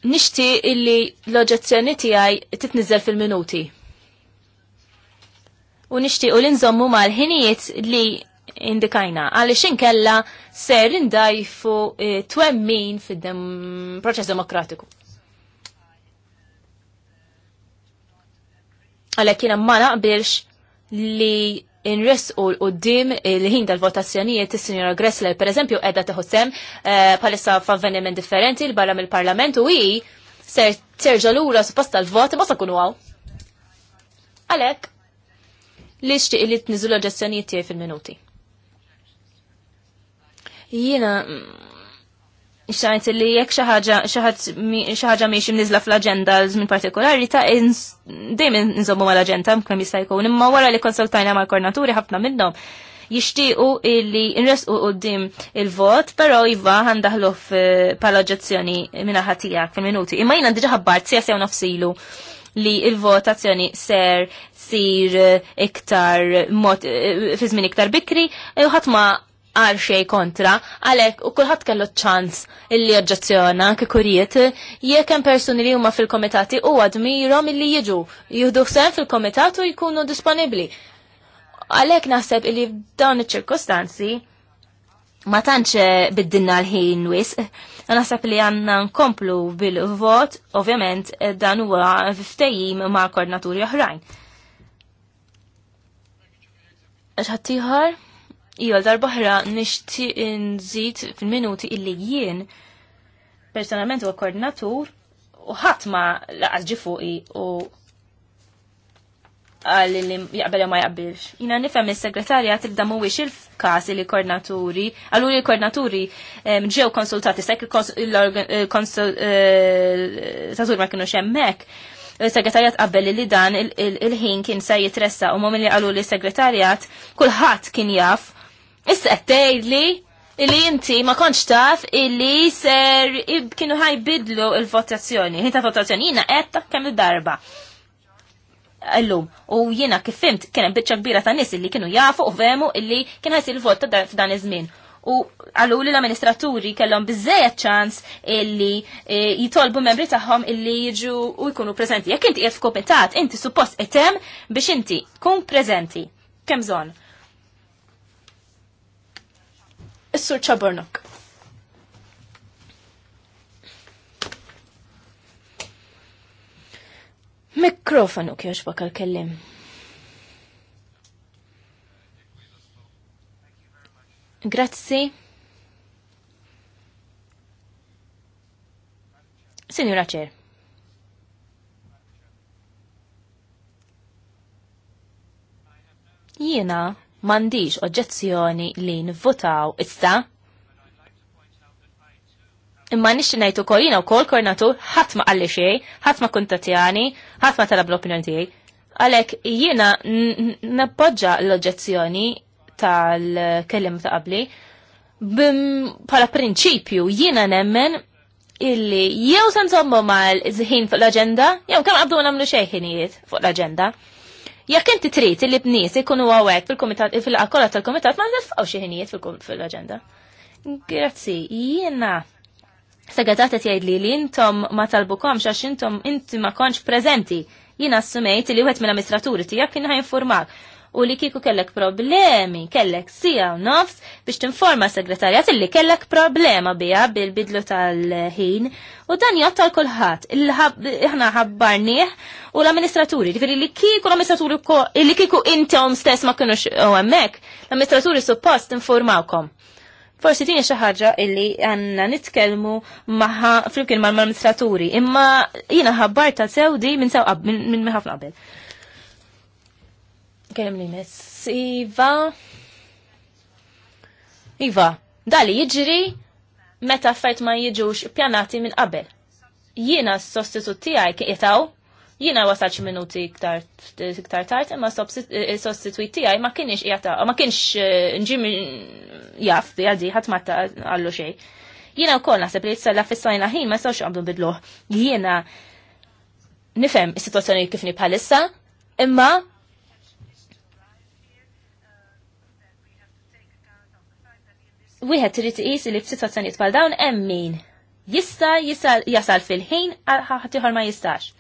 nixti illi l-oġezzjoni tiegħi titniżel fil-minuti. U nixti u l-inżommu mal-ħinijiet li indikajna għalli xinkella ser indajfu e, twemmin fil-proċess demokratiku. Għalli kina ma naqbilx li u l-qoddim il-ħin tal-votazzjonijiet is-Sinjora Gressler, per eżempju, edha teħossem eh, palissa f'avveniment differenti l-barra mill-Parlament u hi ser terġa' lura suppost tal-vot ma sa kunu għaw. Għalhekk li xtieq li tniżu l-oġġezzjonijiet tiegħi fil-minuti. Jiena mm, xajt li jekk xi ħaġa miex imnizla fl-aġenda żmien partikolari ta' dejjem nżommu mal-aġenda kemm jista' jkun imma wara li konsultajna mal-kornaturi ħafna minnhom jixtiequ illi nresqu qudiem il-vot, però iva għandahlu bħala oġġezzjoni minna ħatija fil-minuti. Imma jiena diġa ħabbart sija sew nafsilu li il-votazzjoni ser sir iktar mod eh, fi żmien iktar bikri e, u ħadd ma għal xej kontra, għalek u kullħat kellu ċans illi oġġazzjona kikuriet, jekk hemm persuni li huma fil-komitati u għadmirhom illi jiġu juhdu sen fil-komitat u jkunu disponibbli. Għalek naħseb illi f'dawn iċ-ċirkostanzi ma tantx biddinna l-ħin wisq. Naħseb li għanna nkomplu bil-vot, ovvjament dan huwa ftejjim ma' koordinaturi oħrajn. Ħadd ieħor? Iva darbaħra nixtieq nżid fil-minuti illi jien personalment u koordinatur u ħadd ma laqas ġi fuqi u għal li jaqbel ma jaqbilx. Jina nifhem is-segretarja tibda mhuwiex il kas li koordinaturi, għallu li koordinaturi ġew konsultati sekk il-konsultatur eh, eh, ma kienu hemmhekk. Il-segretarjat qabel li dan il-ħin kien se jitressa u momin li għallu li segretarjat kulħadd kien jaf Issa qed li illi inti ma konċ taf illi ser kienu ħajbidlu il-votazzjoni. Hinta votazzjoni jina qed kemm darba. Allum, u jiena kif kiena kien hemm kbira ta' nis illi kienu jafu u vemu illi kien ħajsir il-vot f'dan iż-żmien. U għallu li l-amministraturi kellhom bizzejet ċans illi e, jitolbu membri tagħhom illi jiġu u jkunu preżenti. Jekk inti qiegħed f'kumitat, inti suppost qed hemm biex inti kun preżenti. Kemm bżonn? Is-Sur Ċabornok. Mikrofonu kjoġbak għal-kellim. Grazzi. Signora Cer. Jiena mandiġ oġġezzjoni li nivvotaw issa. Imma nixti najtu kol jina u kol kornatu, ħatma ma għalli xej, ħatma ma kuntatjani, ħatma ma bl l-opinjoni tijaj. Għalek jina nappoġġa l-oġġezzjoni tal-kellim ta' qabli bħala prinċipju jina nemmen illi jew sanżommu mal zħin fuq l-agenda, jew kam għabdu namlu xejħinijiet fuq l-agenda. Jekk inti trid li bnies ikunu hawnhekk fil-kumitat fil-akola tal-kumitat ma nilfqgħu xi ħinijiet fil-aġenda. Grazzi, jiena segretat qed jgħidli li intom ma talbukomx għax intom inti ma kontx preżenti. Jiena assumejt li wieħed mill-amministraturi tiegħek kien ħajinformak u li kiku kellek problemi, kellek sija u nofs biex tinforma segretarjat illi kellek problema bija bil-bidlu tal-ħin u dan jotta l-kolħat il-ħna ħabbarnieh u l-amministraturi, ġifiri li kiku l-amministraturi li kiku intom stess ma kienux OMEK, l-amministraturi suppost informawkom. Forsi tini xaħġa illi għanna nitkelmu maħħa flimkien mal-amministraturi, imma jina ħabbar ta' sewdi minn ħafna qabel. Kelim li mess. Iva. Iva. Dali jiġri meta fajt ma jiġux pjanati minn qabel. Jiena s-sostitut tiegħi kietaw, jiena wasalx minuti iktar tard, imma eh, s-sostitut tijaj ma kienx qiegħtaw, ma kienx eh, nġim jaf di għaddi ħadd ma għallu xejn. Jiena wkoll naħseb li jitsella fis-sajna ħin ma jistgħux għabdu bidluh. Jiena nifhem is-sitwazzjoni kif bħalissa, imma wieħed trid tqis li f'sitwazzjonijiet bħal dawn hemm min jista' jasal fil-ħin għal ħadd ieħor ma jistax.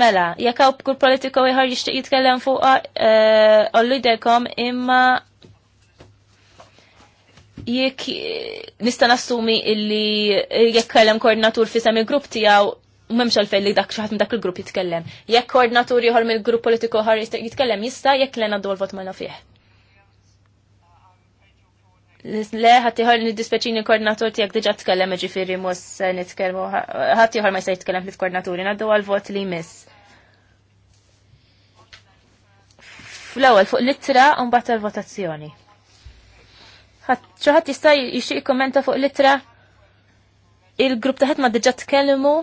Mela, jekk hawn kull politiku ieħor jixtieq jitkellem fuq eh, ollu jdejkom imma jekk nista' nassumi illi jekk kellem koordinatur fi sem il-grupp tiegħu m'hemmx għalfejn li dak xi ħadd minn dak il-grupp jitkellem. Jekk koordinatur ieħor mill-grupp politiku ieħor jitkellem jista' jekk lena dolvot vot ma mela fih. Le, ħattiħor nid-dispeċini koordinatur tijak diġa t-kellem ġifiri mus nitkellmu, ħattiħor ma jisaj t-kellem fil-koordinaturi, naddu għal-vot li mis. Fl-ewel, fuq litra un bat votazzjoni ċoħat jista jixi kommenta fuq litra il-grupp taħet ma diġa tkellmu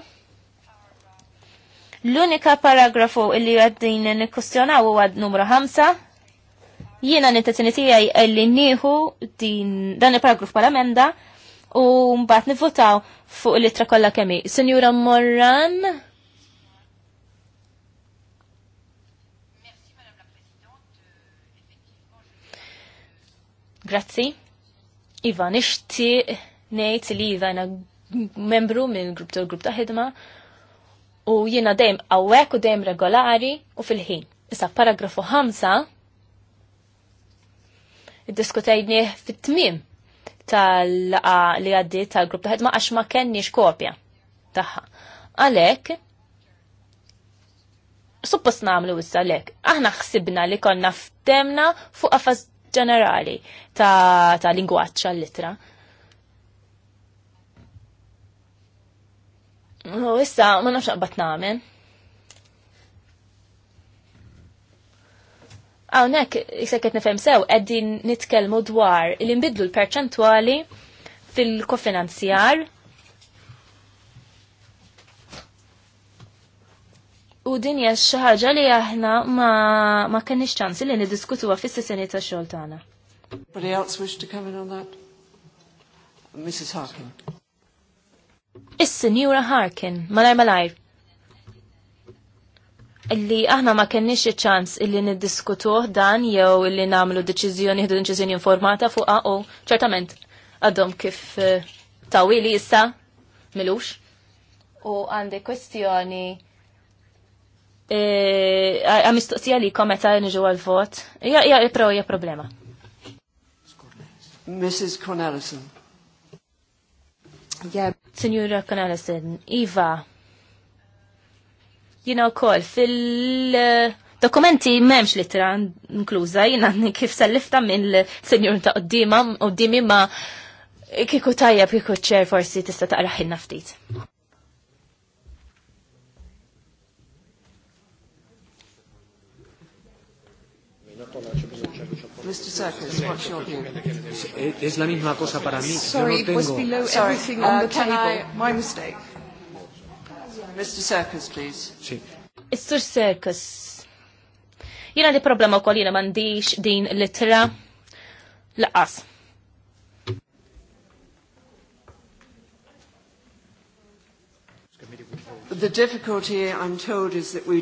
l-unika paragrafu illi għaddin nikkustjonaw huwa numru 5 Jiena n-intenzjoni tiegħi li nieħu din dan il paragruf bħala emenda u mbagħad nivvotaw fuq il-ittra kollha kemm hi. Sinjura Morran. Grazzi. Iva, nixtieq ngħid li Iva membru minn grupp tal grupp ta' ħidma u jiena dejjem hawnhekk u dejjem regolari u fil-ħin. Issa paragrafu 5 Diskutajni fit-tmim tal-laqa li għaddi tal-grupp ta' ħedma għax ma kenniex kopja taħħa. Għalek, suppost namlu issa għalek, aħna ħsibna li konna ftemna fuq għafas ġenerali ta', ta lingwaċċa l-litra. U issa ma nafx għabat namen. Għawnek, jisek qed nifhem sew, qegħdin nitkellmu dwar li nbidlu l-perċentwali fil-kofinanzjar u din hija xi ħaġa li aħna ma, ma kenniex ċansi li niddiskutuha fis s tax-xogħol tagħna. Anybody else wish to come in on that? Mrs. Harkin. Is-Sinjura Harkin, malaj malajr li aħna ma kenniex ċans illi niddiskutuh dan jew illi namlu deċiżjoni ħdu deċiżjoni informata fuq u ċertament għadhom kif eh, tawili issa milux. U għandi kwestjoni eh, għam istuqsija li kometa nġu għal-vot. Ja, pro, ja problema. Mrs. Cornelison. Yeah. Signora Cornelison, Iva, you know, call fil-dokumenti memx litra inkluza, jina kif sallifta minn l-senjur ta' qoddimi ma kiku tajja kiku ċer forsi tista ta' raħin naftit. Mr. Circus, what's your view? Es la misma cosa para mí. Sorry, it was below everything on uh, the table. My mistake. Mr. Circus, please. Sì. Mr. Circus. Jina li problema kol jina mandiċ din litra laqas. The difficulty, I'm told, is that we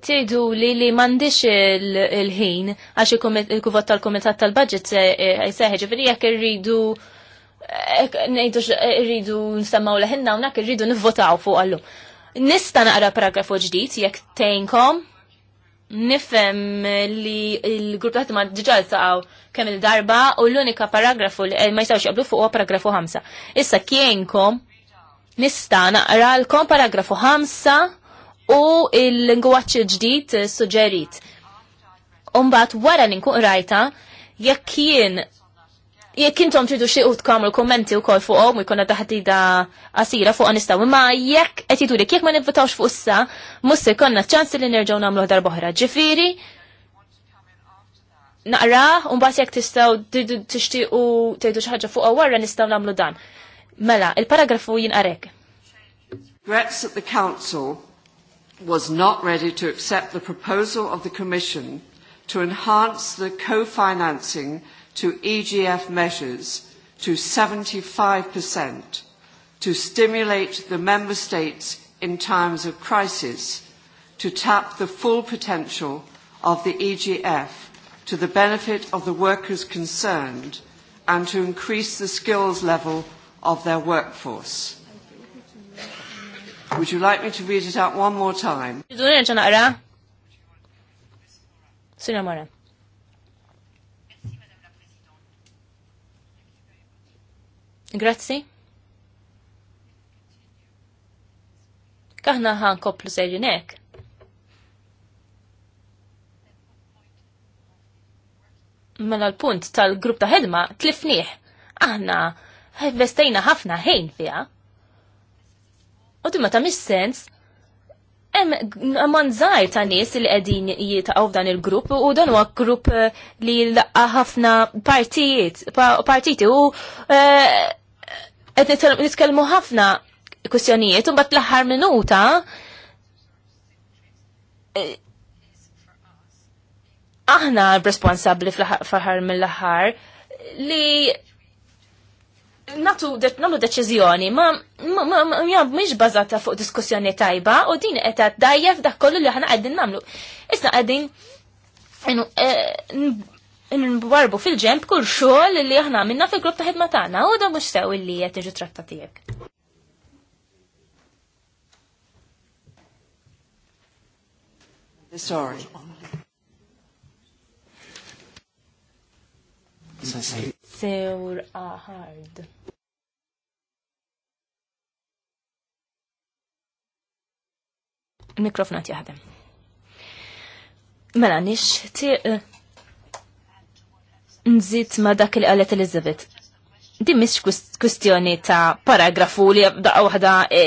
Tiedu li li mandiċ il-ħin għax il-kuvot tal-komitat tal-budget eh, jseħħi ġifiri jek irridu eh, nejdu irridu nsemmaw leħinna unak irridu nivvotaw fuq għallu nista naqra paragrafu ġdid jekk tejnkom nifhem li l-grupp taħt ma diġà saqgħu kemm il-darba u l-unika paragrafu li ma jistgħux jaqblu fuq paragrafu 5. Issa kienkom nista naqralkom paragrafu 5 u l-lingwaċċ ġdid suġġerit. Umbat wara ninkun rajta jekk jien jekk intom tridu xie u tkamlu kommenti u wkoll fuqhom u jkollna taħdida qasira fuq nistgħu imma jekk qed jidulek jekk ma nivvitawx fuq issa mussi konna ċansi li nerġgħu nagħmluh darba oħra. Ġifieri naqra u mbagħad jekk tistgħu tridu tixtiequ tgħidu xi ħaġa fuq warra nistgħu nagħmlu dan. Mela, il-paragrafu jinqarek. Regrets that the Council was not ready to accept the proposal of the Commission to enhance the co-financing to EGF measures to 75% to stimulate the member states in times of crisis to tap the full potential of the EGF to the benefit of the workers concerned and to increase the skills level of their workforce. Would you like me to read it out one more time? Grazzi. Kaħna ħan koplu serjinek. Mela l-punt tal-grupp ta' ħedma tlifniħ. Aħna investejna ħafna ħin fija. U dimma ta' mis-sens hemm amman ta' nies li qegħdin jitaqgħu f'dan il-grupp u dan huwa grupp li laqqa ħafna partijiet, partiti u eh, Et nitkellmu ħafna kwistjonijiet u bat l-aħħar minuta eh, aħna responsabbli fl-aħħar mill-aħħar li natu nagħmlu deċiżjoni ma mhix bażata fuq diskussjoni tajba u din qed dajjef dak kollu li aħna qegħdin nagħmlu. Issa qegħdin eh, n-barbu fil-ġemp kull xogħol li aħna minna fil-grupp ta' ħidma tagħna u da mhux sew li qed tiġi trattat tiegħek. Sorry. Sewr aħard. Il-mikrofonat jaħdem. Mela, nix tiq nżid ma dak li qalet Elizabeth. Din mhix kwistjoni ta' paragrafu li daqqa waħda e,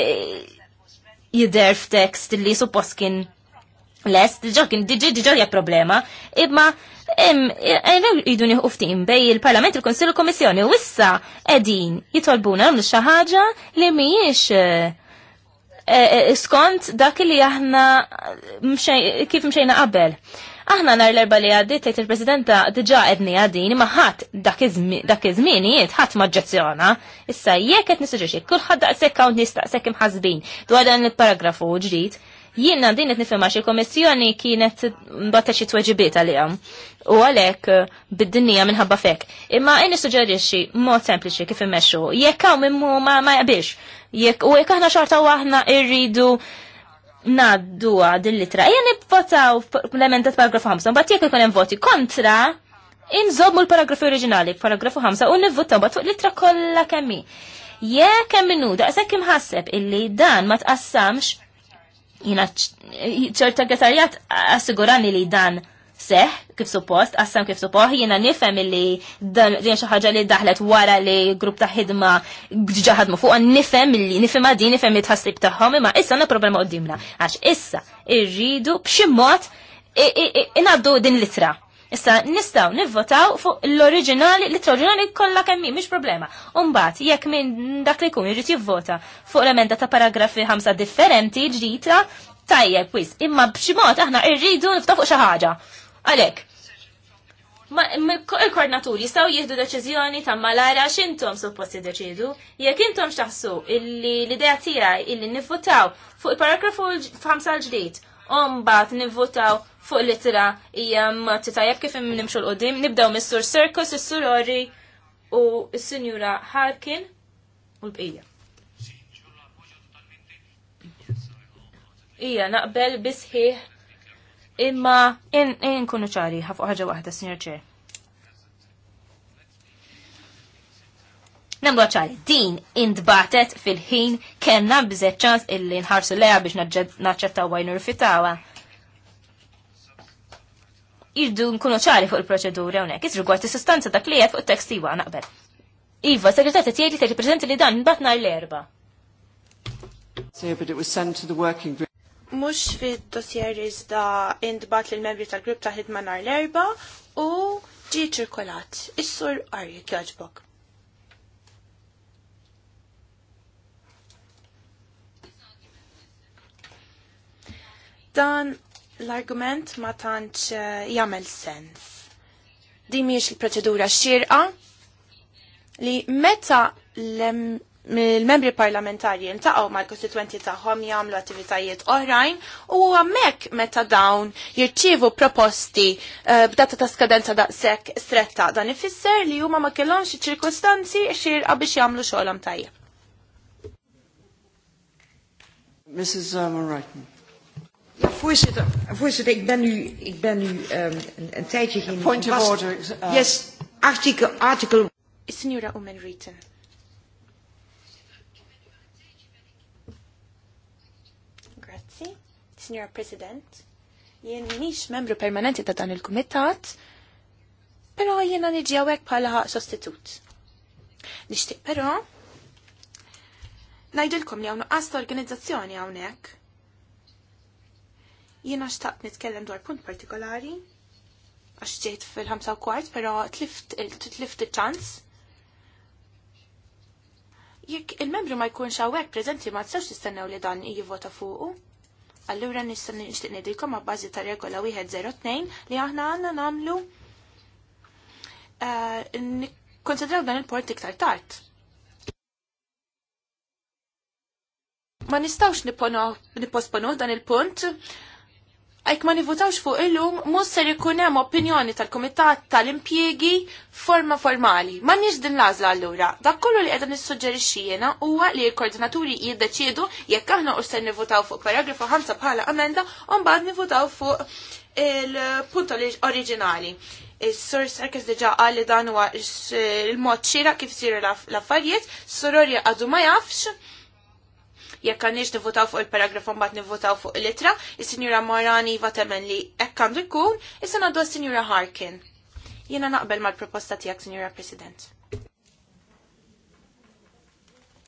jidher f'tekst li suppost kien lest, diġa kien diġa hija problema, imma e, e, Idu nieħu ftim bej il-Parlament, il-Konsil, il-Komissjoni, u issa edin jitolbuna xi xaħġa li mhijiex skont dak li aħna kif mxejna qabel. Aħna nar l-erba li għaddit tgħid il-Presidenta diġà edni għaddin imma ħadd dak iż-żmienijiet ħadd jek Issa jekk qed da' kulħadd daqshekk hawn nistaqsek ħazbin dwar dan il-paragrafu ġdid. Jiena din qed nifhimha xi kommissjoni kienet mbagħad xi tweġibiet għalihom. U għalhekk eh, bid-dinja minħabba fek. Imma qed nissuġġerixxi mod sempliċi kif immexxu. Jekk hawn immu ma jaqbilx. Jekk u jekk aħna xorta waħna irridu naddu il litra Ejja nivvotaw l-emenda paragrafu 5, bat jekk ikun hemm voti kontra, inżobmu l-paragrafu oriġinali, paragrafu 5, u nivvotaw bat fuq litra kollha kemm hi. Jekk hemm minnu daqshekk imħasseb illi dan ma tqassamx jina ċerta għetarjat assigurani li dan seħ kif suppost, għassam kif suppost, jena nifhem illi din xi ħaġa li daħlet wara li grupp ta' ħidma ġaħad ma fuqha nifhem illi nifhimha din nifem li tħassib tagħhom imma issa na problema għoddimna, għax issa irridu b'xi mod inaddu din litra. Issa nistaw nivvotaw fuq l-oriġinali, l-oriġinali kollha kemm mhix problema. Umbat, jekk minn dak li jkun irid jivvota fuq l-emenda ta' paragrafi ħamsa differenti ġdita, tajjeb wis, imma b'xi mod aħna rridu niftaw fuq xi ħaġa. Għalek, il-koordinaturi jistaw jihdu deċizjoni ta' malara xintom supposti deċidu, jekk intom xtaħsu illi l-idea tiegħi illi nivvotaw fuq il-paragrafu 5 l-ġdid, umbat nivvotaw fuq l-ittra hija tajab kif nimxu l qoddim nibdew mis-sur Circus, is-sur Ori u s-Sinjura Harkin u l-bqija. Ija naqbel bisħiħ imma kunu ċari ħafu ħaġa waħda, Sr. Chair. Namlu ċari, din indbatet fil-ħin kena bżet ċans illi nħarsu leja biex naċċettaw għaj nurfitawa. Irdu nkunu ċari fuq il-proċedura unek, izrigwart il-sustanza dak li fuq il-tekst iwa naqbel. Iva, segretati tiegħi li tiġi prezenti li dan bat nhar l-erba'. but it was sent to the working group mux fid dossier iżda indbat l-membri tal-grupp ta' ħidma nar l-erba u ġi ċirkolat. Is-sur arju kjoġbok. Dan l-argument ma tantx eh, jagħmel sens. Din mhijiex il-proċedura xirqa li meta l mill membri parlamentari jiltaqgħu mal-kostituenti tagħhom jagħmlu attivitajiet oħrajn u hemmhekk meta dawn jirċievu proposti eh, b'data ta' skadenza daqshekk stretta dan ifisser li huma ma kellhomx ċirkostanzi xirqa biex jagħmlu xogħolhom tajjeb. Mrs. Morrighton. Uh, ja, voorzitter, voorzitter, ik ben nu, ik ben nu um, een, een tijdje geen... Point of order. Uh, yes, artikel... artikel... Signora Omen-Rieten. Signor President, jien mhix membru permanenti ta' dan il-Kumitat, però jiena niġi hawnhekk bħala sostitut. Nixtieq però ngħidilkom li hawn nuqqas ta' organizzazzjoni hawnhekk. Jiena xtaqt nitkellem dwar punt partikolari għax ġejt fil-5 kwart, però tlift il-ċans. Jekk il-membru ma jkunx hawnhekk preżenti ma tistgħux tistennew li dan jivvota fuqu. Allura nistan nixtieq nidilkom ma' bażi ta' regola 102 li aħna għanna nagħmlu eh, konsidraw dan il-port iktar tard. Ma nistawx nipposponu dan il-punt għajk ma nivutawx fuq illum, mus ser ikun hemm opinjoni tal-Kumitat tal-Impjiegi forma formali. Ma nix din lażla allura. Dak kollu li qiegħda nissuġġerixxi jiena huwa li l-koordinaturi jiddeċiedu jekk aħna u ser nivutaw fuq paragrafu 5 bħala amenda u mbagħad nivutaw fuq il-punt oriġinali il-sur Sarkis diġa għalli dan huwa il-mod xira kif siru l-affarijiet, sororja għadu ma jafx, jekk għandix nivotaw fuq il-paragrafu mbagħad nivvotaw fuq il-litra, is-Sinjura Morani va temmen li hekk għandu jkun, issa għandu s-Sinjura Harkin. Jiena naqbel mal-proposta tiegħek, Sinjura President.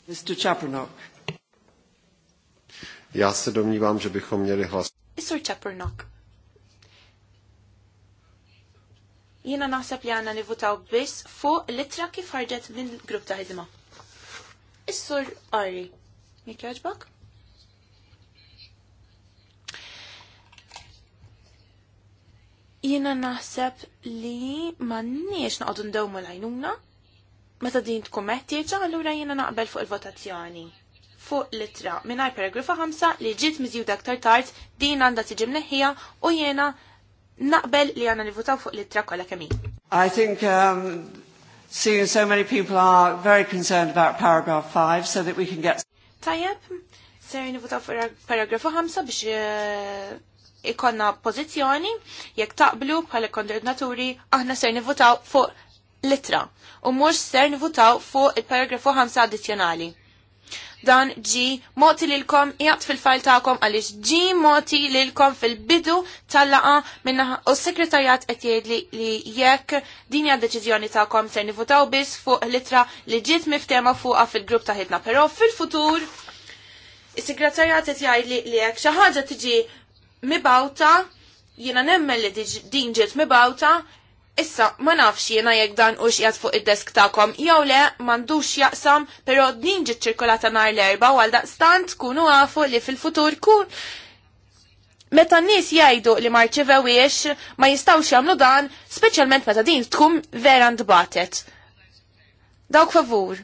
Mr. Chapernock. Já se domnívám, že bychom měli hlas. Mr. Chapernock. Jiena naħseb li għanna nivutaw biss fuq litra kif ħarġet minn grupp ta' ħidma. Is-sur Ari. Mik joġbok? Jina naħseb li niex naqdu ndewmu l-għajnuna. Meta din tkun meħtieġa, allura jina naqbel fuq il-votazzjoni. Fuq litra minnaj paragrafa 5 li ġiet miżjuda aktar tard din għandha tiġi mneħħija u jiena naqbel li għandna nivutaw fuq litra kemm kemmi. I think um, seeing so many people are very concerned about paragraph 5 so that we can get Tajjeb, ser nivutaw paragrafu 5 biex eh, ikonna pozizjoni, jekk taqblu bħala kondernaturi, aħna ser nivutaw fuq litra u mhux ser nivutaw fuq il-paragrafu 5 addizzjonali. Dan ġi moti lilkom jgħat fil-fajl ta'kom għaliex ġi moti lilkom fil-bidu tal-laqa minna u s-sekretarjat qed jgħidli li jekk din hija deċiżjoni ta'kom se nivutaw biss fuq litra li ġiet miftema fuqha fil-grupp ta' ħidna, però fil-futur is-sekretarjat qed jgħidli li jekk xi ħaġa tiġi mibawta jiena nemmen li din ġiet mibawta, Issa, ma nafx jena jek dan u xijat fuq id-desk ta'kom, jew le mandux jaqsam, pero din ġit ċirkolata nar l-erba għal daqstant kunu għafu li fil-futur kun. Meta n-nis jajdu li marċivewiex ma jistawx jamlu dan, specialment meta din tkun vera ndbatet. Dawk favur.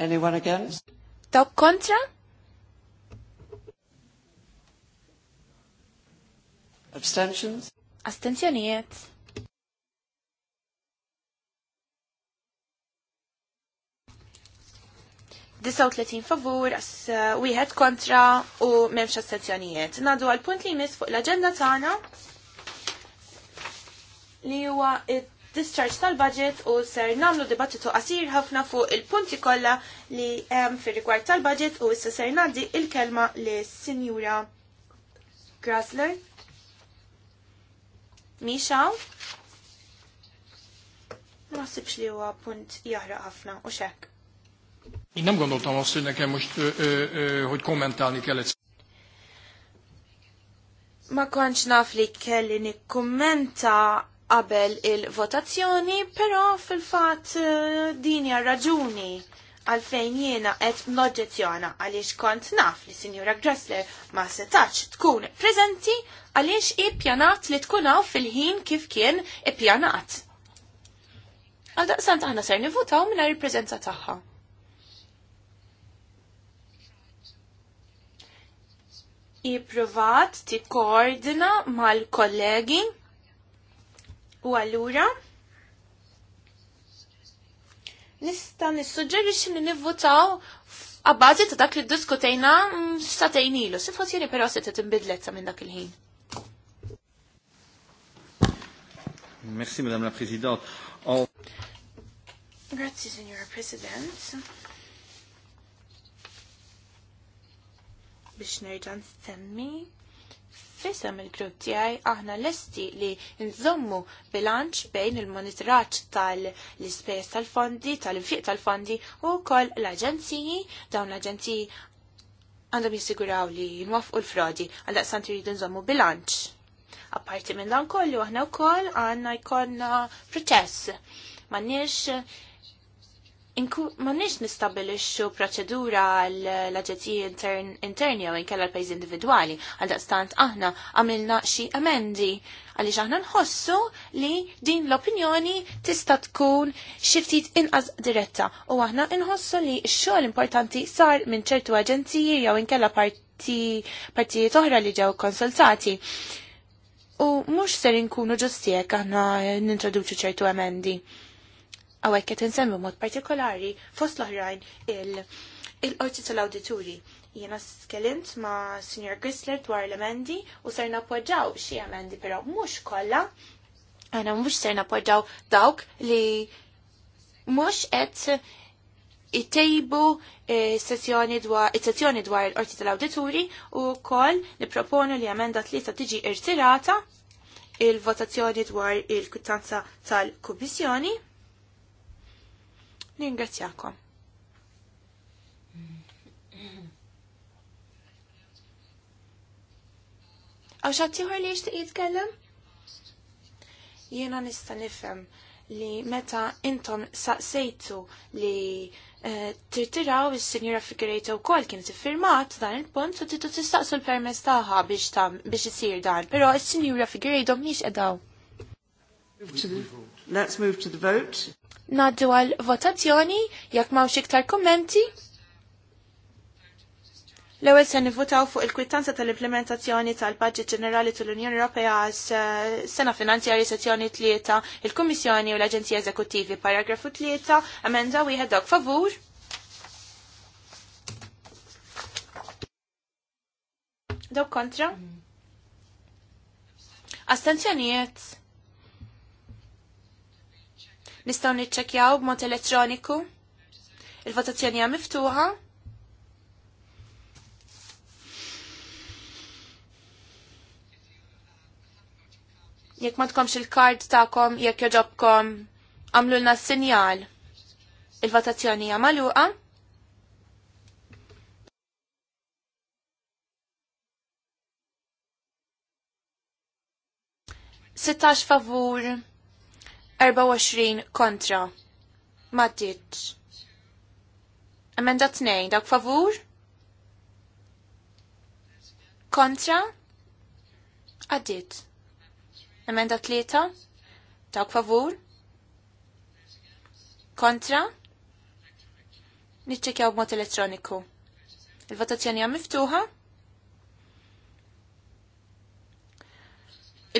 Anyone against? Top kontra? Abstentions? Astenzjonijiet. Disaw u tletin favur, uh, wieħed kontra u memx astenzjonijiet. Nadu għal punt li jmiss fuq l-agenda tagħna li huwa it discharge tal-budget u ser namlu dibattitu qasir ħafna fuq il-punti kollha li hemm fir rigward tal-budget u issa ser ngħaddi il-kelma li Sinjura Grassler. Misha? Ma sibx li huwa punt jaħraq ħafna u xek. Jien nem gondoltam azt, hogy nekem most, hogy eh, eh, kommentálni kellett. Ma konċ naf li kelli nikkommenta qabel il-votazzjoni, però fil-fat eh, din hija raġuni għalfejn jiena qed noġġezzjona għaliex kont naf li Sinjura Gressler ma setax tkun preżenti għaliex ippjanat li tkun hawn fil-ħin kif kien ippjanat. Għal daqsant aħna ser nivutaw mingħajr il-preżenza tagħha. Ipprovat tikkoordina mal-kollegi U allura nista nissuġġerixxi li nivvutaw għabbażi ta' dak li ddiskutejna mm, satejn ilu. Situazzjoni però se tinbidlet sa minn dak il-ħin. Merci, Madame la Présidente. Oh. Grazie, Signora President. Bishnerjan semmi fissam il-grupp tiegħi aħna lesti li nżommu bilanċ bejn il-monitoraġġ tal ispejs tal-fondi, tal-infiq tal-fondi u wkoll l-aġenziji, dawn l-aġenziji għandhom jissiguraw li nwafqu l-frodi għal daqsant jridu nżommu bilanċ. Apparti minn dan kollu aħna wkoll għandna jkollna proċess. M'għandniex ma nix nistabilixxu proċedura l aġenzija intern, interni jew inkella l-pajjiż individwali għal daqstant aħna għamilna xi emendi għaliex aħna nħossu li din l-opinjoni tista' tkun xi ftit inqas diretta u aħna nħossu li x-xogħol importanti sar minn ċertu aġenziji jew inkella partijiet oħra li ġew konsultati. U mhux ser inkunu ġustiek aħna nintroduċu ċertu emendi għawek qed insemmu mod partikolari fost l-oħrajn il-qorti tal-awdituri. Jiena skelint ma' Sr. Grisler dwar l-emendi u ser napoġaw xi emendi però mhux kollha. Għana mux ser napoġaw dawk li mhux qed itejbu sezzjoni eh, sessjoni sezzjoni dwar l-qorti tal-awdituri u wkoll nipproponu li emenda tlieta tiġi irtirata il-votazzjoni dwar il kuttanza tal-Kummissjoni Ningrazzjakom. Għaw xattiħor li jishtiq jitkellem? Jena nista nifem li meta intom saqsejtu li eh, tirtiraw il senjura Figurejta u kol kien firmat dan il-punt u titu tistaqsu l-permess taħħa biex tam biex isir dan, pero il senjura Figurejta mniex edaw. Let's move to the vote. Naddu għal votazzjoni, jekk m'hawnx iktar kommenti. L-ewwel se nivvutaw fuq il-kwittanza tal-implementazzjoni tal-Budget Ġenerali tal-Unjoni Ewropea għas eh, sena finanzjarji sezzjoni tlieta, il-Kummissjoni u l-Aġenzija Eżekuttivi, paragrafu tlieta, emenda wieħed dawk favur. Dawk kontra? Astenzjonijiet? Nistgħu nitċekjaw b'mod elettroniku. Il-votazzjoni hija miftuħa. Jekk ma tkomx il-kard tagħkom jekk joġobkom għamlu s sinjal. Il-votazzjoni hija magħluqa. Sittax favur, 24 kontra. Maddit. Emenda 2, dak favur? Kontra? Għaddit. Emenda 3, dak favur? Kontra? Niċċekjaw b'mod elettroniku. Il-votazzjoni għam miftuħa?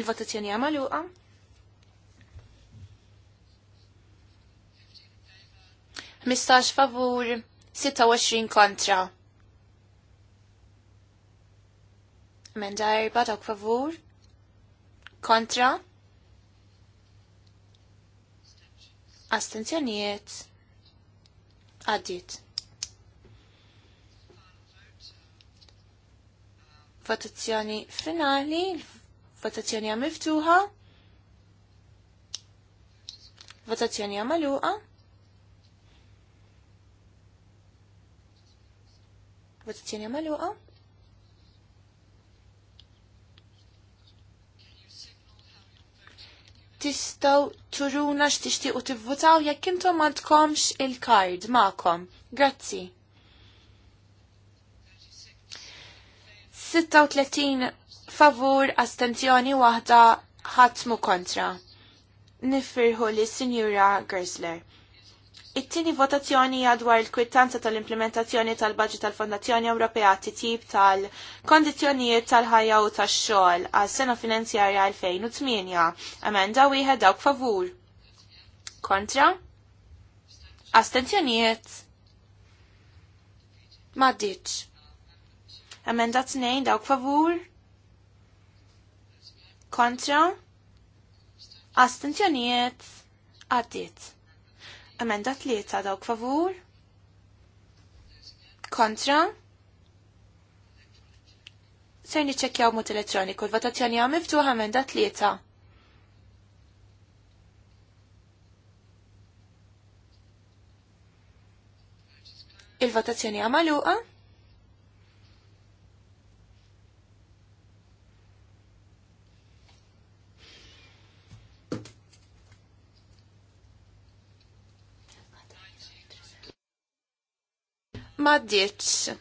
Il-votazzjoni għam għaluqa? 15 favur, 26 kontra. Emenda erba dawk favur, kontra, astenzjonijiet, għaddit. Votazzjoni finali, votazzjoni għamiftuħa, votazzjoni għamaluqa. votazzjoni maluqa. Tistaw turuna x'tixtiequ tivvutaw jekk intom għandkomx il-kard magħkom. Grazzi. 36 favur astenzjoni waħda ħatmu kontra. Nifirħu li Sinjura Gersler. It-tieni votazzjoni dwar il-kwittanza tal-implementazzjoni tal-Baġit tal-Fondazzjoni Ewropea titjib tal-kondizzjonijiet tal-ħajja u tax-xogħol għas sena finanzjarja 2008. Amenda wieħed dawk favur. Kontra? Astenzjonijiet? Maddiċ. Amenda tnejn dawk favur? Kontra? Astenzjonijiet? Għaddiet. Emenda tlieta dawk favur. Kontra. Ser niċċekkjaw mod elettroniku. l votazzjoni għam miftuħ emenda tlieta. Il-votazzjoni għam maluqa. ma ddiċ.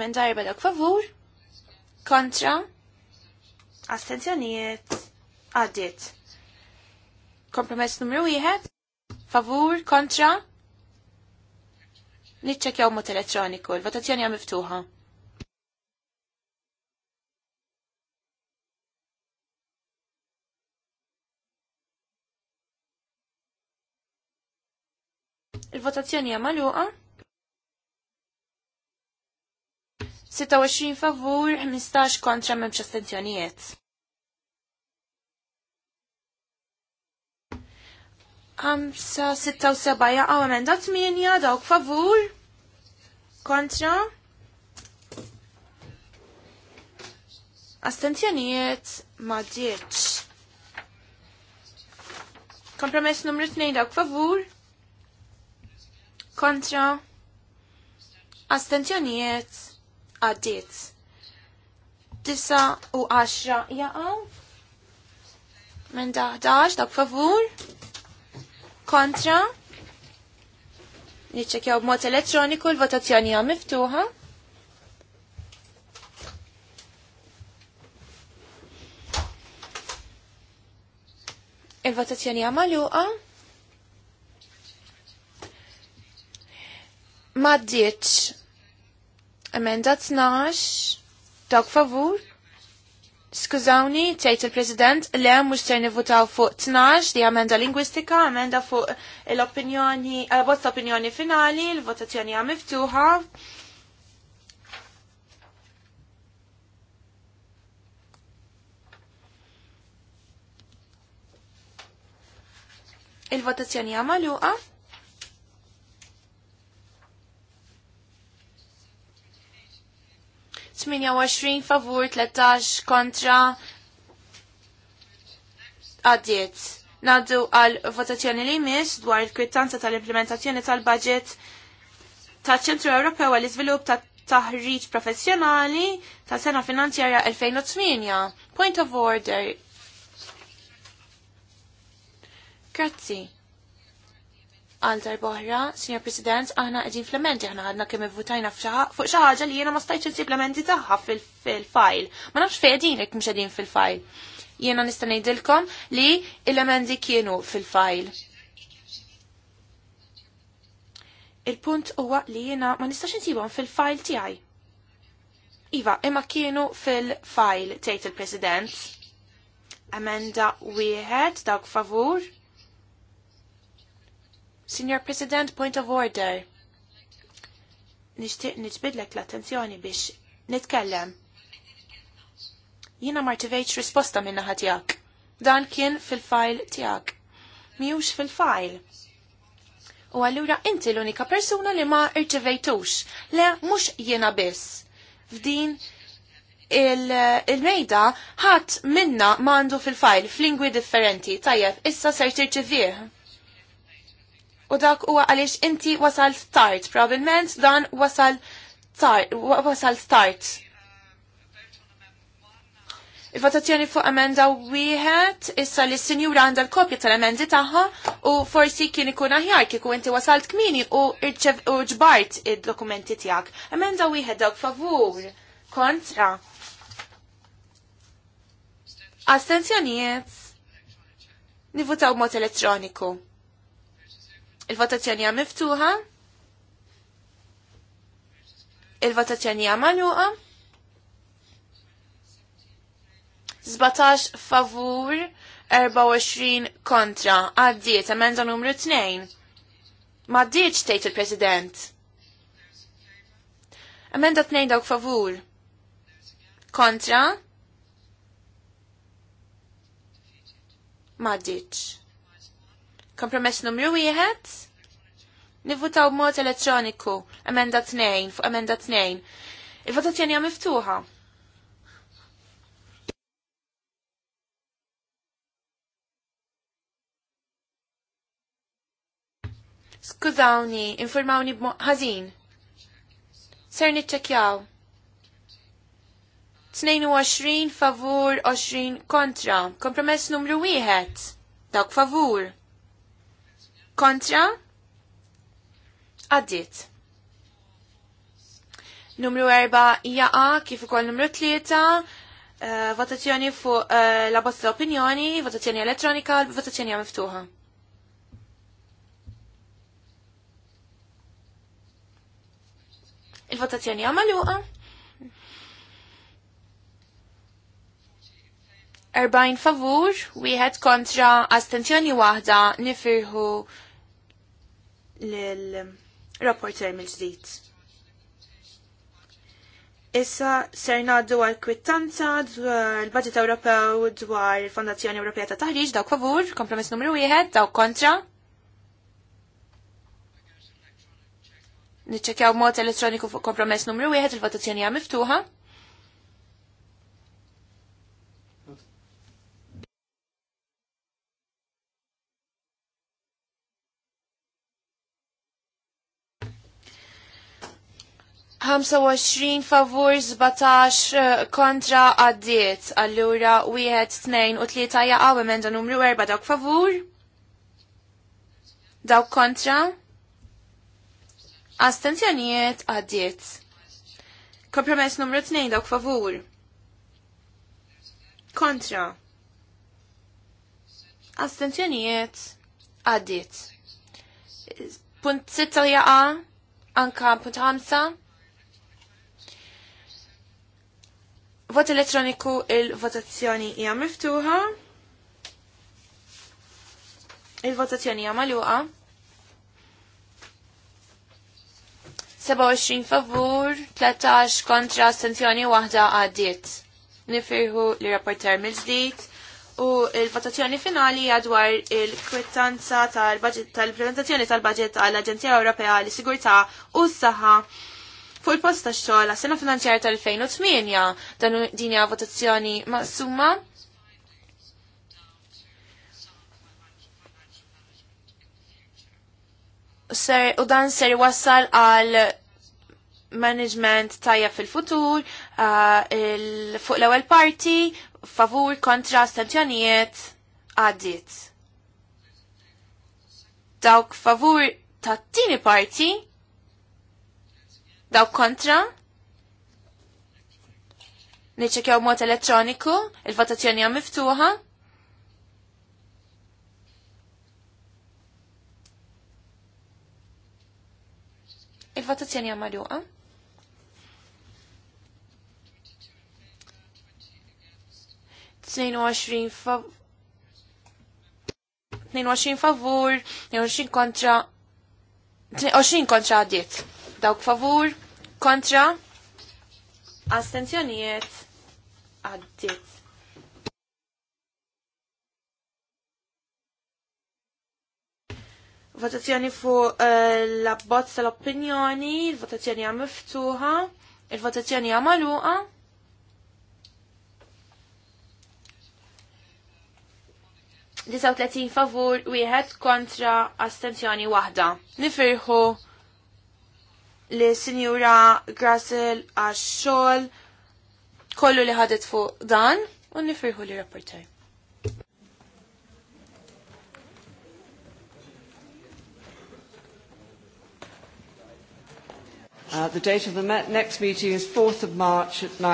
Men darba dak favur, kontra, astenzjonijiet, għaddit. Kompromess numru 1, favur, kontra, nitċekjaw mot elettroniku, l-votazzjoni għam miftuħa. votazzjoni hija magħluqa. 26 favur, 15 kontra m'hemmx astenzjonijiet. Għamsa 76 u seba jaqaw emenda tminja, dawk favur, kontra, astenzjonijiet ma dieċ. Kompromess numru 2 dawk favur, kontra astenzjonijiet għaddiet. Disa u 10 jaqaw minn daħdaħx, dak favur kontra b b'mod elettroniku l-votazzjoni hija miftuħa. Il-votazzjoni hija magħluqa. Maddiċ. Emenda 12. Dog favur. Skużawni, tgħid il-President, le mhux ser nivutaw fuq tnax di amenda lingwistika, amenda fuq l-opinjoni, eh, bozza opinjoni finali, l-votazzjoni hija miftuħa. Il-votazzjoni hija magħluqa. 28 favur, 13 kontra għaddiet. Naddu għal votazzjoni li mis dwar il-kwittanza tal-implementazzjoni tal-budget ta' ċentru Ewropew għal iżvilupp ta' taħriġ professjonali ta' sena finanzjarja 2008. Point of order. Grazzi għal darboħra, Signor President, aħna għedin flamenti aħna għadna kemm votajna fuq xi ħaġa li jiena ma stajtx insib flamenti tagħha fil-fajl. Ma nafx fejn qegħdin jekk mhux qegħdin fil-fajl. Jiena nista' ngħidilkom li l-lamenti kienu fil-fajl. Il-punt huwa li jiena ma nistax insibhom fil-fajl tiegħi. Iva, imma kienu fil-fajl tgħid il-President. Amenda wieħed dawk favur Signor President, point of order. Nixtieq niġbidlek l-attenzjoni biex nitkellem. Jina martivejċ risposta minna ħatijak. Dan kien fil-fajl tijak. Miux fil-fajl. U għallura inti l-unika persuna li ma irċivejtux. Le, mux jina biss. F'din il-mejda il ħat minna mandu fil-fajl f'lingwi differenti. Tajjeb, issa ser tirċivieħ u dak huwa għaliex inti wasal start, probabbilment dan wasal start, wasal start. Il-votazzjoni fuq emenda wieħed issa li s-sinjura għandha l-kopja tal-emendi tagħha u forsi kien ikun aħjar kieku inti wasalt kmini u ġbart id-dokumenti tiegħek. Emenda wieħed dawk favur kontra. Astenzjonijiet nivutaw mod elettroniku. Il-votazzjoni hija miftuħa. Il-votazzjoni hija magħluqa. 17 favur, 24 kontra. Għaddiet emenda numru 2. Ma għaddiet tgħid il-President. Emenda 2 dawk favur. Kontra. Ma għaddietx. Kompromess numru wieħed. Nivvutaw b'mod elettroniku. Emenda 2 fuq emenda 2. Il-votazzjoni hija miftuħa. Skużawni, informawni ħażin. Ser niċċekjaw. 22 favur 20 kontra. Kompromess numru 1. Dak favur. Kontra? Għaddit. Numru 4 jaqa kif ukoll numru 3 uh, eh, votazzjoni fuq uh, la bozza opinjoni, votazzjoni elettronika, votazzjoni miftuħa. Il-votazzjoni għamaluqa. Erba'jn favur, wieħed kontra astenzjoni waħda nifirħu l-rapporter mill-ġdid. Issa ser ngħaddu għal kwittanza dwar il-Budget Ewropew dwar il-Fondazzjoni Ewropea ta' Taħriġ dawk favur, kompromess numru wieħed, dawk kontra. Niċċekjaw mod elettroniku fuq kompromess numru wieħed il-votazzjoni hija miftuħa. 25 favur 17 eh, kontra għaddiet. Allura wieħed 2 u 3 jaqaw emenda numru 4 dawk favur. Dawk kontra. Astenzjonijiet għaddiet. Kompromess numru 2 dawk favur. Kontra. Astenzjonijiet għaddiet. Punt 6 jaqaw. anka punt 5 Vot elettroniku il-votazzjoni hija miftuħa. Il-votazzjoni hija magħluqa. 27 favur, 13 kontra astenzjoni waħda għaddiet. Nifirħu li rapporter mill-ġdid u il-votazzjoni finali għadwar il-kwittanza tal-prezentazzjoni tal-budget għall-Aġenzija Ewropea li Sigurtà u s-Saħħa Fuq il-post ta' xogħol sena finanzjar tal-2008 dan din hija votazzjoni maqsuma. Ser, u dan ser wassal għal management tajja fil-futur, uh, fuq l-ewwel parti, favur kontra stazzjonijiet għaddit. Dawk favur tat-tieni parti Daw kontra? Niċċekjaw mod elettroniku, il-votazzjoni hija miftuħa. Il-votazzjoni hija magħluqa. 22 fav 22 favur, 22 kontra 20 kontra għadiet. Dawk favur, kontra, astenzjonijiet għaddit. Votazzjoni fu uh, la tal-opinjoni, il-votazzjoni għam miftuħa, il-votazzjoni għam 30 favur, wieħed kontra astenzjoni waħda. Nifirħu li Sinjura Grassel għax xogħol kollu li ħadet fuq dan u nifirħu li rapporter. Uh, the date of the next meeting is 4th of March at 9.